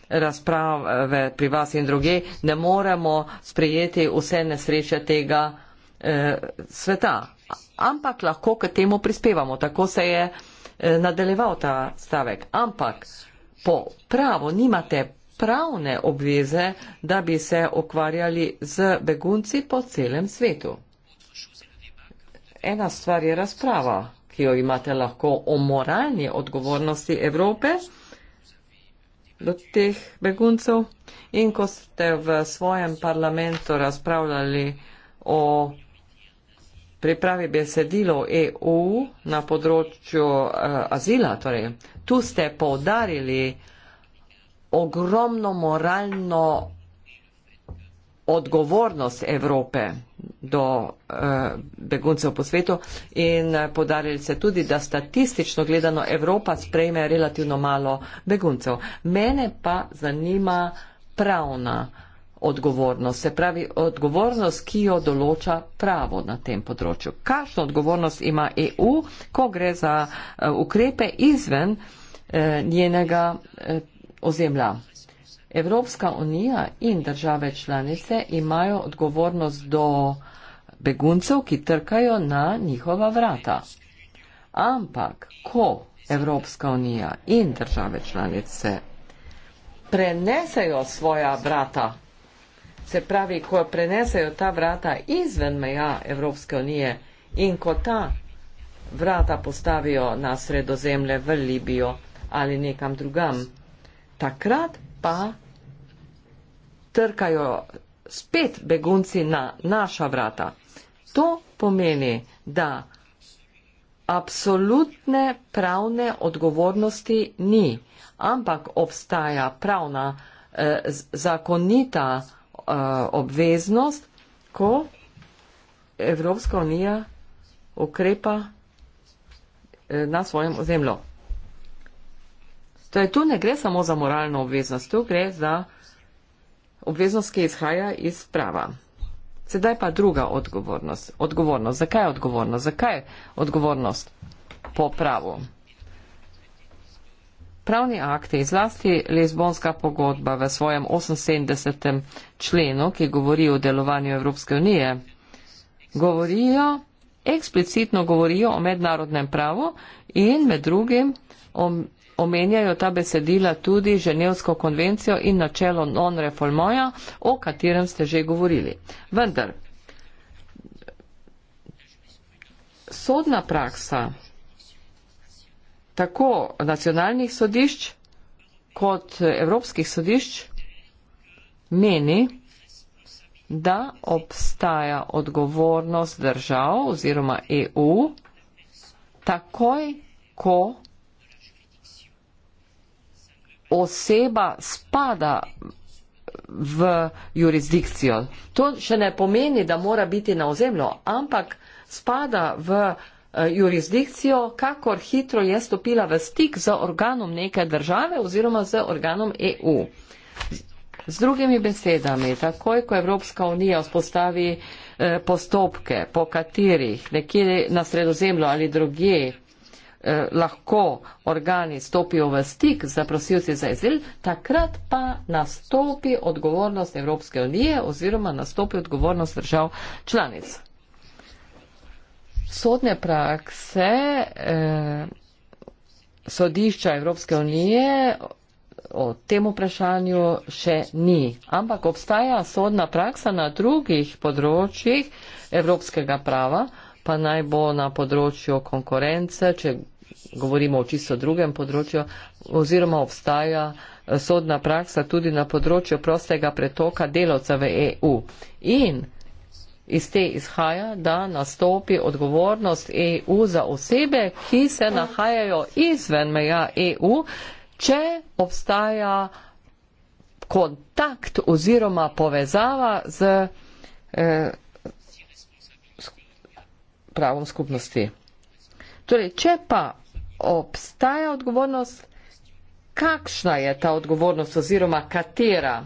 razprave pri vas in druge, ne moremo sprejeti vse nesreče tega eh, sveta, ampak lahko k temu prispevamo. Tako se je eh, nadaljeval ta stavek. Ampak po pravu nimate pravne obveze, da bi se okvarjali z begunci po celem svetu. Ena stvar je razprava, ki jo imate lahko o moralni odgovornosti Evrope do teh beguncev in ko ste v svojem parlamentu razpravljali o pripravi besedilo EU na področju uh, azila, torej tu ste povdarili, ogromno moralno odgovornost Evrope do uh, beguncev po svetu in eh, podarili se tudi, da statistično gledano Evropa sprejme relativno malo beguncev. Mene pa zanima pravna odgovornost, se pravi odgovornost, ki jo določa pravo na tem področju. Kakšno odgovornost ima EU, ko gre za uh, ukrepe izven uh, njenega uh, ozemlja. Evropska unija in države članice imajo odgovornost do beguncev, ki trkajo na njihova vrata. Ampak, ko Evropska unija in države članice prenesejo svoja vrata, se pravi, ko prenesejo ta vrata izven meja Evropske unije in ko ta vrata postavijo na sredozemlje v Libijo ali nekam drugam, takrat pa trkajo spet begunci na naša vrata. To pomeni, da absolutne pravne odgovornosti ni, ampak obstaja pravna eh, zakonita eh, obveznost, ko Evropska unija ukrepa eh, na svojem ozemlju. Torej, tu ne gre samo za moralno obveznost, tu gre za obveznost, ki izhaja iz prava. Sedaj pa druga odgovornost. Odgovornost. Zakaj je odgovornost? Zakaj je odgovornost po pravu? Pravni akti, zlasti Lizbonska pogodba v svojem 78. členu, ki govori o delovanju Evropske unije, govorijo, eksplicitno govorijo o mednarodnem pravu in med drugim o omenjajo ta besedila tudi Ženevsko konvencijo in načelo non-reformoja, o katerem ste že govorili. Vendar, sodna praksa tako nacionalnih sodišč kot evropskih sodišč meni, da obstaja odgovornost držav oziroma EU takoj, ko oseba spada v jurisdikcijo. To še ne pomeni, da mora biti na ozemlju, ampak spada v eh, jurisdikcijo, kakor hitro je stopila v stik z organom neke države oziroma z organom EU. Z drugimi besedami, takoj ko Evropska unija vzpostavi eh, postopke, po katerih nekje na sredozemlju ali drugje Eh, lahko organi stopijo v stik za prosilce za azil, takrat pa nastopi odgovornost Evropske unije oziroma nastopi odgovornost držav članic. Sodne prakse eh, sodišča Evropske unije o tem vprašanju še ni. Ampak obstaja sodna praksa na drugih področjih evropskega prava, pa naj bo na področju konkurence, če govorimo o čisto drugem področju, oziroma obstaja eh, sodna praksa tudi na področju prostega pretoka delavca v EU. In iz te izhaja, da nastopi odgovornost EU za osebe, ki se nahajajo izven meja EU, če obstaja kontakt oziroma povezava z eh, pravom skupnosti. Torej, če pa obstaja odgovornost, kakšna je ta odgovornost oziroma katera?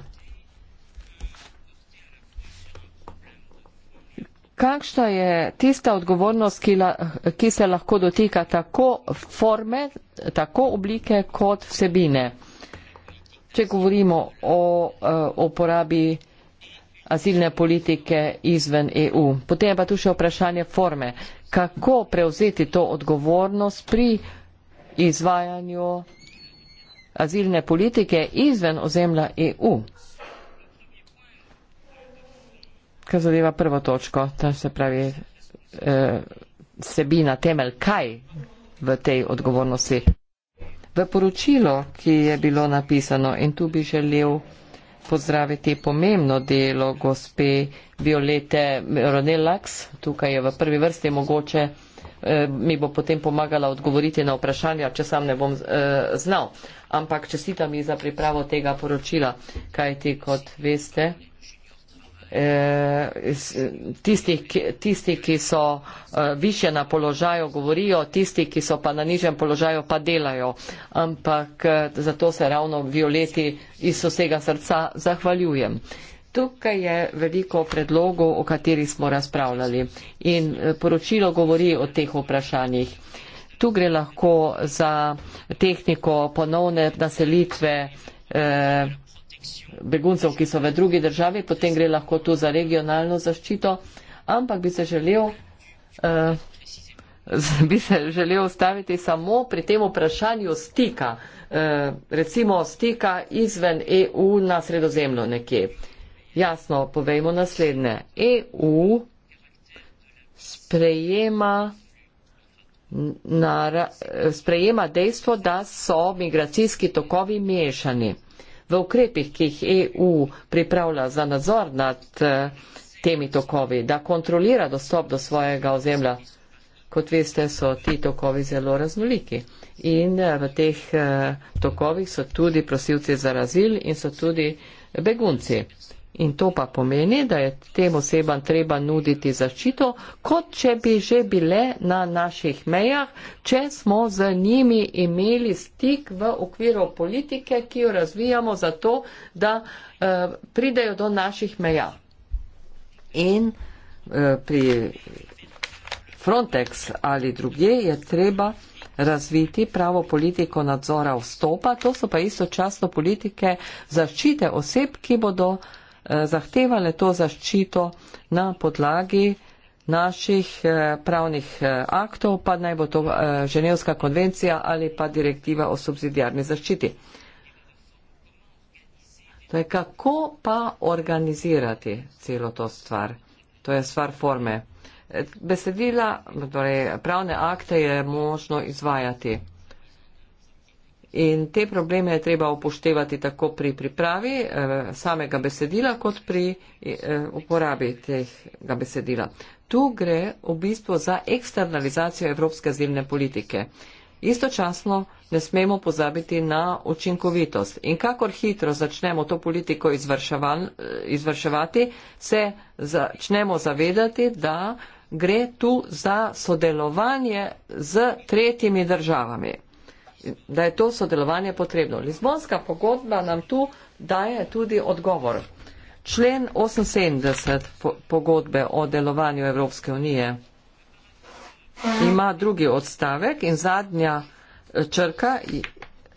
Kakšna je tista odgovornost, ki, la, ki se lahko dotika tako forme, tako oblike kot vsebine? Če govorimo o eh, uporabi azilne politike izven EU, potem je pa tu še vprašanje forme. Kako prevzeti to odgovornost pri izvajanju azilne politike izven ozemlja EU. Kar zadeva prvo točko, ta se pravi eh, sebina, temelj, kaj v tej odgovornosti. V poročilo, ki je bilo napisano in tu bi želel pozdraviti pomembno delo gospe Violete Ronelax, tukaj je v prvi vrsti mogoče Eh, mi bo potem pomagala odgovoriti na vprašanja, če sam ne bom eh, znal. Ampak čestitam ji za pripravo tega poročila, kajti kot veste, eh, tistih, tisti, ki so više na položaju, govorijo, tisti, ki so pa na nižjem položaju, pa delajo. Ampak zato se ravno Violeti iz vsega srca zahvaljujem. Tukaj je veliko predlogov, o katerih smo razpravljali in eh, poročilo govori o teh vprašanjih. Tu gre lahko za tehniko ponovne naselitve eh, beguncev, ki so v drugi državi, potem gre lahko tu za regionalno zaščito, ampak bi se želel. Eh, bi se želel staviti samo pri tem vprašanju stika, eh, recimo stika izven EU na sredozemlju nekje jasno povejmo naslednje. EU sprejema, nara, sprejema dejstvo, da so migracijski tokovi mešani. V ukrepih, ki jih EU pripravlja za nadzor nad eh, temi tokovi, da kontrolira dostop do svojega ozemlja, kot veste, so ti tokovi zelo raznoliki. In eh, v teh eh, tokovih so tudi prosilci za razil in so tudi begunci. In to pa pomeni, da je tem osebam treba nuditi zaščito, kot če bi že bile na naših mejah, če smo z njimi imeli stik v okviru politike, ki jo razvijamo za to, da eh, pridejo do naših meja. In eh, pri Frontex ali druge je treba razviti pravo politiko nadzora vstopa, to so pa istočasno politike zaščite oseb, ki bodo Eh, zahtevale to zaščito na podlagi naših eh, pravnih eh, aktov, pa naj bo to Ženevska konvencija ali pa direktiva o subsidijarni zaščiti. To je kako pa organizirati celo to stvar. To je stvar forme. Besedila, torej pravne akte je možno izvajati. In te probleme je treba upoštevati tako pri pripravi eh, samega besedila, kot pri eh, uporabi tega besedila. Tu gre v bistvu za eksternalizacijo evropske zimne politike. Istočasno ne smemo pozabiti na učinkovitost. In kakor hitro začnemo to politiko izvrševati, se začnemo zavedati, da gre tu za sodelovanje z tretjimi državami da je to sodelovanje potrebno. Lizbonska pogodba nam tu daje tudi odgovor. Člen 78 pogodbe o delovanju Evropske unije ima drugi odstavek in zadnja eh, črka,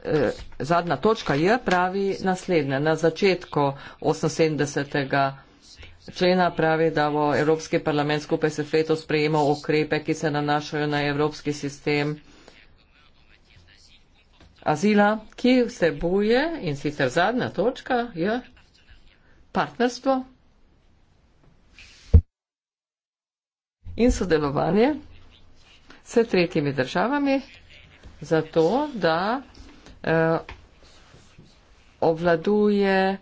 eh, zadnja točka je pravi naslednje. Na začetku 78. člena pravi, da bo Evropski parlament skupaj s svetom sprejemal okrepe, ki se nanašajo na evropski sistem azila, ki vsebuje in sicer zadnja točka je partnerstvo in sodelovanje s tretjimi državami, zato da eh, obvladuje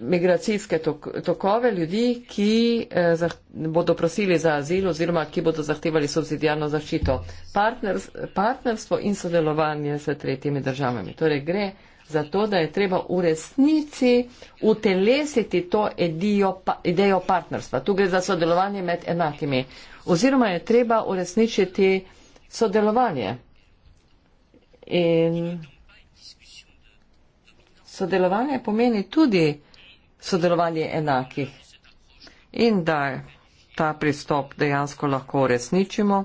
migracijske tok, tokove ljudi, ki eh, zah, bodo prosili za azil oziroma ki bodo zahtevali subsidijarno zaščito. Partners, partnerstvo in sodelovanje s tretjimi državami. Torej gre za to, da je treba v resnici utelesiti to edijo, pa, idejo partnerstva. Tu gre za sodelovanje med enakimi. Oziroma je treba uresničiti sodelovanje. In sodelovanje pomeni tudi, sodelovanje enakih in da ta pristop dejansko lahko resničimo.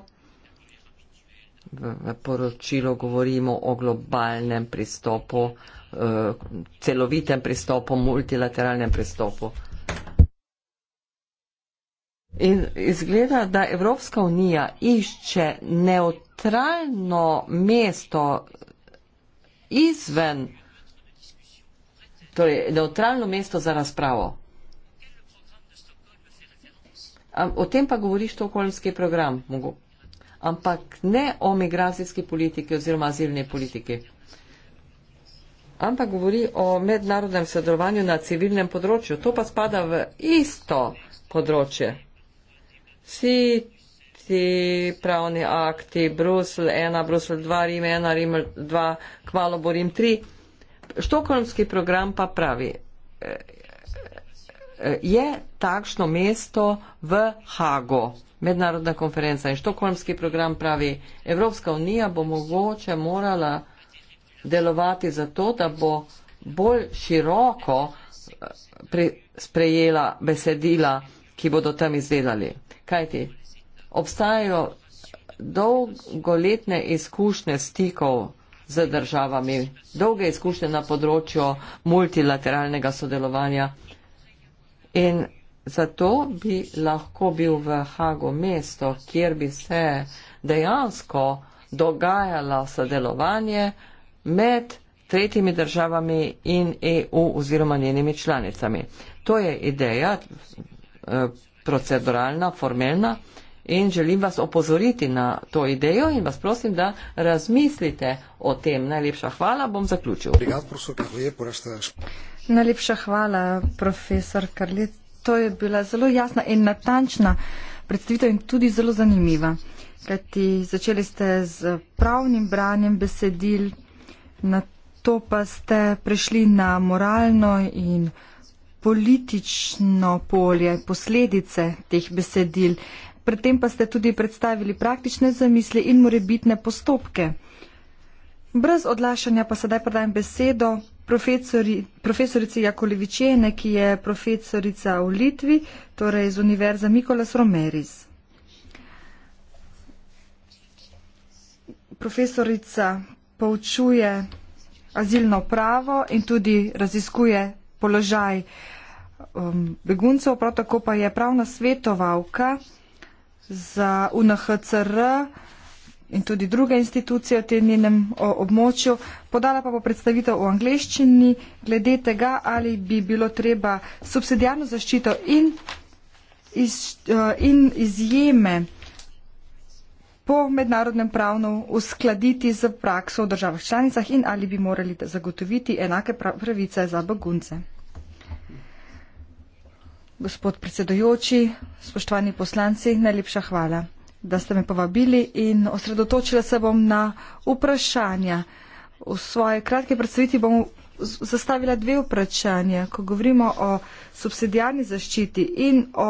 V, v poročilu govorimo o globalnem pristopu, eh, celovitem pristopu, multilateralnem pristopu. In izgleda, da Evropska unija išče neutralno mesto izven torej neutralno mesto za razpravo. O tem pa govori štokholmski program, mogo. ampak ne o migracijski politiki oziroma azilni politiki. Ampak govori o mednarodnem sodelovanju na civilnem področju. To pa spada v isto področje. Vsi ti pravni akti, Brusel 1, Brusel 2, Rim 1, Rim 2, kvalo bo Rim 3. Štokholmski program pa pravi, eh, je takšno mesto v Hago, mednarodna konferenca in Štokholmski program pravi, Evropska unija bo mogoče morala delovati za to, da bo bolj široko eh, pri, sprejela besedila, ki bodo tam izdelali. Kajti obstajajo dolgoletne izkušnje stikov z državami. Dolge izkušnje na področju multilateralnega sodelovanja. In zato bi lahko bil v Hago mesto, kjer bi se dejansko dogajalo sodelovanje med tretjimi državami in EU oziroma njenimi članicami. To je ideja eh, proceduralna, formelna in želim vas opozoriti na to idejo in vas prosim, da razmislite o tem. Najlepša hvala, bom zaključil. Najlepša hvala, profesor Karlet. To je bila zelo jasna in natančna predstavitev in tudi zelo zanimiva. Kajti začeli ste z pravnim branjem besedil, na to pa ste prišli na moralno in politično polje, posledice teh besedil predtem pa ste tudi predstavili praktične zamisli in morebitne postopke. Brez odlašanja pa sedaj predajem besedo profesori, profesorici Jakolevičene, ki je profesorica v Litvi, torej iz Univerza Mikolas Romeris. Profesorica poučuje azilno pravo in tudi raziskuje položaj um, beguncev, prav tako pa je pravna svetovalka za UNHCR in tudi druge institucije v tem njenem območju. Podala pa bo predstavitev v angleščini glede tega, ali bi bilo treba subsidijarno zaščito in, iz, in izjeme po mednarodnem pravnu uskladiti z prakso v državah članicah in ali bi morali zagotoviti enake pravice za begunce. Gospod predsedujoči, spoštovani poslanci, najlepša hvala, da ste me povabili in osredotočila se bom na vprašanja. V svoje kratke predstaviti bom zastavila dve vprašanja. Ko govorimo o subsidijarni zaščiti in o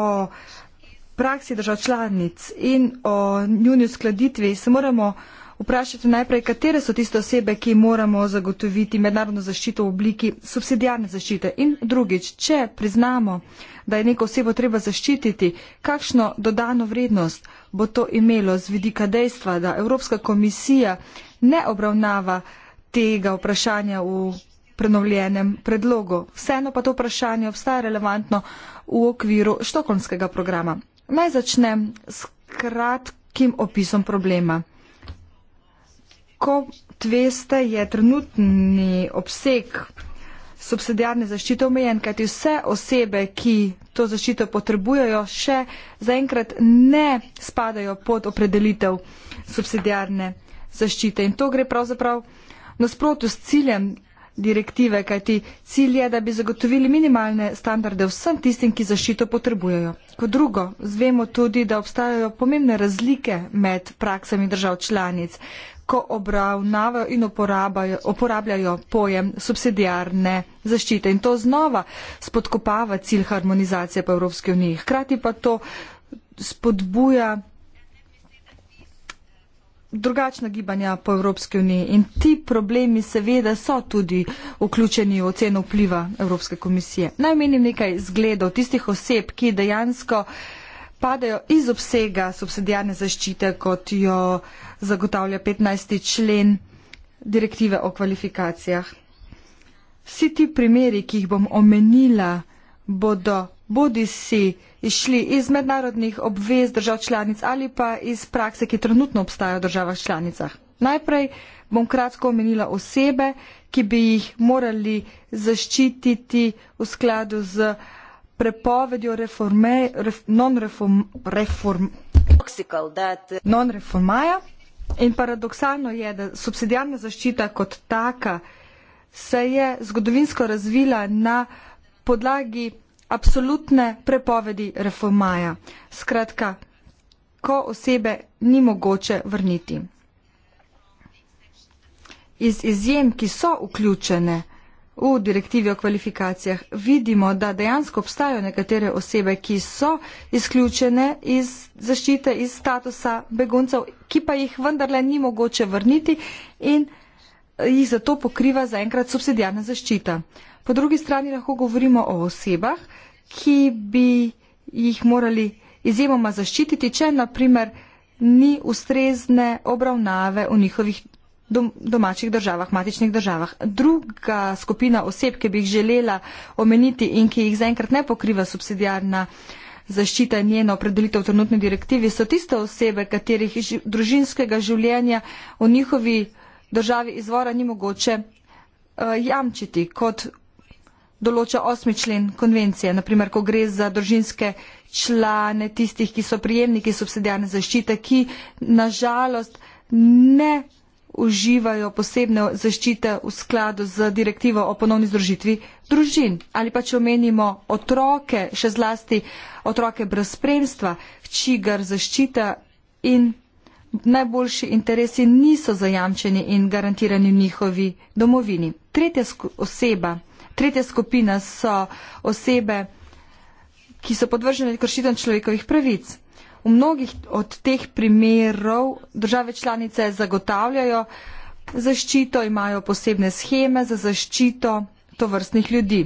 praksi držav članic in o njuni uskladitvi, se moramo vprašati najprej, katere so tiste osebe, ki moramo zagotoviti mednarodno zaščito v obliki subsidijarne zaščite. In drugič, če priznamo, da je neko osebo treba zaščititi, kakšno dodano vrednost bo to imelo z vidika dejstva, da Evropska komisija ne obravnava tega vprašanja v prenovljenem predlogu. Vseeno pa to vprašanje obstaja relevantno v okviru štokonskega programa. Naj začnem s kratkim opisom problema kot veste, je trenutni obseg subsidijarne zaščite omejen, kajti vse osebe, ki to zaščito potrebujejo, še zaenkrat ne spadajo pod opredelitev subsidijarne zaščite. In to gre pravzaprav nasprotno s ciljem direktive, kajti cilj je, da bi zagotovili minimalne standarde vsem tistim, ki zaščito potrebujejo. Kot drugo, zvemo tudi, da obstajajo pomembne razlike med praksami držav članic ko obravnavajo in uporabljajo pojem subsidijarne zaščite. In to znova spodkopava cilj harmonizacije po Evropski uniji. Hkrati pa to spodbuja drugačna gibanja po Evropski uniji. In ti problemi seveda so tudi vključeni v oceno vpliva Evropske komisije. Najmenim nekaj zgledov tistih oseb, ki dejansko padejo iz obsega subsidijarne zaščite, kot jo zagotavlja 15. člen direktive o kvalifikacijah. Vsi ti primeri, ki jih bom omenila, bodo bodi si išli iz mednarodnih obvez držav članic ali pa iz prakse, ki trenutno obstaja v državah članicah. Najprej bom kratko omenila osebe, ki bi jih morali zaščititi v skladu z prepovedjo reforme, ref, non reform, reform, that... Uh, non reformaja. In paradoksalno je, da subsidijarna zaščita kot taka se je zgodovinsko razvila na podlagi absolutne prepovedi reformaja. Skratka, ko osebe ni mogoče vrniti. Iz izjem, ki so vključene, v direktivi o kvalifikacijah, vidimo, da dejansko obstajajo nekatere osebe, ki so izključene iz zaščite, iz statusa beguncev, ki pa jih vendarle ni mogoče vrniti in jih zato pokriva zaenkrat subsidijarna zaščita. Po drugi strani lahko govorimo o osebah, ki bi jih morali izjemoma zaščititi, če naprimer ni ustrezne obravnave v njihovih domačih državah, matičnih državah. Druga skupina oseb, ki bi jih želela omeniti in ki jih zaenkrat ne pokriva subsidijarna zaščita in njeno opredelitev v trenutni direktivi, so tiste osebe, katerih družinskega življenja v njihovi državi izvora ni mogoče eh, jamčiti, kot določa osmi člen konvencije, naprimer, ko gre za družinske člane tistih, ki so prijemniki subsidijarne zaščite, ki nažalost ne uživajo posebne zaščite v skladu z direktivo o ponovni združitvi družin. Ali pa če omenimo otroke, še zlasti otroke brez spremstva, čigar zaščita in najboljši interesi niso zajamčeni in garantirani v njihovi domovini. Tretja oseba, tretja skupina so osebe, ki so podvržene kršitvam človekovih pravic. V mnogih od teh primerov države članice zagotavljajo zaščito, imajo posebne scheme za zaščito tovrstnih ljudi.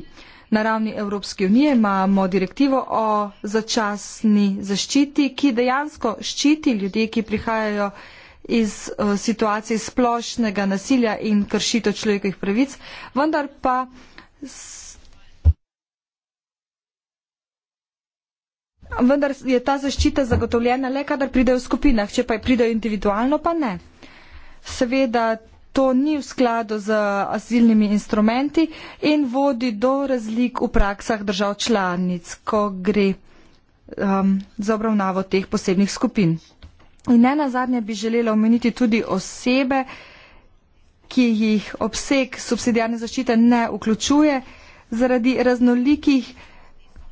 Na ravni Evropske unije imamo direktivo o začasni zaščiti, ki dejansko ščiti ljudi, ki prihajajo iz eh, situacij splošnega nasilja in kršito človekovih pravic, vendar pa Vendar je ta zaščita zagotovljena le, kadar pridejo v skupinah, če pa pridejo individualno, pa ne. Seveda to ni v skladu z azilnimi instrumenti in vodi do razlik v praksah držav članic, ko gre um, za obravnavo teh posebnih skupin. In ne nazadnje bi želela omeniti tudi osebe, ki jih obseg subsidijarne zaščite ne vključuje zaradi raznolikih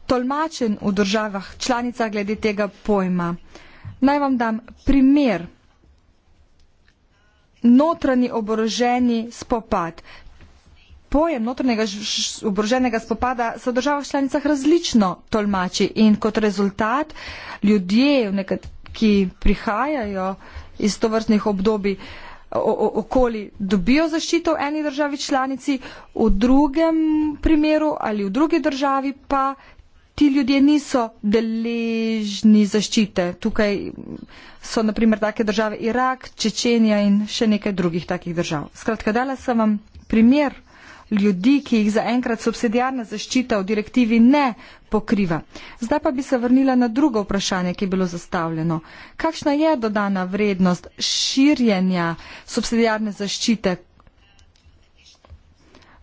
tolmačen v državah članicah glede tega pojma. Naj vam dam primer. Notranji oboroženi spopad. Pojem notranjega oboroženega spopada se v državah članicah različno tolmači in kot rezultat ljudje, ki prihajajo iz tovrstnih obdobij okoli, dobijo zaščito v eni državi članici, v drugem primeru ali v drugi državi pa ti ljudje niso deležni zaščite. Tukaj so naprimer take države Irak, Čečenija in še nekaj drugih takih držav. Skratka, dala sem vam primer ljudi, ki jih zaenkrat subsidijarna zaščita v direktivi ne pokriva. Zdaj pa bi se vrnila na drugo vprašanje, ki je bilo zastavljeno. Kakšna je dodana vrednost širjenja subsidijarne zaščite,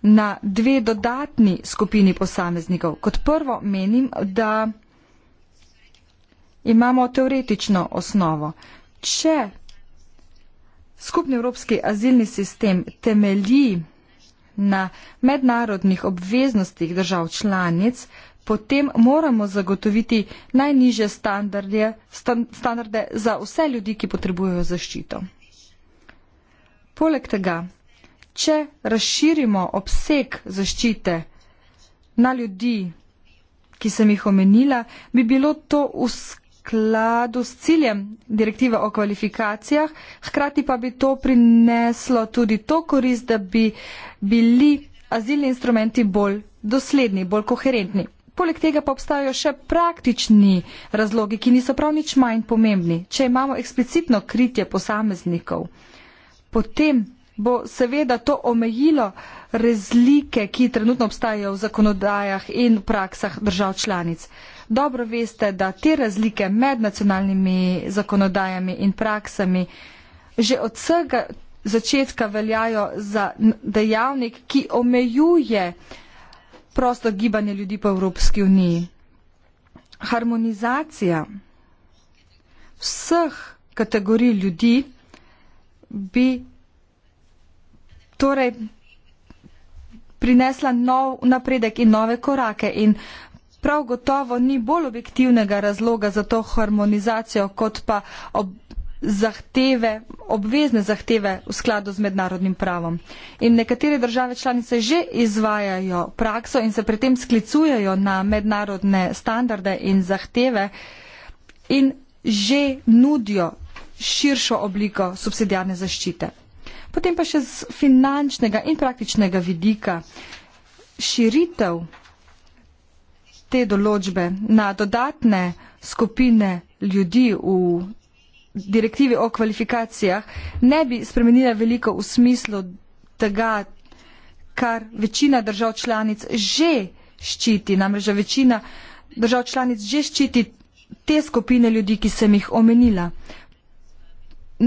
na dve dodatni skupini posameznikov. Kot prvo menim, da imamo teoretično osnovo. Če skupni evropski azilni sistem temelji na mednarodnih obveznostih držav članic, potem moramo zagotoviti najniže standarde, standarde za vse ljudi, ki potrebujejo zaščito. Poleg tega če razširimo obseg zaščite na ljudi, ki sem jih omenila, bi bilo to v skladu s ciljem direktive o kvalifikacijah, hkrati pa bi to prineslo tudi to korist, da bi bili azilni instrumenti bolj dosledni, bolj koherentni. Poleg tega pa obstajajo še praktični razlogi, ki niso prav nič manj pomembni. Če imamo eksplicitno kritje posameznikov, potem bo seveda to omejilo razlike, ki trenutno obstajajo v zakonodajah in praksah držav članic. Dobro veste, da te razlike med nacionalnimi zakonodajami in praksami že od vsega začetka veljajo za dejavnik, ki omejuje prosto gibanje ljudi po Evropski uniji. Harmonizacija vseh kategorij ljudi bi torej prinesla nov napredek in nove korake in prav gotovo ni bolj objektivnega razloga za to harmonizacijo, kot pa ob zahteve, obvezne zahteve v skladu z mednarodnim pravom. In nekatere države članice že izvajajo prakso in se pri tem sklicujejo na mednarodne standarde in zahteve in že nudijo širšo obliko subsidijarne zaščite. Potem pa še z finančnega in praktičnega vidika širitev te določbe na dodatne skupine ljudi v direktivi o kvalifikacijah ne bi spremenila veliko v smislu tega, kar večina držav članic že ščiti, namreč večina držav članic že ščiti te skupine ljudi, ki sem jih omenila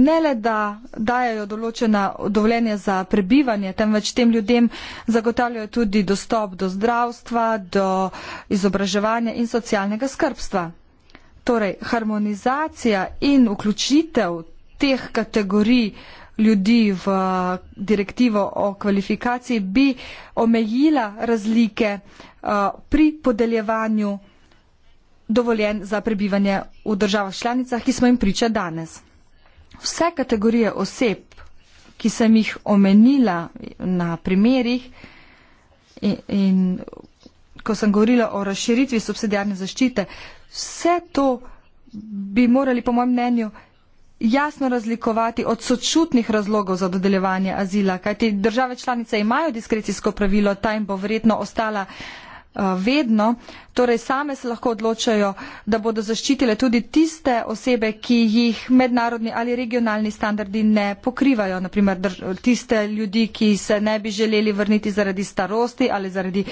ne le da dajajo določena dovoljenja za prebivanje, temveč tem ljudem zagotavljajo tudi dostop do zdravstva, do izobraževanja in socialnega skrbstva. Torej, harmonizacija in vključitev teh kategorij ljudi v direktivo o kvalifikaciji bi omejila razlike uh, pri podeljevanju dovoljen za prebivanje v državah članicah, ki smo jim priča danes vse kategorije oseb, ki sem jih omenila na primerjih in, in ko sem govorila o razširitvi subsidijarne zaščite, vse to bi morali po mojem mnenju jasno razlikovati od sočutnih razlogov za dodeljevanje azila, kajti države članice imajo diskrecijsko pravilo, ta jim bo verjetno ostala uh, Eh, vedno, torej same se lahko odločajo, da bodo zaščitile tudi tiste osebe, ki jih mednarodni ali regionalni standardi ne pokrivajo, naprimer tiste ljudi, ki se ne bi želeli vrniti zaradi starosti ali zaradi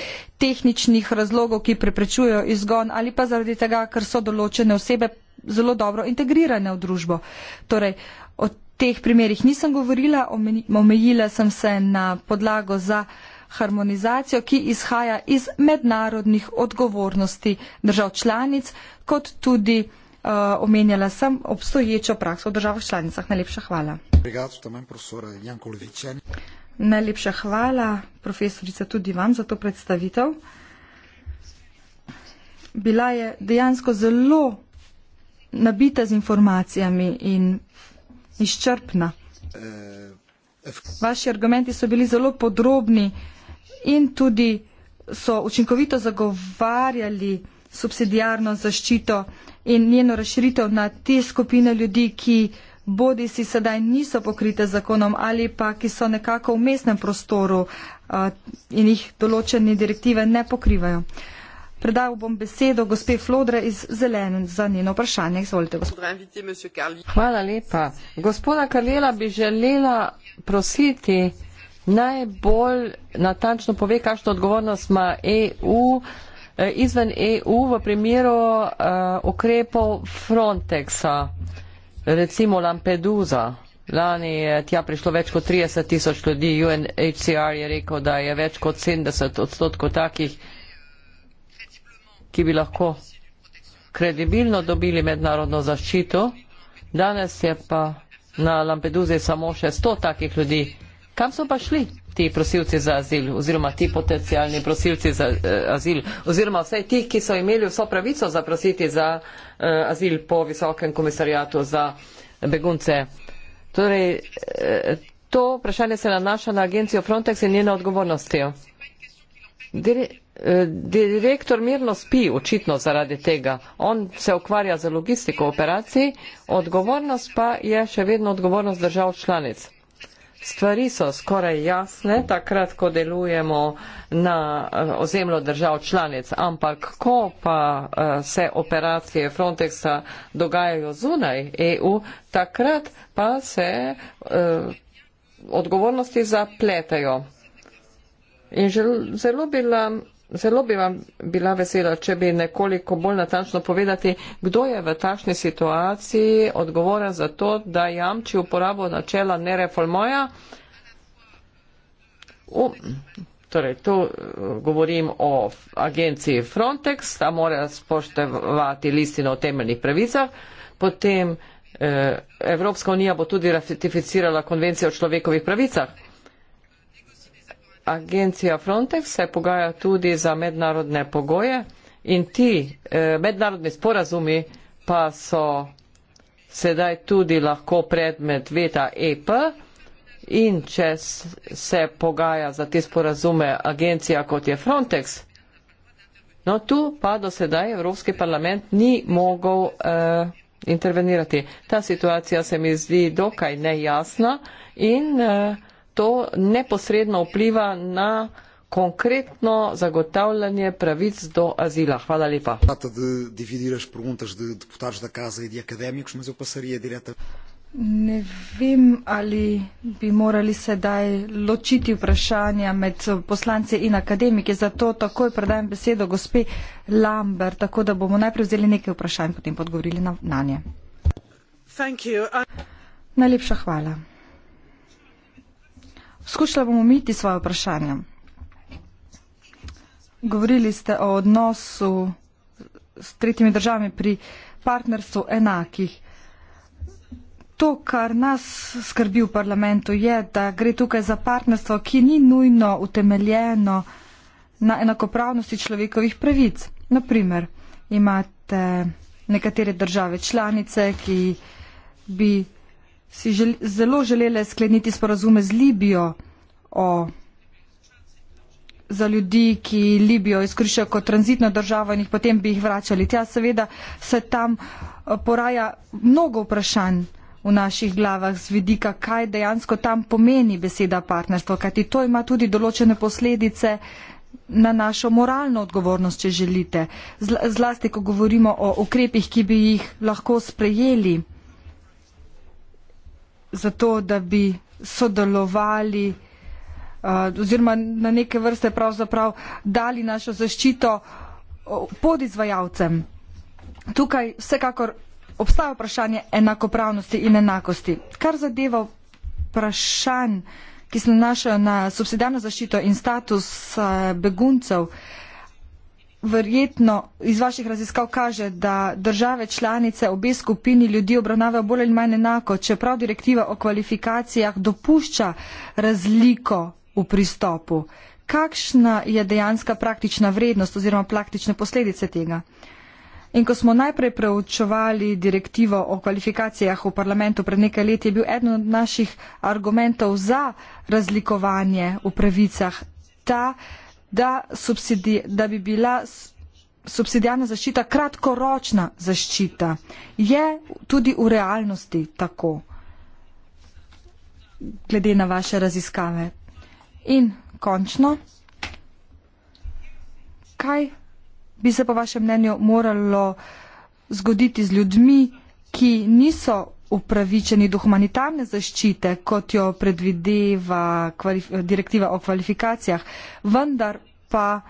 tehničnih razlogov, ki preprečujejo izgon ali pa zaradi tega, ker so določene osebe zelo dobro integrirane v družbo. Torej, o teh primerjih nisem govorila, omejila sem se na podlago za harmonizacijo, ki izhaja iz mednarodnih odgovornosti držav članic, kot tudi uh, omenjala sem obstoječo prakso v državah članicah. Najlepša hvala. Najlepša hvala, profesorica, tudi vam za to predstavitev. Bila je dejansko zelo nabita z informacijami in izčrpna. Eh, Vaši argumenti so bili zelo podrobni in tudi so učinkovito zagovarjali subsidijarno zaščito in njeno razširitev na te skupine ljudi, ki bodi si sedaj niso pokrite zakonom ali pa ki so nekako v mestnem prostoru uh, in jih določene direktive ne pokrivajo. Predal bom besedo gospe Flodre iz Zelen za njeno vprašanje. Izvolite, gospod. Hvala lepa. Gospoda Karlela bi želela prositi, najbolj natančno pove, kakšno odgovornost ima EU eh, izven EU v primeru uh, ukrepov Frontexa, recimo Lampedusa. Lani je tja prišlo več kot 30 tisoč ljudi, UNHCR je rekel, da je več kot 70 odstotkov takih, ki bi lahko kredibilno dobili mednarodno zaščito. Danes je pa na Lampeduzi samo še 100 takih ljudi. Kam so pa šli ti prosilci za azil oziroma ti potencijalni prosilci za eh, azil oziroma vse ti, ki so imeli vso pravico zaprositi za eh, azil po visokem komisarijatu za begunce? Torej, eh, to vprašanje se nanaša na agencijo Frontex in njeno odgovornost. Eh, direktor mirno spi, očitno zaradi tega. On se ukvarja z logistiko operacij, odgovornost pa je še vedno odgovornost držav članic. Stvari so skoraj jasne, takrat, ko delujemo na eh, ozemlju držav članic, ampak ko pa eh, se operacije Frontexa dogajajo zunaj EU, takrat pa se eh, odgovornosti zapletajo. In žel, zelo bi bila zelo bi vam bila vesela, če bi nekoliko bolj natančno povedati, kdo je v takšni situaciji odgovoren za to, da jamči uporabo načela nereformoja. Torej, tu uh, govorim o agenciji Frontex, ta mora spoštevati listino o temeljnih pravicah, potem eh, Evropska unija bo tudi ratificirala konvencijo o človekovih pravicah agencija Frontex se pogaja tudi za mednarodne pogoje in ti eh, mednarodni sporazumi pa so sedaj tudi lahko predmet veta EP in če se pogaja za te sporazume agencija kot je Frontex, no tu pa do sedaj Evropski parlament ni mogel eh, intervenirati. Ta situacija se mi zdi dokaj nejasna in eh, to neposredno vpliva na konkretno zagotavljanje pravic do azila. Hvala lepa. E ne vem, ali bi morali sedaj ločiti vprašanja med poslance in akademike. Zato takoj predajem besedo gospe Lambert, tako da bomo najprej vzeli nekaj vprašanj, potem podgovorili na, na nje. Najlepša hvala. Skušala bom umiti svoje vprašanje. Govorili ste o odnosu s tretjimi državami pri partnerstvu enakih. To, kar nas skrbi v parlamentu, je, da gre tukaj za partnerstvo, ki ni nujno utemeljeno na enakopravnosti človekovih pravic. Naprimer, imate nekatere države članice, ki bi si žel, zelo želele skleniti sporazume z Libijo o, za ljudi, ki Libijo izkoriščajo kot tranzitno državo in jih potem bi jih vračali. Tja seveda se tam eh, poraja mnogo vprašanj v naših glavah z vidika, kaj dejansko tam pomeni beseda partnerstvo, kajti to ima tudi določene posledice na našo moralno odgovornost, če želite. Zlasti, ko govorimo o ukrepih, ki bi jih lahko sprejeli zato, da bi sodelovali eh, oziroma na neke vrste pravzaprav dali našo zaščito pod izvajalcem. Tukaj vsekakor obstaja vprašanje enakopravnosti in enakosti. Kar zadeva vprašanj, ki se nanašajo na subsidijalno zaščito in status eh, beguncev, verjetno iz vaših raziskav kaže, da države članice obe skupini ljudi obravnavajo bolj ali manj enako, čeprav direktiva o kvalifikacijah dopušča razliko v pristopu. Kakšna je dejanska praktična vrednost oziroma praktične posledice tega? In ko smo najprej preučevali direktivo o kvalifikacijah v parlamentu pred nekaj leti, je bil eden od naših argumentov za razlikovanje v pravicah ta, da, subsidi, da bi bila subsidijana zaščita kratkoročna zaščita. Je tudi v realnosti tako, glede na vaše raziskave. In končno, kaj bi se po vašem mnenju moralo zgoditi z ljudmi, ki niso upravičeni do humanitarne zaščite, kot jo predvideva direktiva o kvalifikacijah, vendar pa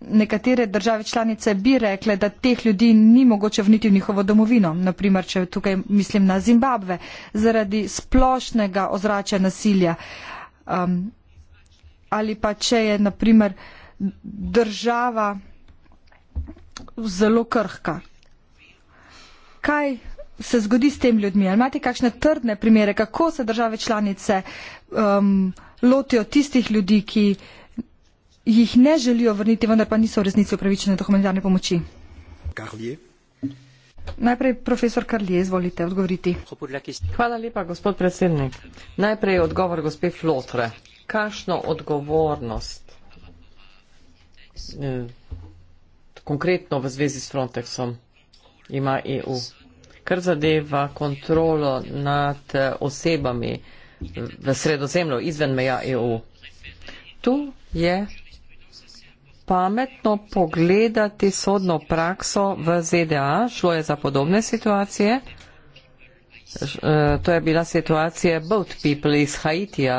nekatere države članice bi rekle, da teh ljudi ni mogoče vniti v njihovo domovino, naprimer, če tukaj mislim na Zimbabve, zaradi splošnega ozračja nasilja. Um, ali pa če je, naprimer, država zelo krhka. Kaj se zgodi s tem ljudmi? Ali imate kakšne trdne primere, kako se države članice um, lotijo tistih ljudi, ki jih ne želijo vrniti, vendar pa niso v resnici upravičene do humanitarne pomoči? Karlije. Najprej profesor Karlije, izvolite odgovoriti. Hvala lepa, gospod predsednik. Najprej odgovor gospe Flotre. Kakšno odgovornost? Eh, konkretno v zvezi s Frontexom ima EU kar zadeva kontrolo nad osebami v sredozemlju izven meja EU. Tu je pametno pogledati sodno prakso v ZDA, šlo je za podobne situacije. E, to je bila situacija Boat People iz Haitija.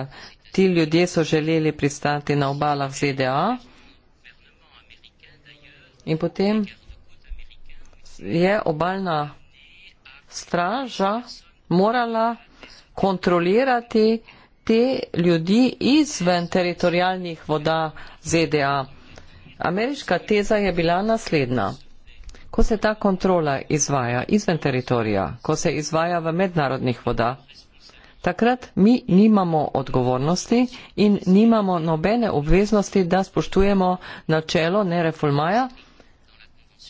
Ti ljudje so želeli pristati na obalah ZDA in potem je obalna straža morala kontrolirati te ljudi izven teritorijalnih voda ZDA. Ameriška teza je bila naslednja. Ko se ta kontrola izvaja izven teritorija, ko se izvaja v mednarodnih voda, takrat mi nimamo odgovornosti in nimamo nobene obveznosti, da spoštujemo načelo nerefulmaja,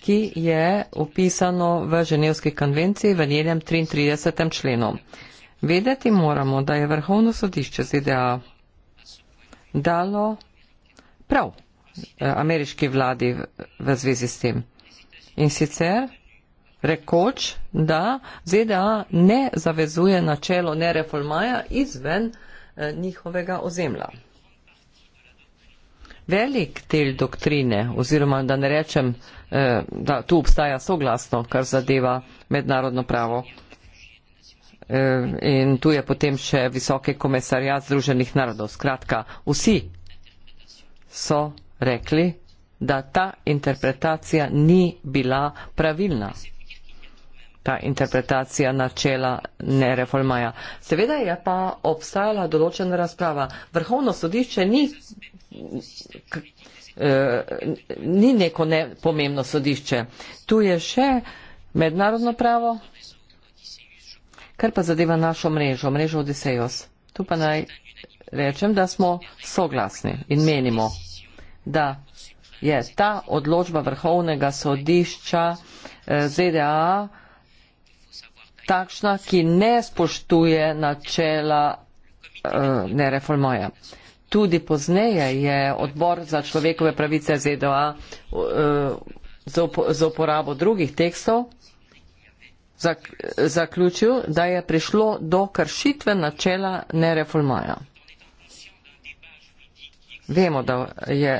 ki je opisano v Ženevski konvenciji v njenem 33. členu. Vedeti moramo, da je Vrhovno sodišče ZDA dalo prav eh, ameriški vladi v zvezi s tem. In sicer rekoč, da ZDA ne zavezuje načelo nereformaja izven eh, njihovega ozemlja velik del doktrine, oziroma da ne rečem, eh, da tu obstaja soglasno, kar zadeva mednarodno pravo. Eh, in tu je potem še visoke komisarjat Združenih narodov. Skratka, vsi so rekli, da ta interpretacija ni bila pravilna. Ta interpretacija načela ne reformaja. Seveda je pa obstajala določena razprava. Vrhovno sodišče ni k, e, ni neko ne, pomembno sodišče. Tu je še mednarodno pravo, kar pa zadeva našo mrežo, mrežo Odisejos. Tu pa naj rečem, da smo soglasni in menimo, da je ta odločba vrhovnega sodišča e, eh, ZDA takšna, ki ne spoštuje načela e, eh, nereformoja. Tudi pozneje je odbor za človekove pravice ZDA eh, za uporabo drugih tekstov zaključil, da je prišlo do kršitve načela nereformaja. Vemo, da je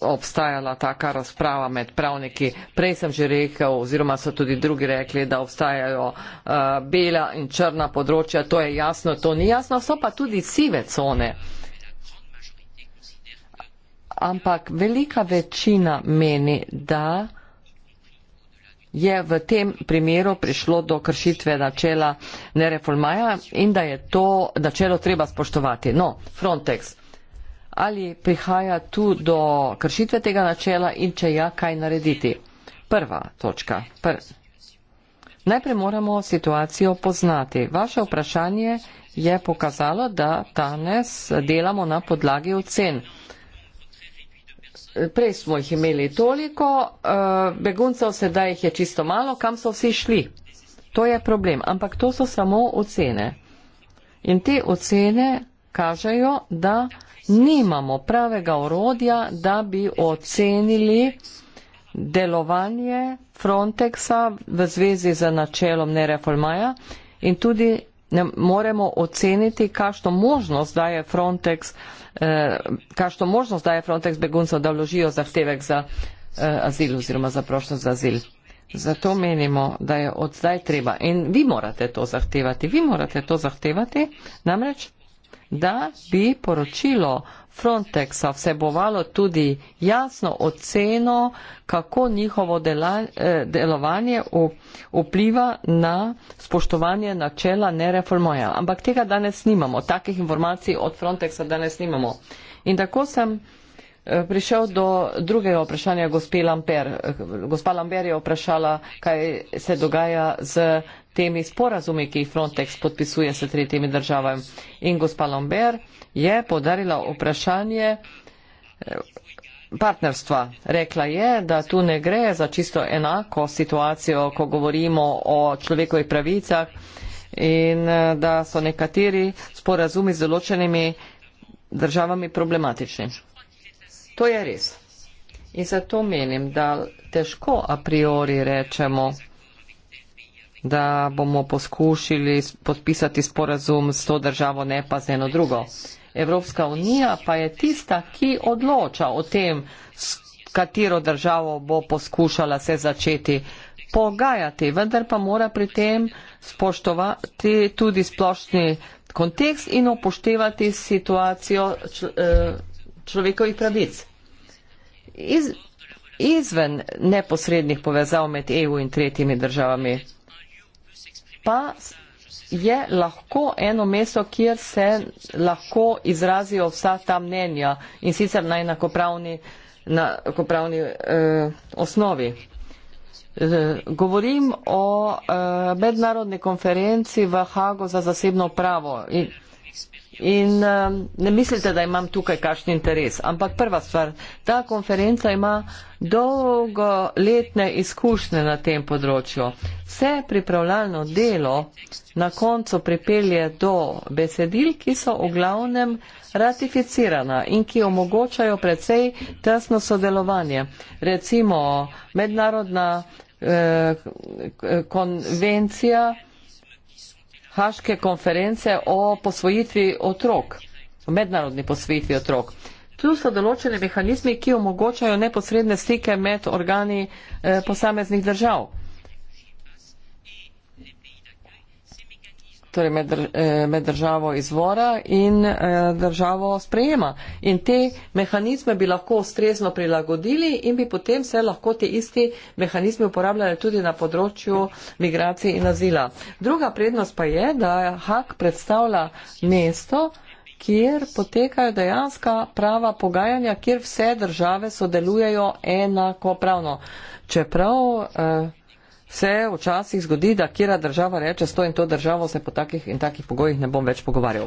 obstajala taka razprava med pravniki. Prej sem že rekel, oziroma so tudi drugi rekli, da obstajajo uh, bela in črna področja. To je jasno, to ni jasno, so pa tudi sive cone. Uh, ampak velika večina meni, da je v tem primeru prišlo do kršitve načela nereformaja in da je to načelo treba spoštovati. No, Frontex, ali prihaja tu do kršitve tega načela in če ja, kaj narediti? Prva točka. Pr Najprej moramo situacijo poznati. Vaše vprašanje je pokazalo, da danes delamo na podlagi ocen prej smo jih imeli toliko, eh, beguncev sedaj jih je čisto malo, kam so vsi šli. To je problem, ampak to so samo ocene. In te ocene kažejo, da nimamo pravega orodja, da bi ocenili delovanje Frontexa v zvezi z načelom Nerefolmaja in tudi ne moremo oceniti, kakšno možnost daje Frontex, eh, kakšno možnost daje Frontex beguncev, da vložijo zahtevek za eh, azil oziroma za prošnost za azil. Zato menimo, da je od zdaj treba in vi morate to zahtevati, vi morate to zahtevati, namreč, da bi poročilo Frontexa vsebovalo tudi jasno oceno, kako njihovo dela, eh, delovanje vpliva na spoštovanje načela nereformoja. Ampak tega danes nimamo, takih informacij od Frontexa danes nimamo. In tako sem eh, prišel do drugega vprašanja gospe Lamper. Eh, gospa Lamper je vprašala, kaj se dogaja z temi sporazumi, ki jih Frontex podpisuje s tretjimi državami. In gospa Lomber je podarila vprašanje eh, partnerstva. Rekla je, da tu ne gre za čisto enako situacijo, ko govorimo o človekovih pravicah in eh, da so nekateri sporazumi z določenimi državami problematični. To je res. In zato menim, da težko a priori rečemo, da bomo poskušali podpisati sporazum s to državo, ne pa z eno drugo. Evropska unija pa je tista, ki odloča o tem, s katero državo bo poskušala se začeti pogajati, vendar pa mora pri tem spoštovati tudi splošni kontekst in upoštevati situacijo eh, človekovih pravic. Iz, izven neposrednih povezav med EU in tretjimi državami pa je lahko eno mesto, kjer se lahko izrazijo vsa ta mnenja in sicer na enakopravni, na enakopravni eh, osnovi. Eh, govorim o eh, mednarodni konferenci v Hago za zasebno pravo in In um, ne mislite, da imam tukaj kakšen interes. Ampak prva stvar, ta konferenca ima dolgoletne izkušnje na tem področju. Vse pripravljalno delo na koncu pripelje do besedil, ki so v glavnem ratificirana in ki omogočajo precej tesno sodelovanje. Recimo mednarodna eh, konvencija haške konference o posvojitvi otrok, o mednarodni posvojitvi otrok. Tu so določene mehanizmi, ki omogočajo neposredne stike med organi eh, posameznih držav. torej med, eh, med državo izvora in eh, državo sprejema. In te mehanizme bi lahko ustrezno prilagodili in bi potem se lahko te isti mehanizme uporabljali tudi na področju migracij in azila. Druga prednost pa je, da Hak predstavlja mesto, kjer potekajo dejanska prava pogajanja, kjer vse države sodelujejo enakopravno. Čeprav eh, se včasih zgodi, da kjera država reče, s to in to državo se po takih in takih pogojih ne bom več pogovarjal.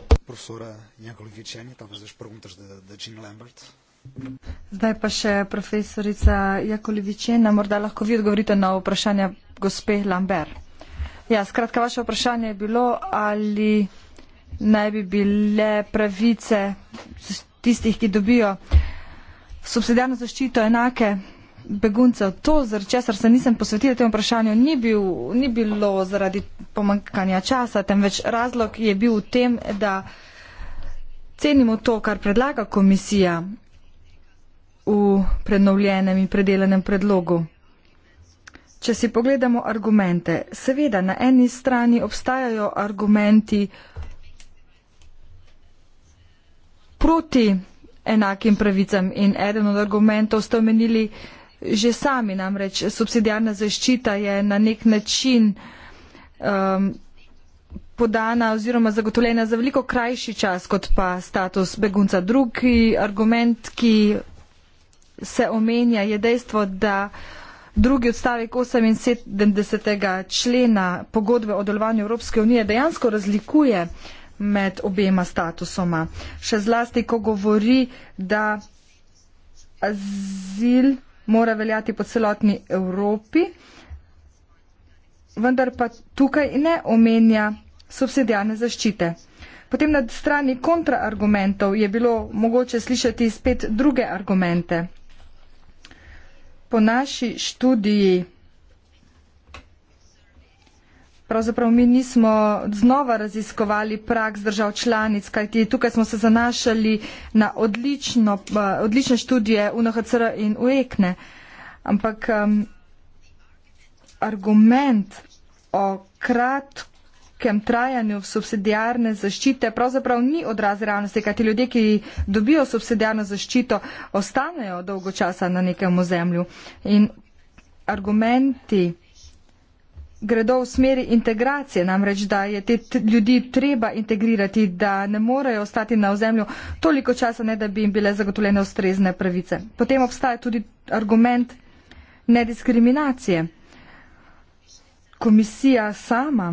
Zdaj pa še profesorica Jakolivičena, morda lahko vi odgovorite na vprašanje gospe Lambert. Ja, skratka, vaše vprašanje je bilo, ali naj bi bile pravice tistih, ki dobijo subsidijarno zaščito enake beguncev. To, zaradi česar se nisem posvetila temu vprašanju, ni, bil, ni bilo zaradi pomankanja časa, temveč razlog je bil v tem, da cenimo to, kar predlaga komisija v prenovljenem in predelanem predlogu. Če si pogledamo argumente, seveda na eni strani obstajajo argumenti proti enakim pravicam in eden od argumentov ste omenili, že sami namreč subsidijarna zaščita je na nek način um, podana oziroma zagotovljena za veliko krajši čas, kot pa status begunca. Drugi argument, ki se omenja, je dejstvo, da drugi odstavek 78. člena pogodbe o delovanju Evropske unije dejansko razlikuje med obema statusoma. Še zlasti, ko govori, da azil mora veljati po celotni Evropi, vendar pa tukaj ne omenja subsidijalne zaščite. Potem na strani kontraargumentov je bilo mogoče slišati spet druge argumente. Po naši študiji Pravzaprav mi nismo znova raziskovali praks držav članic, kajti tukaj smo se zanašali na odlično, eh, odlične študije UNHCR in UEKNE. Ampak um, argument o kratkem trajanju subsidijarne zaščite pravzaprav ni odraz realnosti, kajti ljudje, ki dobijo subsidijarno zaščito, ostanejo dolgo časa na nekem ozemlju. In argumenti gredo v smeri integracije, namreč da je te ljudi treba integrirati, da ne morejo ostati na ozemlju toliko časa, ne da bi jim bile zagotovljene ustrezne pravice. Potem obstaja tudi argument nediskriminacije. Komisija sama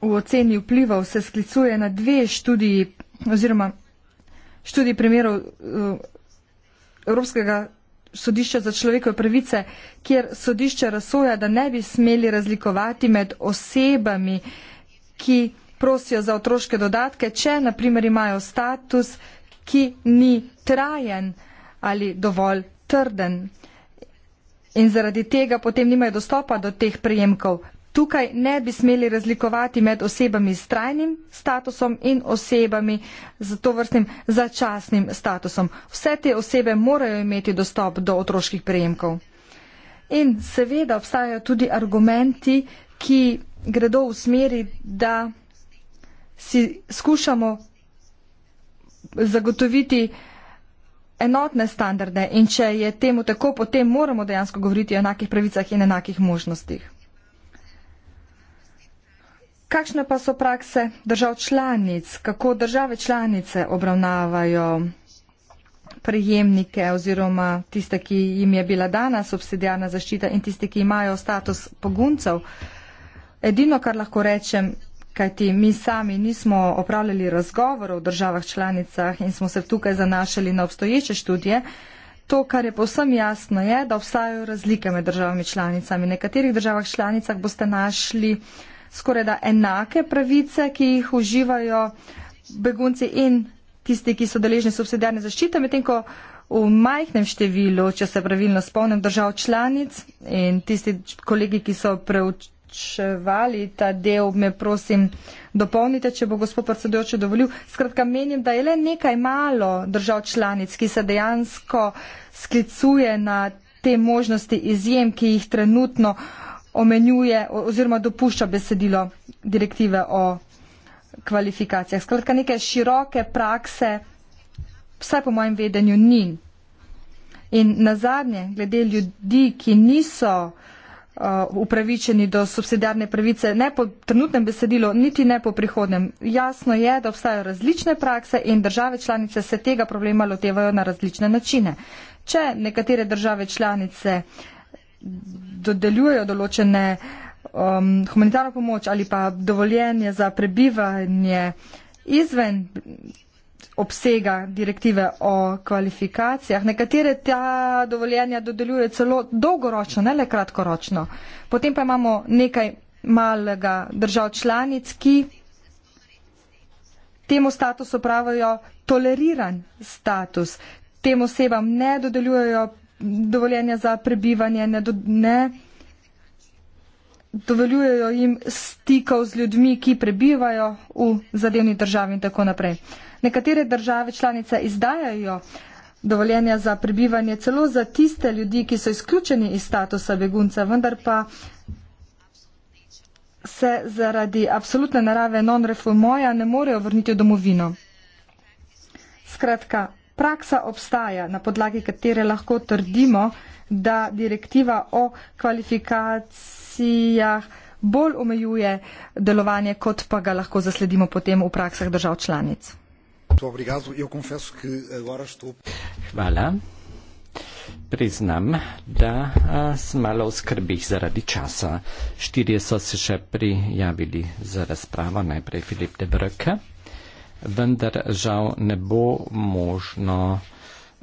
v oceni vplivov se sklicuje na dve študiji oziroma študiji primerov uh, Evropskega sodišča za človekove pravice, uh, kjer sodišče razsoja, da ne bi smeli razlikovati med osebami, ki prosijo za otroške dodatke, če naprimer imajo status, ki ni trajen ali dovolj trden in zaradi tega potem nimajo dostopa do teh prejemkov. Tukaj ne bi smeli razlikovati med osebami s trajnim statusom in osebami z to vrstnim začasnim statusom. Vse te osebe morajo imeti dostop do otroških prejemkov. In seveda obstajajo tudi argumenti, ki gredo v smeri, da si skušamo zagotoviti enotne standarde in če je temu tako, potem moramo dejansko govoriti o enakih pravicah in enakih možnostih. Kakšne pa so prakse držav članic, kako države članice obravnavajo? prejemnike oziroma tiste, ki jim je bila dana subsidijarna zaščita in tiste, ki imajo status poguncev. Edino, kar lahko rečem, kajti mi sami nismo opravljali razgovorov v državah članicah in smo se tukaj zanašali na obstoječe študije, to, kar je povsem jasno, je, da obstajajo razlike med državami članicami. V nekaterih državah članicah boste našli skoraj da enake pravice, ki jih uživajo begunci in tisti, ki so deležni subsidijarne zaščite, medtem ko v majhnem številu, če se pravilno spomnim, držav članic in tisti kolegi, ki so preučevali ta del, me prosim dopolnite, če bo gospod predsedujoči dovolil. Skratka, menim, da je le nekaj malo držav članic, ki se dejansko sklicuje na te možnosti izjem, ki jih trenutno omenjuje oziroma dopušča besedilo direktive o kvalifikacijah. Skratka, neke široke prakse, vsaj po mojem vedenju, ni. In na zadnje, glede ljudi, ki niso uh, upravičeni do subsidijarne pravice, ne po trenutnem besedilu, niti ne po prihodnem, jasno je, da obstajajo različne prakse in države članice se tega problema lotevajo na različne načine. Če nekatere države članice dodeljujejo določene uh, um, humanitarno pomoč ali pa dovoljenje za prebivanje izven obsega direktive o kvalifikacijah. Nekatere ta dovoljenja dodeljuje celo dolgoročno, ne le kratkoročno. Potem pa imamo nekaj malega držav članic, ki temu statusu pravijo toleriran status. Tem osebam ne dodeljujejo dovoljenja za prebivanje, ne, do, ne dovoljujejo jim stikov z ljudmi, ki prebivajo v zadevni državi in tako naprej. Nekatere države članice izdajajo dovoljenja za prebivanje celo za tiste ljudi, ki so izključeni iz statusa begunca, vendar pa se zaradi absolutne narave non-refumoja ne morejo vrniti v domovino. Skratka, praksa obstaja, na podlagi katere lahko trdimo, da direktiva o kvalifikaciji organizacijah bolj omejuje delovanje, kot pa ga lahko zasledimo potem v praksah držav članic. Hvala. Priznam, da sem malo v skrbih zaradi časa. Štirje so se še prijavili za razpravo, najprej Filip de Brke, vendar žal ne bo možno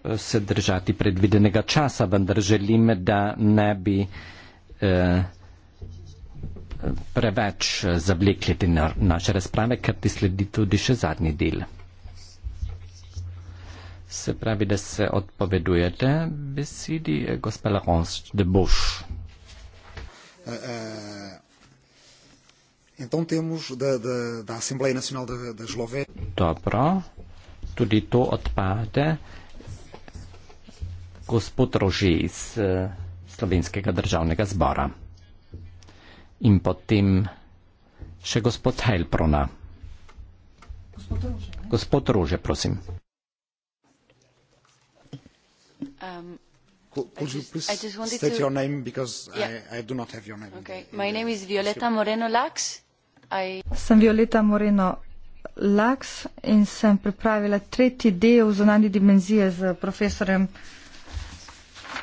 e, se držati predvidenega časa, vendar želim, da ne bi. Eh, preveč eh, zablekli te na, naše razprave, ker ti sledi tudi še zadnji del. Se pravi, da se odpovedujete besedi eh, gospa Laurence de Bosch. Eh, Dobro, tudi to odpade. Gospod Rožej iz Slovenskega državnega zbora in potem še gospod Heilprona. Gospod Rože, prosim. Um. Could you please I just, I just state to, your name because yeah. I, I do not have your name. Okay. My name is Violeta Moreno Lax. I... Sem Violeta Moreno Lax in sem pripravila tretji del zunanje dimenzije z profesorjem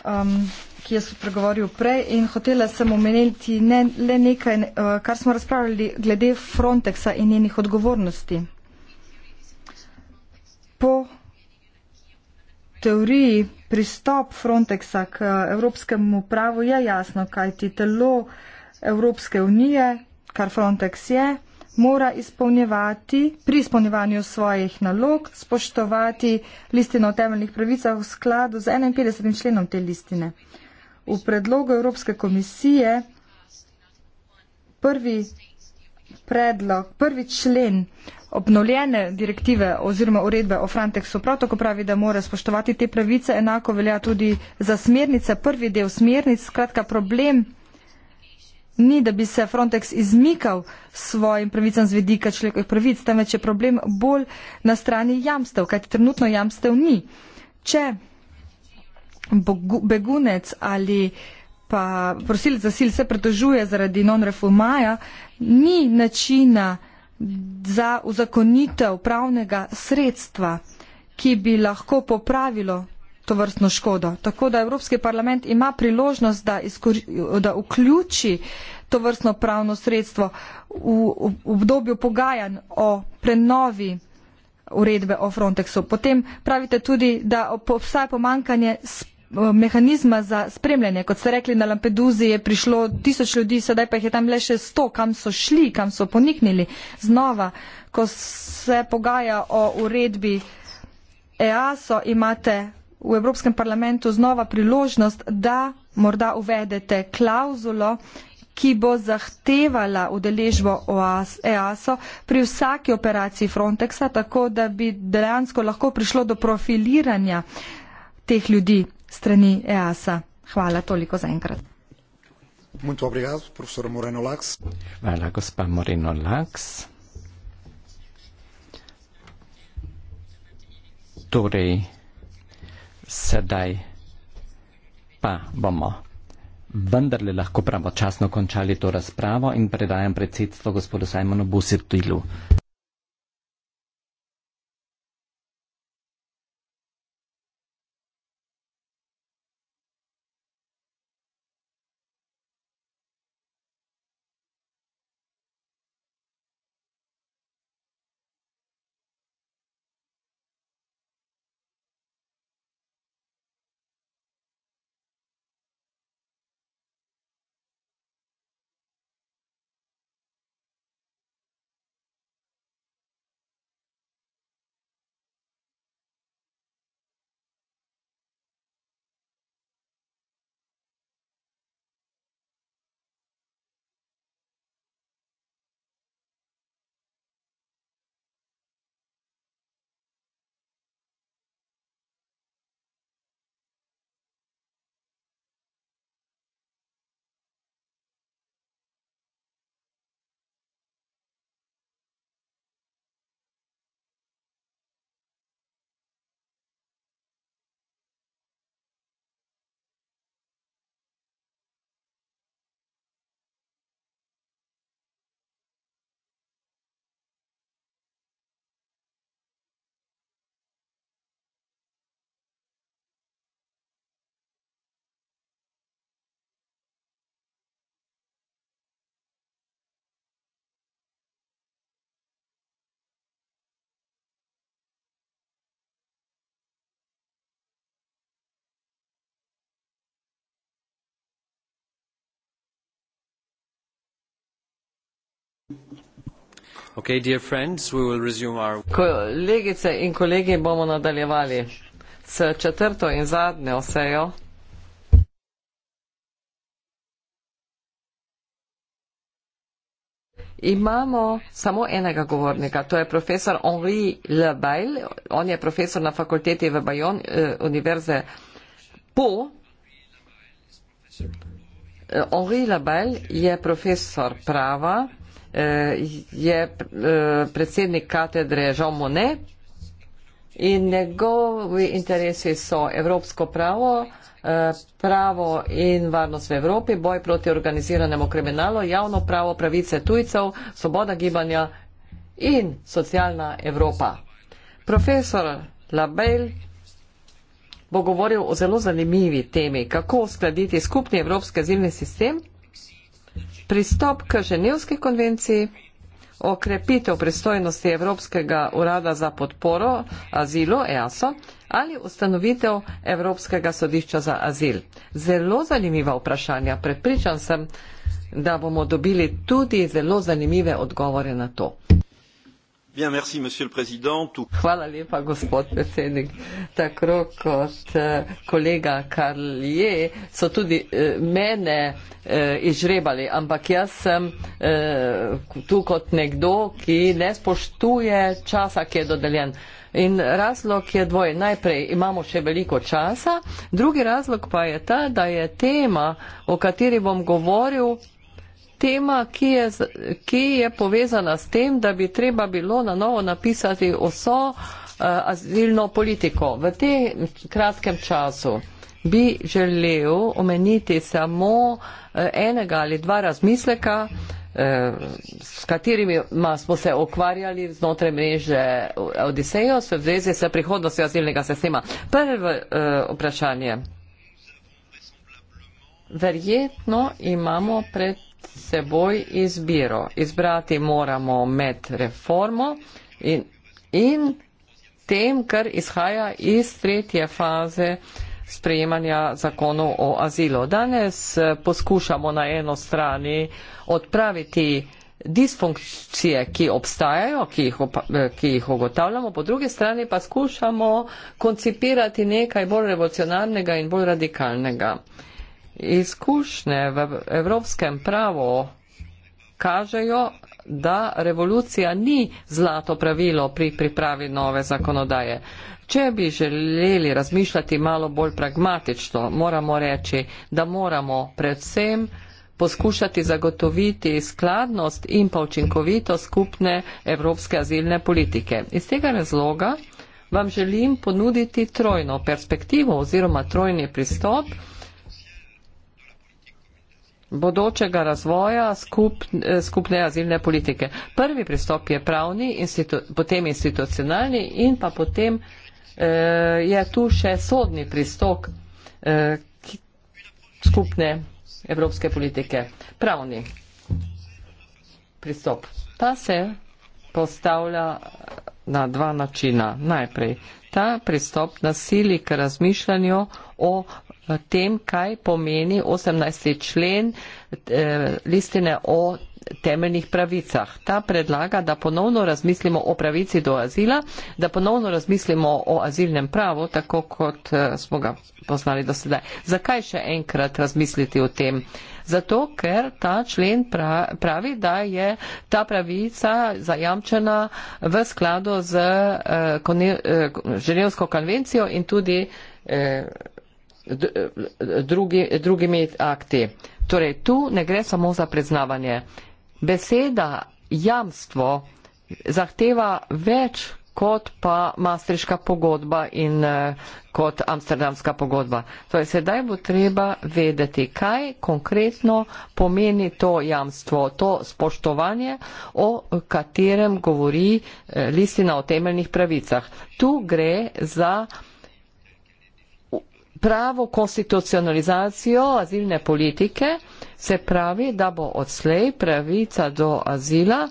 um, ki je spregovoril prej in hotela sem omeniti ne, le nekaj, eh, kar smo razpravljali glede Frontexa in njenih odgovornosti. Po teoriji pristop Frontexa k eh, evropskemu pravu je jasno, kaj ti telo Evropske unije, kar Frontex je, mora izpolnjevati pri izpolnjevanju svojih nalog, spoštovati listino o temeljnih pravicah v skladu z 51. členom te listine v predlogu Evropske komisije prvi predlog, prvi člen obnovljene direktive oziroma uredbe o Frontexu prav tako pravi, da mora spoštovati te pravice, enako velja tudi za smernice, prvi del smernic, skratka problem ni, da bi se Frontex izmikal svojim pravicam z vedika človekovih pravic, temveč je problem bolj na strani jamstev, kajti trenutno jamstev ni. Če begunec ali pa prosilec za sil se pretožuje zaradi non-reformaja, ni načina za uzakonitev pravnega sredstva, ki bi lahko popravilo to vrstno škodo. Tako da Evropski parlament ima priložnost, da, da vključi to vrstno pravno sredstvo v, v, v obdobju pogajanj o prenovi uredbe o Frontexu. Potem pravite tudi, da obstaja pomankanje spremljanja Eh, mehanizma za spremljanje. Kot ste rekli, na Lampeduzi je prišlo tisoč ljudi, sedaj pa jih je tam le še sto, kam so šli, kam so poniknili. Znova, ko se pogaja o uredbi EASO, imate v Evropskem parlamentu znova priložnost, da morda uvedete klauzulo, ki bo zahtevala udeležbo EASO e pri vsaki operaciji Frontexa, tako da bi dejansko lahko prišlo do profiliranja teh ljudi strani EASA. Hvala toliko za enkrat. Muito obrigado, professora Moreno Lax. Hvala, gospa Moreno Lax. Torej, sedaj pa bomo vendarle lahko pravočasno končali to razpravo in predajam predsedstvo gospodu Simonu Busirtilu. Okay, dear friends, we will resume our... Kolegice in kolegi bomo nadaljevali s četrto in zadnjo sejo. Imamo samo enega govornika, to je profesor Henri Lebail, on je profesor na fakulteti v Bayon eh, univerze Po. Eh, Henri Lebail je profesor prava. Eh, je eh, predsednik katedre Jean Monnet in njegovi interesi so evropsko pravo, eh, pravo in varnost v Evropi, boj proti organiziranemu kriminalu, javno pravo, pravice tujcev, svoboda gibanja in socialna Evropa. Profesor Label bo govoril o zelo zanimivi temi, kako uskladiti skupni evropski azilni sistem pristop k ženevski konvenciji, okrepitev pristojnosti Evropskega urada za podporo azilu EASO ali ustanovitev Evropskega sodišča za azil. Zelo zanimiva vprašanja. Prepričan sem, da bomo dobili tudi zelo zanimive odgovore na to. Bien, merci, Monsieur le Président. Tout... Hvala lepa, gospod predsednik. Tako kot eh, kolega Karl je, so tudi eh, mene eh, izžrebali, ampak jaz sem tu kot nekdo, ki ne spoštuje časa, ki je dodeljen. In razlog je dvoje. Najprej imamo še veliko časa, drugi razlog pa je ta, da je tema, o kateri bom govoril, tema, ki je, ki je povezana s tem, da bi treba bilo na novo napisati vso uh, azilno politiko. V tem kratkem času bi želel omeniti samo uh, enega ali dva razmisleka, eh, s katerimi smo se okvarjali znotraj mreže Odisejo v zvezi s prihodnostjo azilnega sistema. Prvo uh, vprašanje. Verjetno imamo pred seboj izbiro. Izbrati moramo med reformo in, in tem, kar izhaja iz tretje faze sprejemanja zakonov o azilu. Danes eh, poskušamo na eno strani odpraviti disfunkcije, ki obstajajo, ki jih, eh, ki jih ugotavljamo, po drugi strani pa skušamo koncipirati nekaj bolj revolucionarnega in bolj radikalnega izkušnje v evropskem pravu kažejo, da revolucija ni zlato pravilo pri pripravi nove zakonodaje. Če bi želeli razmišljati malo bolj pragmatično, moramo reči, da moramo predvsem poskušati zagotoviti skladnost in pa učinkovitost skupne evropske azilne politike. Iz tega razloga vam želim ponuditi trojno perspektivo oziroma trojni pristop bodočega razvoja skup, eh, skupne azilne politike. Prvi pristop je pravni, institu, potem institucionalni in pa potem eh, je tu še sodni pristop eh, skupne evropske politike. Pravni pristop. Ta se postavlja na dva načina. Najprej, ta pristop nasili k razmišljanju o tem, kaj pomeni 18. člen eh, listine o temeljnih pravicah. Ta predlaga, da ponovno razmislimo o pravici do azila, da ponovno razmislimo o azilnem pravu, tako kot eh, smo ga poznali do sedaj. Zakaj še enkrat razmisliti o tem? Zato, ker ta člen pravi, da je ta pravica zajamčena v skladu z eh, Ženevsko konvencijo in tudi drugi, drugimi akti. Torej, tu ne gre samo za priznavanje. Beseda jamstvo zahteva več kot pa Maastriška pogodba in eh, kot Amsterdamska pogodba. Torej, sedaj bo treba vedeti, kaj konkretno pomeni to jamstvo, to spoštovanje, o katerem govori eh, listina o temeljnih pravicah. Tu gre za pravo konstitucionalizacijo azilne politike, se pravi, da bo odslej pravica do azila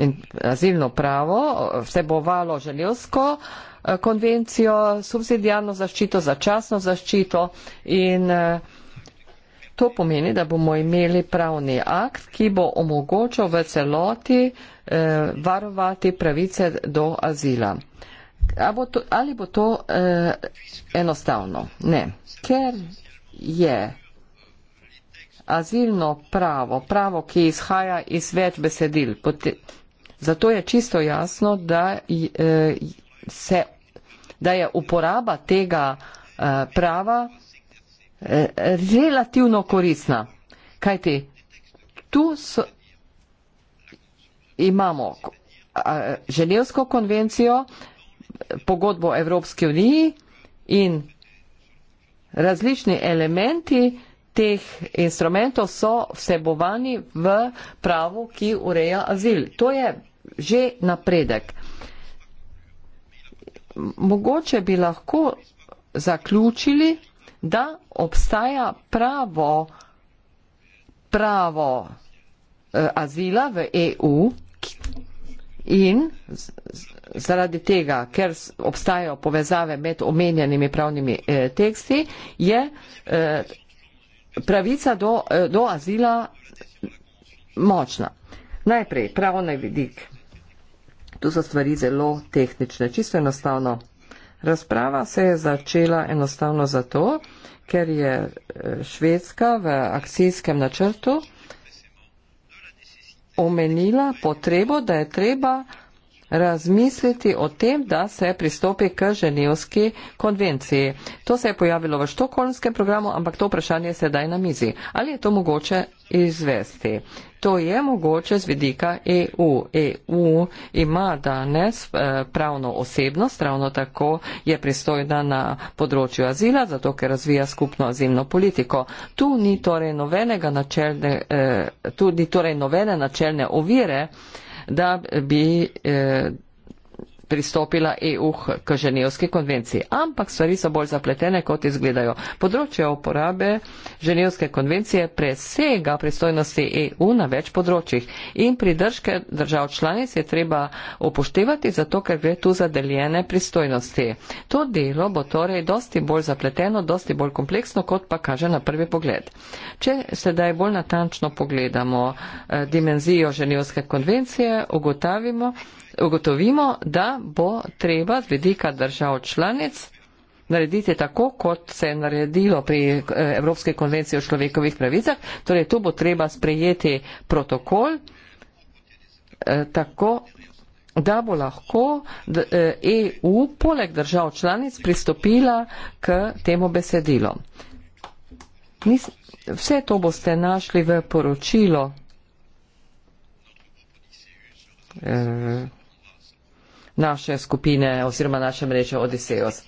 in azilno pravo vsebovalo želevsko eh, konvencijo, subsidijalno zaščito, začasno zaščito in eh, to pomeni, da bomo imeli pravni akt, ki bo omogočal v celoti eh, varovati pravice do azila bo to, ali bo to eh, enostavno? Ne. Ker je azilno pravo, pravo, ki izhaja iz več besedil. Zato je čisto jasno, da, eh, se, da je uporaba tega eh, prava eh, relativno korisna. Kajti, tu so, imamo a, eh, Ženevsko konvencijo, a, pogodbo o Evropski uniji in različni elementi teh instrumentov so vsebovani v pravu, ki ureja azil. To je že napredek. Mogoče bi lahko zaključili, da obstaja pravo, pravo eh, azila v EU in z, z, zaradi tega, ker obstajajo povezave med omenjenimi pravnimi eh, teksti, je eh, pravica do, eh, do azila močna. Najprej pravni vidik. Tu so stvari zelo tehnične, čisto enostavno. Razprava se je začela enostavno zato, ker je eh, Švedska v akcijskem načrtu omenila potrebo, da je treba razmisliti o tem, da se pristopi k ženevski konvenciji. To se je pojavilo v štokholmskem programu, ampak to vprašanje je sedaj na mizi. Ali je to mogoče izvesti? To je mogoče z vidika EU. EU ima danes eh, pravno osebnost, ravno tako je pristojna na področju azila, zato ker razvija skupno azilno politiko. Tu ni torej, načelne, eh, tu ni torej nobene načelne ovire da bi eh, pristopila EU k ženevski konvenciji. Ampak stvari so bolj zapletene, kot izgledajo. Področje uporabe ženevske konvencije presega pristojnosti EU na več področjih in pridržke držav članic je treba upoštevati, zato ker gre tu za deljene pristojnosti. To delo bo torej dosti bolj zapleteno, dosti bolj kompleksno, kot pa kaže na prvi pogled. Če sedaj bolj natančno pogledamo eh, dimenzijo ženevske konvencije, ugotavimo, ugotovimo, da bo treba z vidika držav članic narediti tako, kot se je naredilo pri eh, Evropske konvencije o človekovih pravicah. Torej, tu bo treba sprejeti protokol eh, tako, da bo lahko EU eh, e poleg držav članic pristopila k temu besedilu. Vse to boste našli v poročilu naše skupine oziroma naše mreže Odiseus.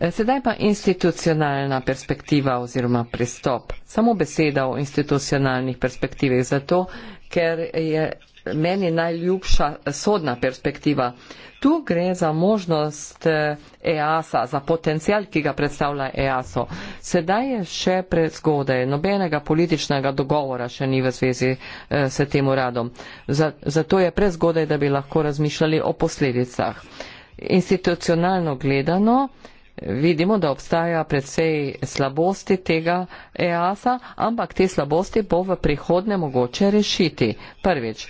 E, sedaj pa institucionalna perspektiva oziroma pristop. Samo beseda o institucionalnih perspektivih, zato ker je meni najljubša sodna perspektiva. Tu gre za možnost EASA, eh, e za potencial, ki ga predstavlja EASO. Sedaj je še prezgodaj, nobenega političnega dogovora še ni v zvezi eh, s tem uradom. Zato je prezgodaj, da bi lahko razmišljali o posledicah. Institucionalno gledano vidimo, da obstaja predvsej slabosti tega EASA, ampak te slabosti bo v prihodne mogoče rešiti. Prvič,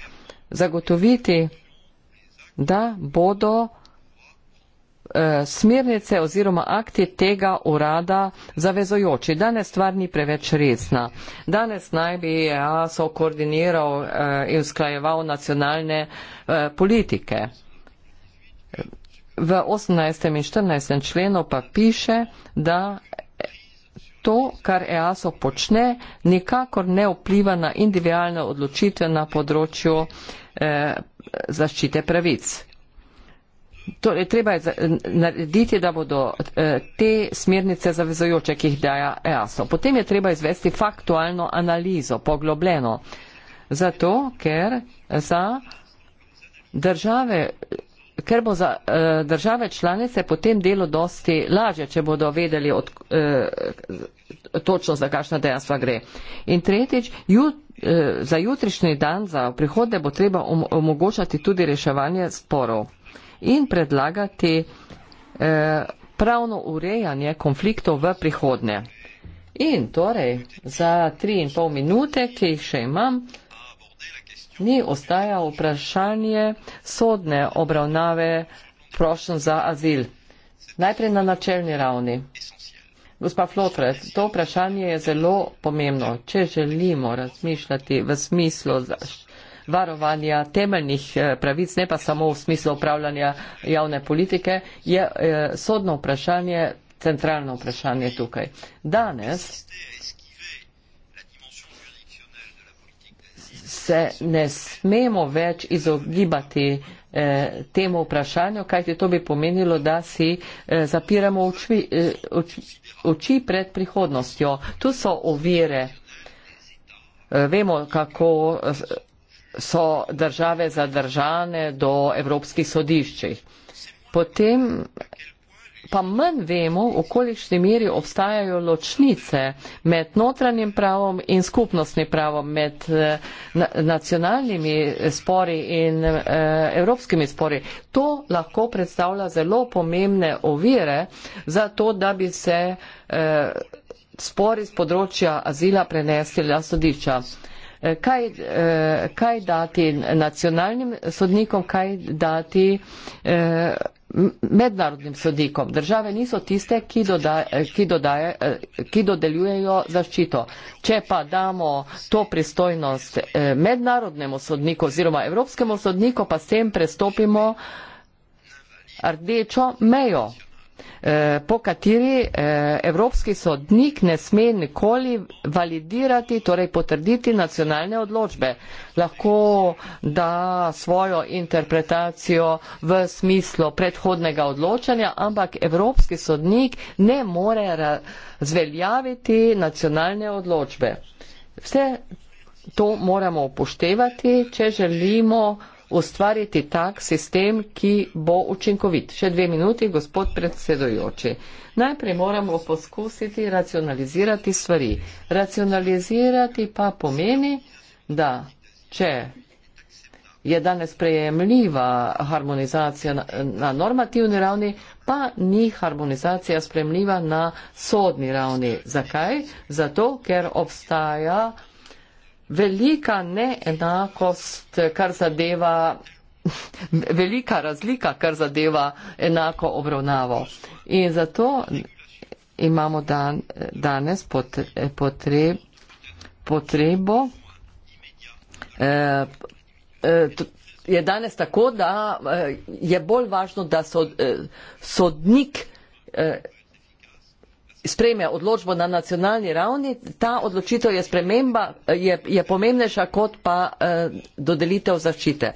zagotoviti, da bodo eh, smernice oziroma akti tega urada zavezojoči. Danes stvar ni preveč resna. Danes naj bi EASO koordiniral eh, in usklajeval nacionalne eh, politike. V 18. in 14. členu pa piše, da to, kar EASO počne, nikakor ne vpliva na individualne odločitve na področju eh, zaščite pravic. Torej, treba je narediti, da bodo eh, te smernice zavezojoče, ki jih daja EASO. Potem je treba izvesti faktualno analizo, poglobljeno. Zato, ker za države ker bo za uh, države članice potem delo dosti lažje, če bodo vedeli od, uh, točno, za kakšna dejanstva gre. In tretjič, jut, uh, eh, za jutrišnji dan, za prihodne bo treba om omogočati tudi reševanje sporov in predlagati uh, pravno urejanje konfliktov v prihodne. In torej, za tri in pol minute, ki jih še imam, uh, ni ostaja vprašanje sodne obravnave prošen za azil. Najprej na načelni ravni. Gospa Flotred, to vprašanje je zelo pomembno. Če želimo razmišljati v smislu varovanja temeljnih eh, pravic, ne pa samo v smislu upravljanja javne politike, je eh, sodno vprašanje centralno vprašanje tukaj. Danes se ne smemo več izogibati eh, temu vprašanju, kajti to bi pomenilo, da si eh, zapiramo oči, eh, oči pred prihodnostjo. Tu so ovire. Eh, vemo, kako eh, so države zadržane do evropskih sodiščih. Potem pa manj vemo, v kolikšni meri obstajajo ločnice med notranjim pravom in skupnostnim pravom, med eh, na, nacionalnimi eh, spori in eh, evropskimi spori. To lahko predstavlja zelo pomembne ovire za to, da bi se eh, spori z področja azila prenesli na sodišča. Eh, kaj, kaj dati nacionalnim sodnikom, kaj dati mednarodnim sodnikom. Države niso tiste, ki, doda, ki, dodaje, eh, ki dodeljujejo zaščito. Če pa damo to pristojnost eh, mednarodnemu sodniku oziroma evropskemu sodniku, pa s tem prestopimo rdečo mejo. Eh, po kateri eh, Evropski sodnik ne sme nikoli validirati, torej potrditi nacionalne odločbe. Lahko da svojo interpretacijo v smislu predhodnega odločanja, ampak Evropski sodnik ne more razveljaviti nacionalne odločbe. Vse to moramo upoštevati, če želimo ustvariti tak sistem, ki bo učinkovit. Še dve minuti, gospod predsedojoči. Najprej moramo poskusiti racionalizirati stvari. Racionalizirati pa pomeni, da če je danes prejemljiva harmonizacija na, na normativni ravni, pa ni harmonizacija sprejemljiva na sodni ravni. Zakaj? Zato, ker obstaja velika neenakost, kar zadeva, velika razlika, kar zadeva enako obravnavo. In zato imamo dan, danes potreb, potrebo. Eh, eh, je danes tako, da eh, je bolj važno, da sod, sodnik sprejme odločbo na nacionalni ravni, ta odločitev je sprememba, je, je pomembnejša kot pa eh, dodelitev zaščite.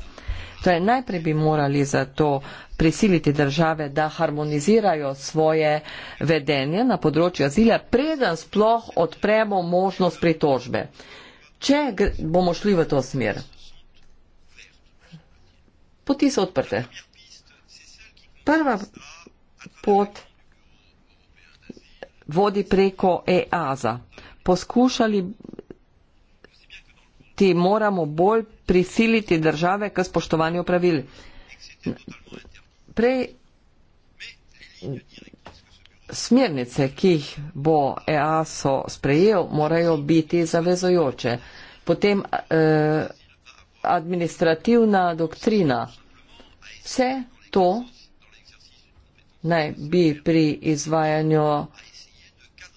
Torej, najprej bi morali za to prisiliti države, da harmonizirajo svoje vedenje na področju azila, preden sploh odpremo možnost pritožbe. Če bomo šli v to smer, poti so odprte. Prva pot vodi preko EASA. Poskušali ti moramo bolj prisiliti države k spoštovanju pravil. Prej smernice, ki jih bo EASO sprejel, morajo biti zavezojoče. Potem eh, administrativna doktrina. Vse to naj bi pri izvajanju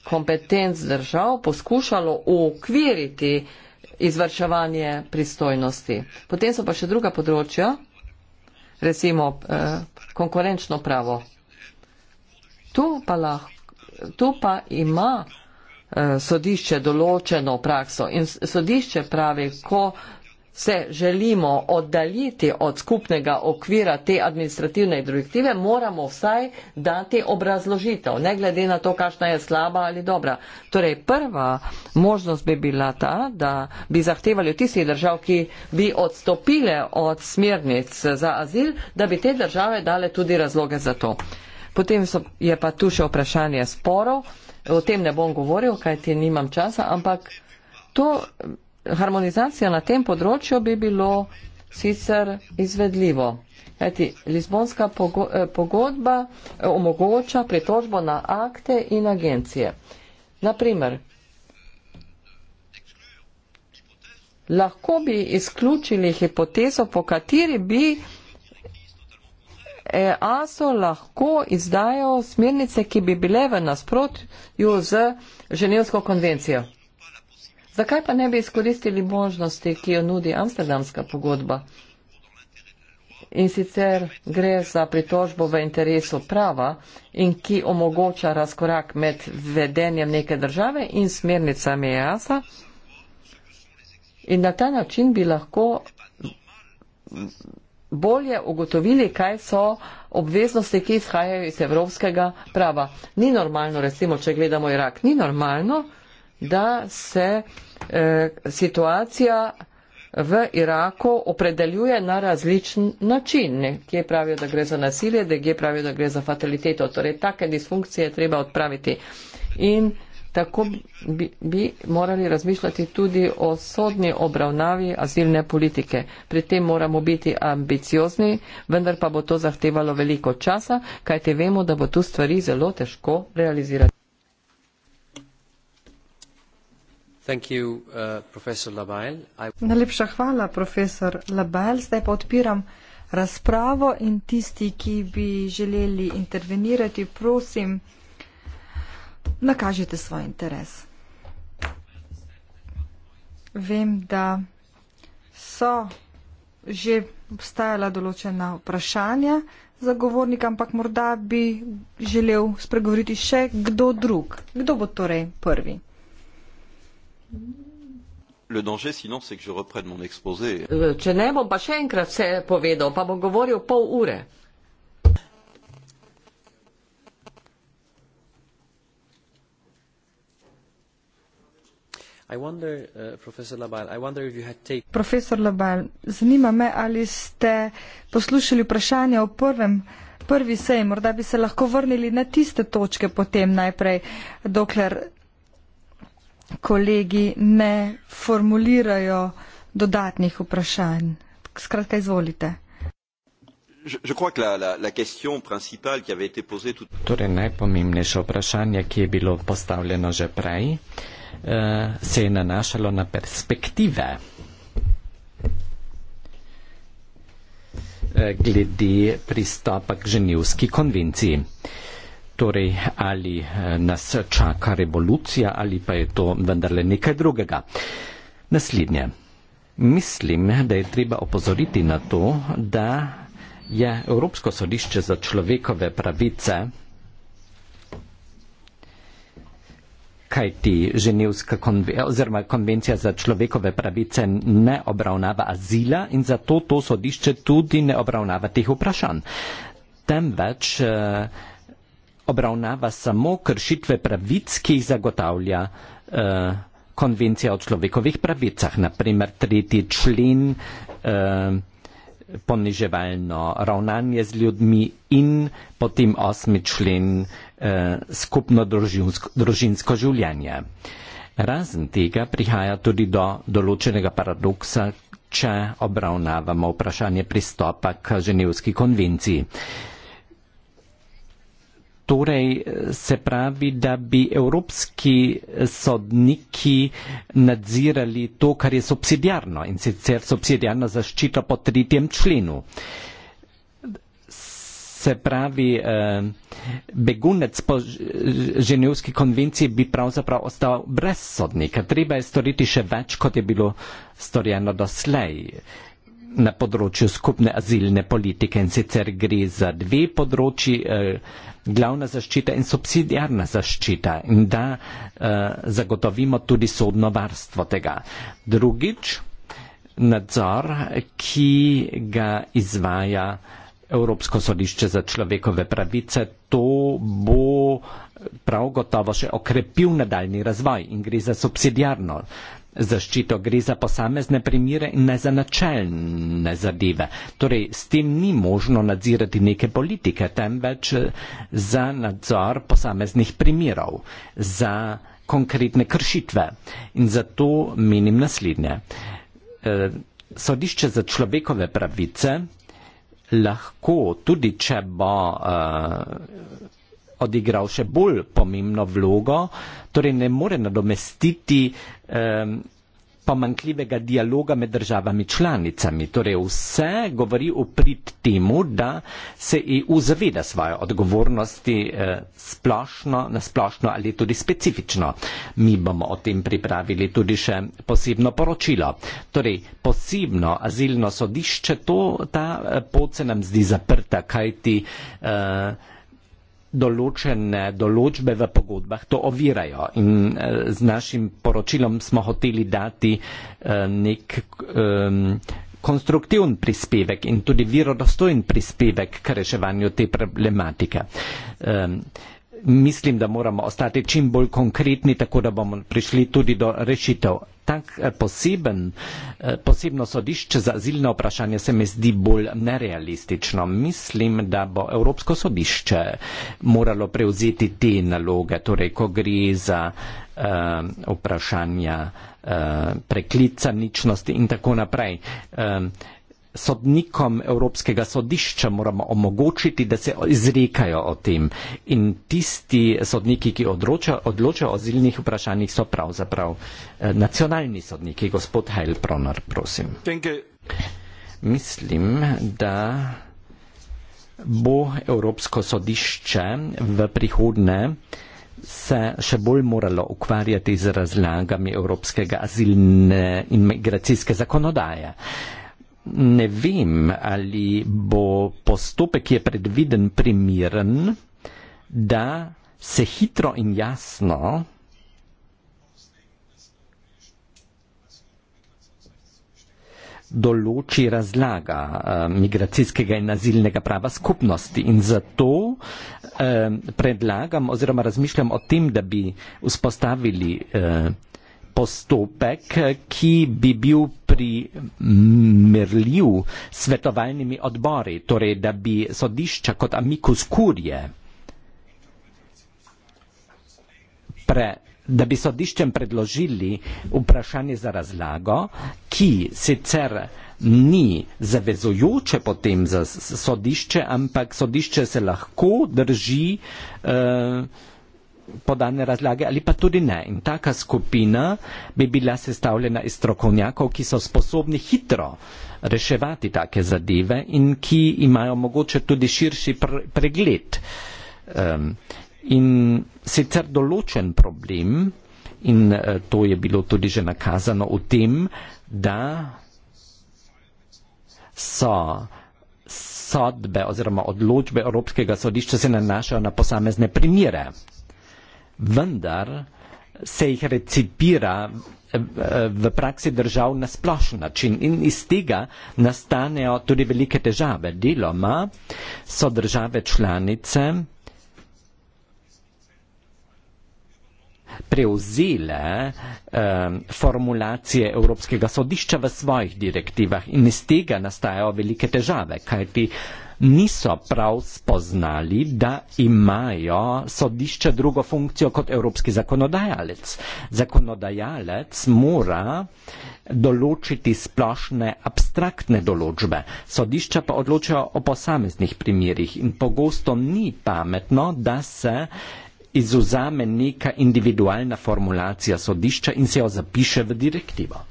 kompetenc držav poskušalo ukviriti izvrševanje pristojnosti. Potem so pa še druga področja, recimo eh, konkurenčno pravo. Tu pa, lahko, tu pa ima eh, sodišče določeno prakso in sodišče pravi, ko se želimo oddaljiti od skupnega okvira te administrativne direktive, moramo vsaj dati obrazložitev, ne glede na to, kakšna je slaba ali dobra. Torej, prva možnost bi bila ta, da bi zahtevali od tistih držav, ki bi odstopile od smernic za azil, da bi te države dale tudi razloge za to. Potem so, je pa tu še vprašanje sporov, o tem ne bom govoril, kajti nimam časa, ampak to harmonizacija na tem področju bi bilo sicer izvedljivo. Eti, Lizbonska eh, pogodba eh, omogoča pritožbo na akte in agencije. Naprimer, lahko bi izključili hipotezo, po kateri bi EASO lahko izdajal smernice, ki bi bile v nasprotju z Ženevsko konvencijo. Zakaj pa ne bi izkoristili možnosti, ki jo nudi Amsterdamska pogodba? In sicer gre za pritožbo v interesu prava in ki omogoča razkorak med vedenjem neke države in smernicami EASA. In na ta način bi lahko bolje ugotovili, kaj so obveznosti, ki izhajajo iz evropskega prava. Ni normalno, recimo, če gledamo Irak, ni normalno, da se eh, situacija v Iraku opredeljuje na različen način. Nekje pravijo, da gre za nasilje, nekje pravijo, da gre za fataliteto. Torej, take disfunkcije je treba odpraviti. In tako bi, bi morali razmišljati tudi o sodni obravnavi azilne politike. Pri tem moramo biti ambiciozni, vendar pa bo to zahtevalo veliko časa, kajte vemo, da bo tu stvari zelo težko realizirati. Uh, Najlepša hvala, profesor Labelj. Zdaj pa odpiram razpravo in tisti, ki bi želeli intervenirati, prosim, nakažite svoj interes. Vem, da so že obstajala določena vprašanja zagovornika, ampak morda bi želel spregovoriti še kdo drug. Kdo bo torej prvi? Le danger, sinon, c'est que je reprenne mon exposé. Euh, če ne bom pa še enkrat vse povedal, pa bom govoril pol ure. Wonder, uh, Labal, take... Profesor Labal, zanima me, ali ste poslušali vprašanje o prvem, prvi sej, morda bi se lahko vrnili na tiste točke potem najprej, dokler kolegi ne formulirajo dodatnih vprašanj. Skratka, izvolite. Torej, najpomembnejše vprašanje, ki je bilo postavljeno že prej, eh, se je nanašalo na perspektive eh, glede pristopa k ženevski konvenciji torej ali eh, nas čaka revolucija ali pa je to vendarle nekaj drugega. Naslednje. Mislim, da je treba opozoriti na to, da je Evropsko sodišče za človekove pravice, kajti Ženevska konve, konvencija za človekove pravice ne obravnava azila in zato to sodišče tudi ne obravnava teh vprašanj. Temveč uh, obravnava samo kršitve pravic, ki jih zagotavlja eh, konvencija o človekovih pravicah, naprimer tretji člen, eh, poniževalno ravnanje z ljudmi in potem osmi člen, eh, skupno družinsko, družinsko življenje. Razen tega prihaja tudi do določenega paradoksa, če obravnavamo vprašanje pristopa k ženevski konvenciji torej se pravi, da bi evropski sodniki nadzirali to, kar je subsidijarno in sicer subsidijarna zaščita po tretjem členu. Se pravi, eh, begunec po ženevski konvenciji bi pravzaprav ostal brez sodnika. Treba je storiti še več, kot je bilo storjeno doslej na področju skupne azilne politike in sicer gre za dve področji, eh, glavna zaščita in subsidijarna zaščita in da eh, zagotovimo tudi sodno varstvo tega. Drugič, nadzor, ki ga izvaja Evropsko sodišče za človekove pravice, to bo eh, prav gotovo še okrepil nadaljni razvoj in gre za subsidijarno zaščito, gre za posamezne primere in ne za načelne zadeve. Torej, s tem ni možno nadzirati neke politike, temveč eh, za nadzor posameznih primerov, za konkretne kršitve. In zato menim naslednje. Eh, sodišče za človekove pravice lahko, tudi če bo uh, odigral še bolj pomembno vlogo, torej ne more nadomestiti um, pomankljivega dialoga med državami članicami. Torej vse govori v prid temu, da se EU zaveda svoje odgovornosti eh, splošno, na splošno ali tudi specifično. Mi bomo o tem pripravili tudi še posebno poročilo. Torej posebno azilno sodišče, to, ta eh, pot se nam zdi zaprta, kajti eh, določene določbe v pogodbah to ovirajo in eh, z našim poročilom smo hoteli dati eh, nek konstruktivn prispevek in tudi virodostojen prispevek k reševanju te problematike mislim, da moramo ostati čim bolj konkretni, tako da bomo prišli tudi do rešitev. Tak eh, poseben, eh, posebno sodišče za azilno vprašanje se mi zdi bolj nerealistično. Mislim, da bo Evropsko sodišče moralo prevzeti te naloge, torej ko gre za uh, vprašanja uh, preklica, ničnosti in tako naprej. Uh, sodnikom Evropskega sodišča moramo omogočiti, da se izrekajo o tem. In tisti sodniki, ki odločajo o zilnih vprašanjih, so pravzaprav eh, nacionalni sodniki. Gospod Heilpronar, prosim. Mislim, da bo Evropsko sodišče v prihodne se še bolj moralo ukvarjati z razlagami Evropskega azilne in migracijske zakonodaje ne vem, ali bo postopek, ki je predviden, primeren, da se hitro in jasno določi razlaga eh, migracijskega in nazilnega prava skupnosti. In zato eh, predlagam oziroma razmišljam o tem, da bi vzpostavili eh, postopek, ki bi bil primerljiv s svetovalnimi odbori, torej da bi sodišča kot amikus kurje pre da bi sodiščem predložili vprašanje za razlago, ki sicer ni zavezujoče potem za sodišče, ampak sodišče se lahko drži uh, podane razlage ali pa tudi ne. In taka skupina bi bila sestavljena iz strokovnjakov, ki so sposobni hitro reševati take zadeve in ki imajo mogoče tudi širši pre pregled. Um, in sicer določen problem, in uh, to je bilo tudi že nakazano v tem, da so sodbe oziroma odločbe Evropskega sodišča se nanašajo na posamezne primere vendar se jih recipira eh, v praksi držav na splošen način in iz tega nastanejo tudi velike težave. Deloma so države članice prevzele eh, formulacije Evropskega sodišča v svojih direktivah in iz tega nastajajo velike težave, kajti eh, niso prav spoznali, da imajo sodišče drugo funkcijo kot evropski zakonodajalec. Zakonodajalec mora določiti splošne abstraktne določbe. Sodišča pa odločajo o posameznih primerjih in pogosto ni pametno, da se izuzame neka individualna formulacija sodišča in se jo zapiše v direktivo.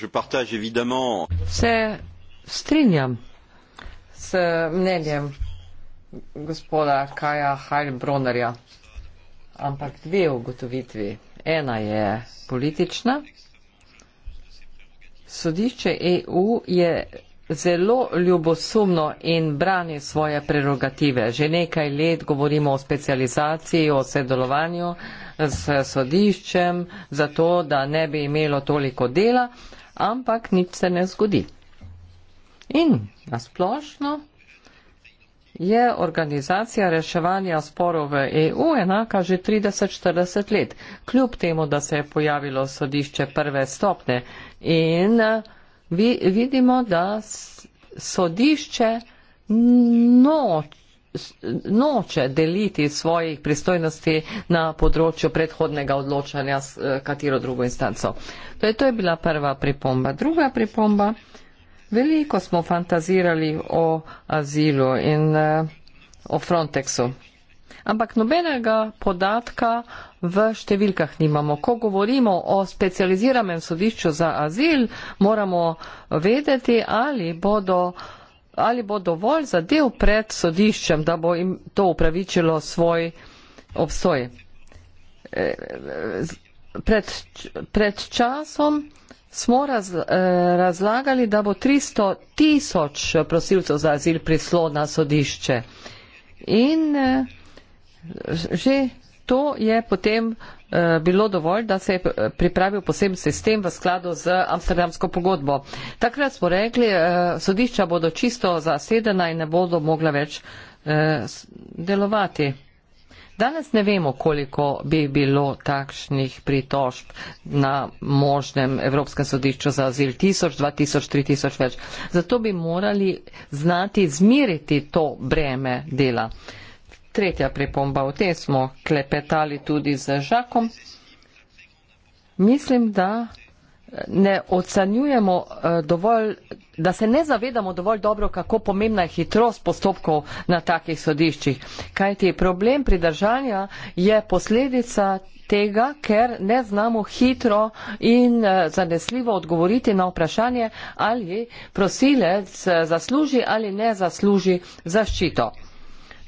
Je partage évidemment. C'est strinjam s mnenjem gospoda Kaja Heilbronerja, ampak dve ugotovitvi. Ena je politična. Sodišče EU je zelo ljubosumno in brani svoje prerogative. Že nekaj let govorimo o specializaciji, o sodelovanju s sodiščem, zato da ne bi imelo toliko dela, ampak nič se ne zgodi. In nasplošno je organizacija reševanja sporov v EU enaka že 30-40 let, kljub temu, da se je pojavilo sodišče prve stopne. In eh, vi, vidimo, da sodišče noč noče deliti svojih pristojnosti na področju predhodnega odločanja s eh, katero drugo instanco. To je, to je bila prva pripomba. Druga pripomba. Veliko smo fantazirali o azilu in eh, o Frontexu. Ampak nobenega podatka v številkah nimamo. Ko govorimo o specializiranem sodišču za azil, moramo vedeti, ali bodo ali bo dovolj zadev pred sodiščem, da bo jim to upravičilo svoj obsoj. Eh, eh, pred, pred časom smo raz, eh, razlagali, da bo 300 tisoč prosilcev za azil prislo na sodišče. In eh, že to je potem eh, bilo dovolj, da se je pripravil poseben sistem v skladu z Amsterdamsko pogodbo. Takrat smo rekli, sodišča bodo čisto zasedena in ne bodo mogla več delovati. Danes ne vemo, koliko bi bilo takšnih pritožb na možnem Evropskem sodišču za azil. Tisoč, dva tisoč, tri tisoč več. Zato bi morali znati zmiriti to breme dela. Tretja pripomba, o tem smo klepetali tudi z Žakom. Mislim, da ne ocenjujemo eh, dovolj da se ne zavedamo dovolj dobro, kako pomembna je hitrost postopkov na takih sodiščih. Kaj ti problem pridržanja je posledica tega, ker ne znamo hitro in eh, zanesljivo odgovoriti na vprašanje, ali prosilec eh, zasluži ali ne zasluži zaščito.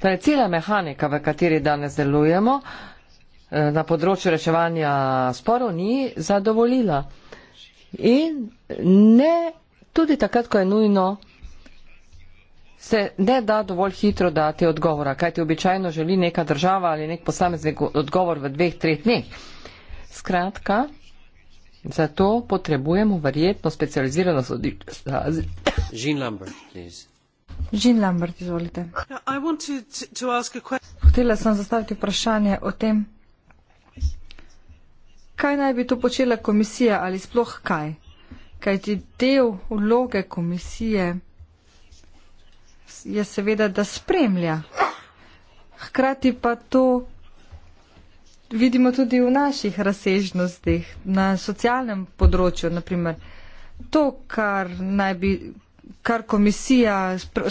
Torej, cela mehanika, v kateri danes delujemo, eh, na področju reševanja sporov ni zadovoljila. In ne tudi takrat, ko je nujno, se ne da dovolj hitro dati odgovora, kajti običajno želi neka država ali nek posameznik odgovor v dveh, treh dneh. Skratka, zato potrebujemo verjetno specializirano sodišče. Jean Lambert, izvolite. Hotela sem zastaviti vprašanje o tem, kaj naj bi to počela komisija ali sploh kaj. Kajti del vloge komisije je seveda, da spremlja. Hkrati pa to vidimo tudi v naših razsežnostih, na socialnem področju, naprimer. To, kar, naj bi, kar komisija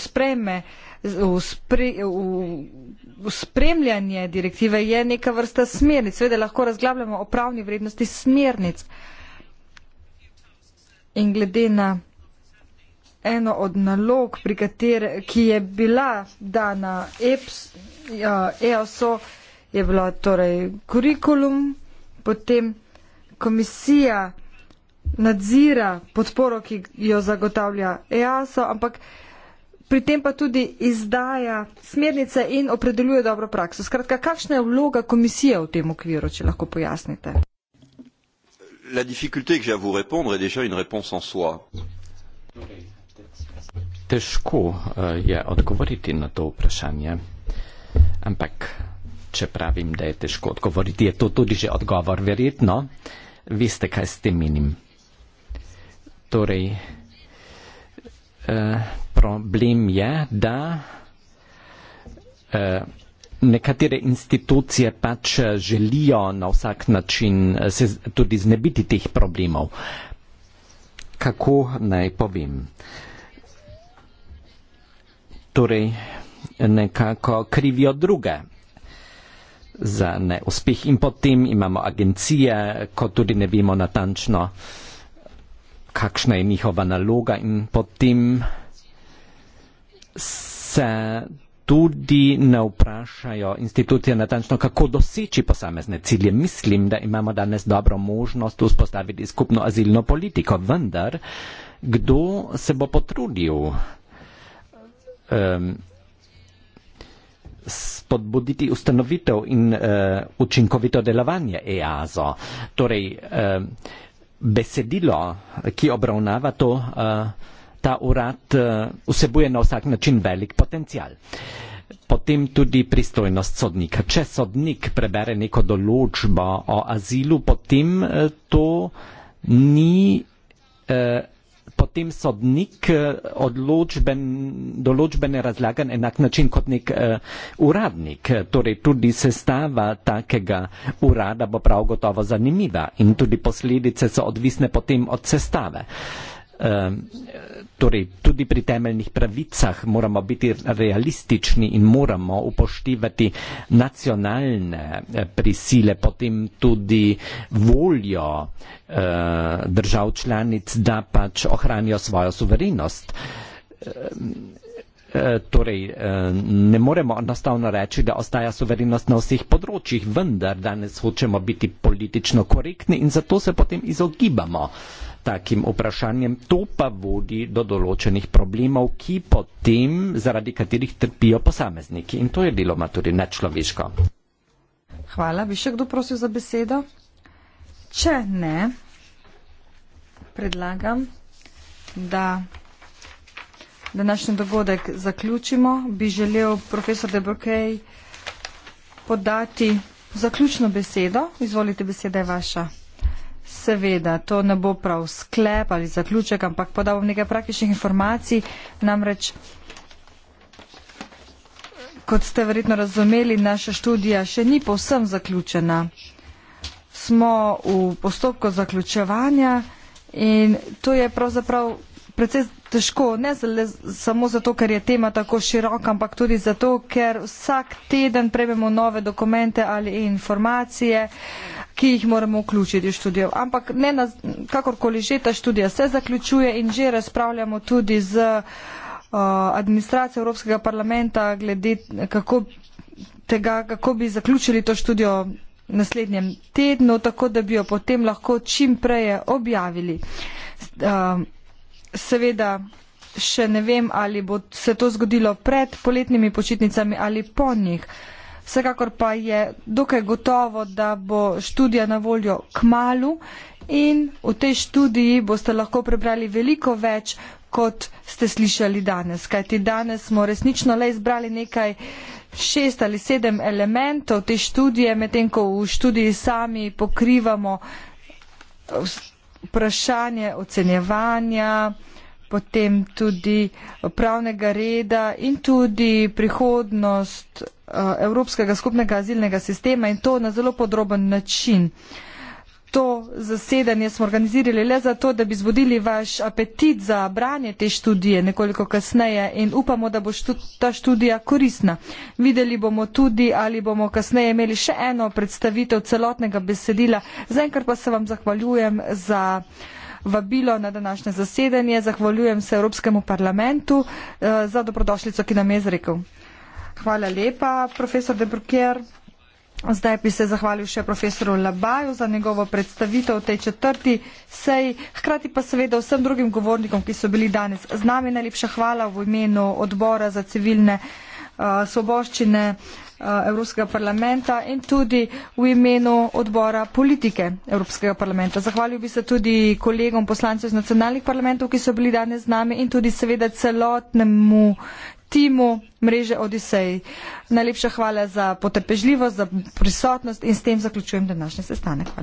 spreme v, spre, v, v spremljanje direktive, je neka vrsta smernic. Seveda lahko razglabljamo o pravni vrednosti smernic in glede na eno od nalog, katere, ki je bila dana EPS, ja, EOSO, je bilo torej kurikulum, potem komisija nadzira podporo, ki jo zagotavlja EASO, ampak pri tem pa tudi izdaja smernice in opredeljuje dobro prakso. Skratka, kakšna je vloga komisije v tem okviru, če lahko pojasnite? la difficulté que j'ai à vous répondre est déjà une réponse en soi. Težko uh, je odgovoriti na to vprašanje, ampak če pravim, da je težko odgovoriti, je to tudi že odgovor, verjetno. Vi ste kaj s tem menim. Torej, uh, problem je, da uh, nekatere institucije pač eh, želijo na vsak način eh, se tudi znebiti teh problemov. Kako naj povem? Torej, nekako krivijo druge za neuspeh in potem imamo agencije, ko tudi ne vemo natančno, kakšna je njihova naloga in potem se tudi ne vprašajo institucije natančno, kako doseči posamezne cilje. Mislim, da imamo danes dobro možnost vzpostaviti skupno azilno politiko, vendar kdo se bo potrudil um, spodbuditi ustanovitev in uh, učinkovito delovanje EASO. Torej, uh, besedilo, ki obravnava to. Uh, ta urad eh, vsebuje na vsak način velik potencial. Potem tudi pristojnost sodnika. Če sodnik prebere neko določbo o azilu, potem eh, to ni. Eh, potem sodnik odločben, določbene razlaga na enak način kot nek uh, uradnik. Torej tudi sestava takega urada bo prav gotovo zanimiva in tudi posledice so odvisne potem od sestave. Uh, Ehm, torej tudi pri temeljnih pravicah moramo biti realistični in moramo upoštevati nacionalne eh, prisile, potem tudi voljo eh, držav članic, da pač ohranijo svojo suverenost. Ehm, eh, torej, ne moremo enostavno reči, da ostaja suverenost na vseh področjih, vendar danes hočemo biti politično korektni in zato se potem izogibamo uh, takim vprašanjem. To pa vodi do določenih problemov, ki potem, zaradi katerih trpijo posamezniki. In to je deloma tudi nečloviško. Hvala. Bi še kdo prosil za besedo? Če ne, predlagam, da današnji dogodek zaključimo. Bi želel profesor Debrokej podati zaključno besedo. Izvolite, beseda je vaša. Seveda, to ne bo prav sklep ali zaključek, ampak podal bom nekaj praktičnih informacij. Namreč, kot ste verjetno razumeli, naša študija še ni povsem zaključena. Smo v postopku zaključevanja in to je pravzaprav precej težko, ne zale, samo zato, ker je tema tako široka, ampak tudi zato, ker vsak teden prejmemo nove dokumente ali informacije. Uh, ki jih moramo vključiti v študijo. Ampak ne na, kakorkoli že ta študija se zaključuje in že razpravljamo tudi z uh, administracijo Evropskega parlamenta glede kako, tega, kako bi zaključili to študijo naslednjem tednu, tako da bi jo potem lahko čim preje objavili. Uh, seveda še ne vem, ali bo se to zgodilo pred poletnimi počitnicami ali po njih. Uh, Vsekakor pa je dokaj gotovo, da bo študija na voljo k malu in v tej študiji boste lahko prebrali veliko več, kot ste slišali danes. Kajti danes smo resnično le izbrali nekaj šest ali sedem elementov te študije, medtem ko v študiji sami pokrivamo vprašanje ocenjevanja, potem tudi pravnega reda in tudi prihodnost Eh, Evropskega skupnega azilnega sistema in to na zelo podroben način. To zasedanje smo organizirali le zato, da bi zbudili vaš apetit za branje te študije nekoliko kasneje in upamo, da bo štud, ta študija korisna. Videli bomo tudi, ali bomo kasneje imeli še eno predstavitev celotnega besedila. Zaenkrat pa se vam zahvaljujem za vabilo na današnje zasedanje, zahvaljujem se Evropskemu parlamentu eh, za dobrodošljico, ki nam je izrekel. Hvala lepa, profesor De Brukjer. Zdaj bi se zahvalil še profesoru Labaju za njegovo predstavitev tej četrti sej, hkrati pa seveda vsem drugim govornikom, ki so bili danes z nami. Najlepša hvala v imenu odbora za civilne uh, eh, soboščine uh, eh, Evropskega parlamenta in tudi v imenu odbora politike Evropskega parlamenta. Zahvalil bi se tudi kolegom poslancev iz nacionalnih parlamentov, ki so bili danes z nami in tudi seveda celotnemu timu mreže Odisej. Najlepša hvala za potrpežljivost, za prisotnost in s tem zaključujem današnji sestanek. Hvala.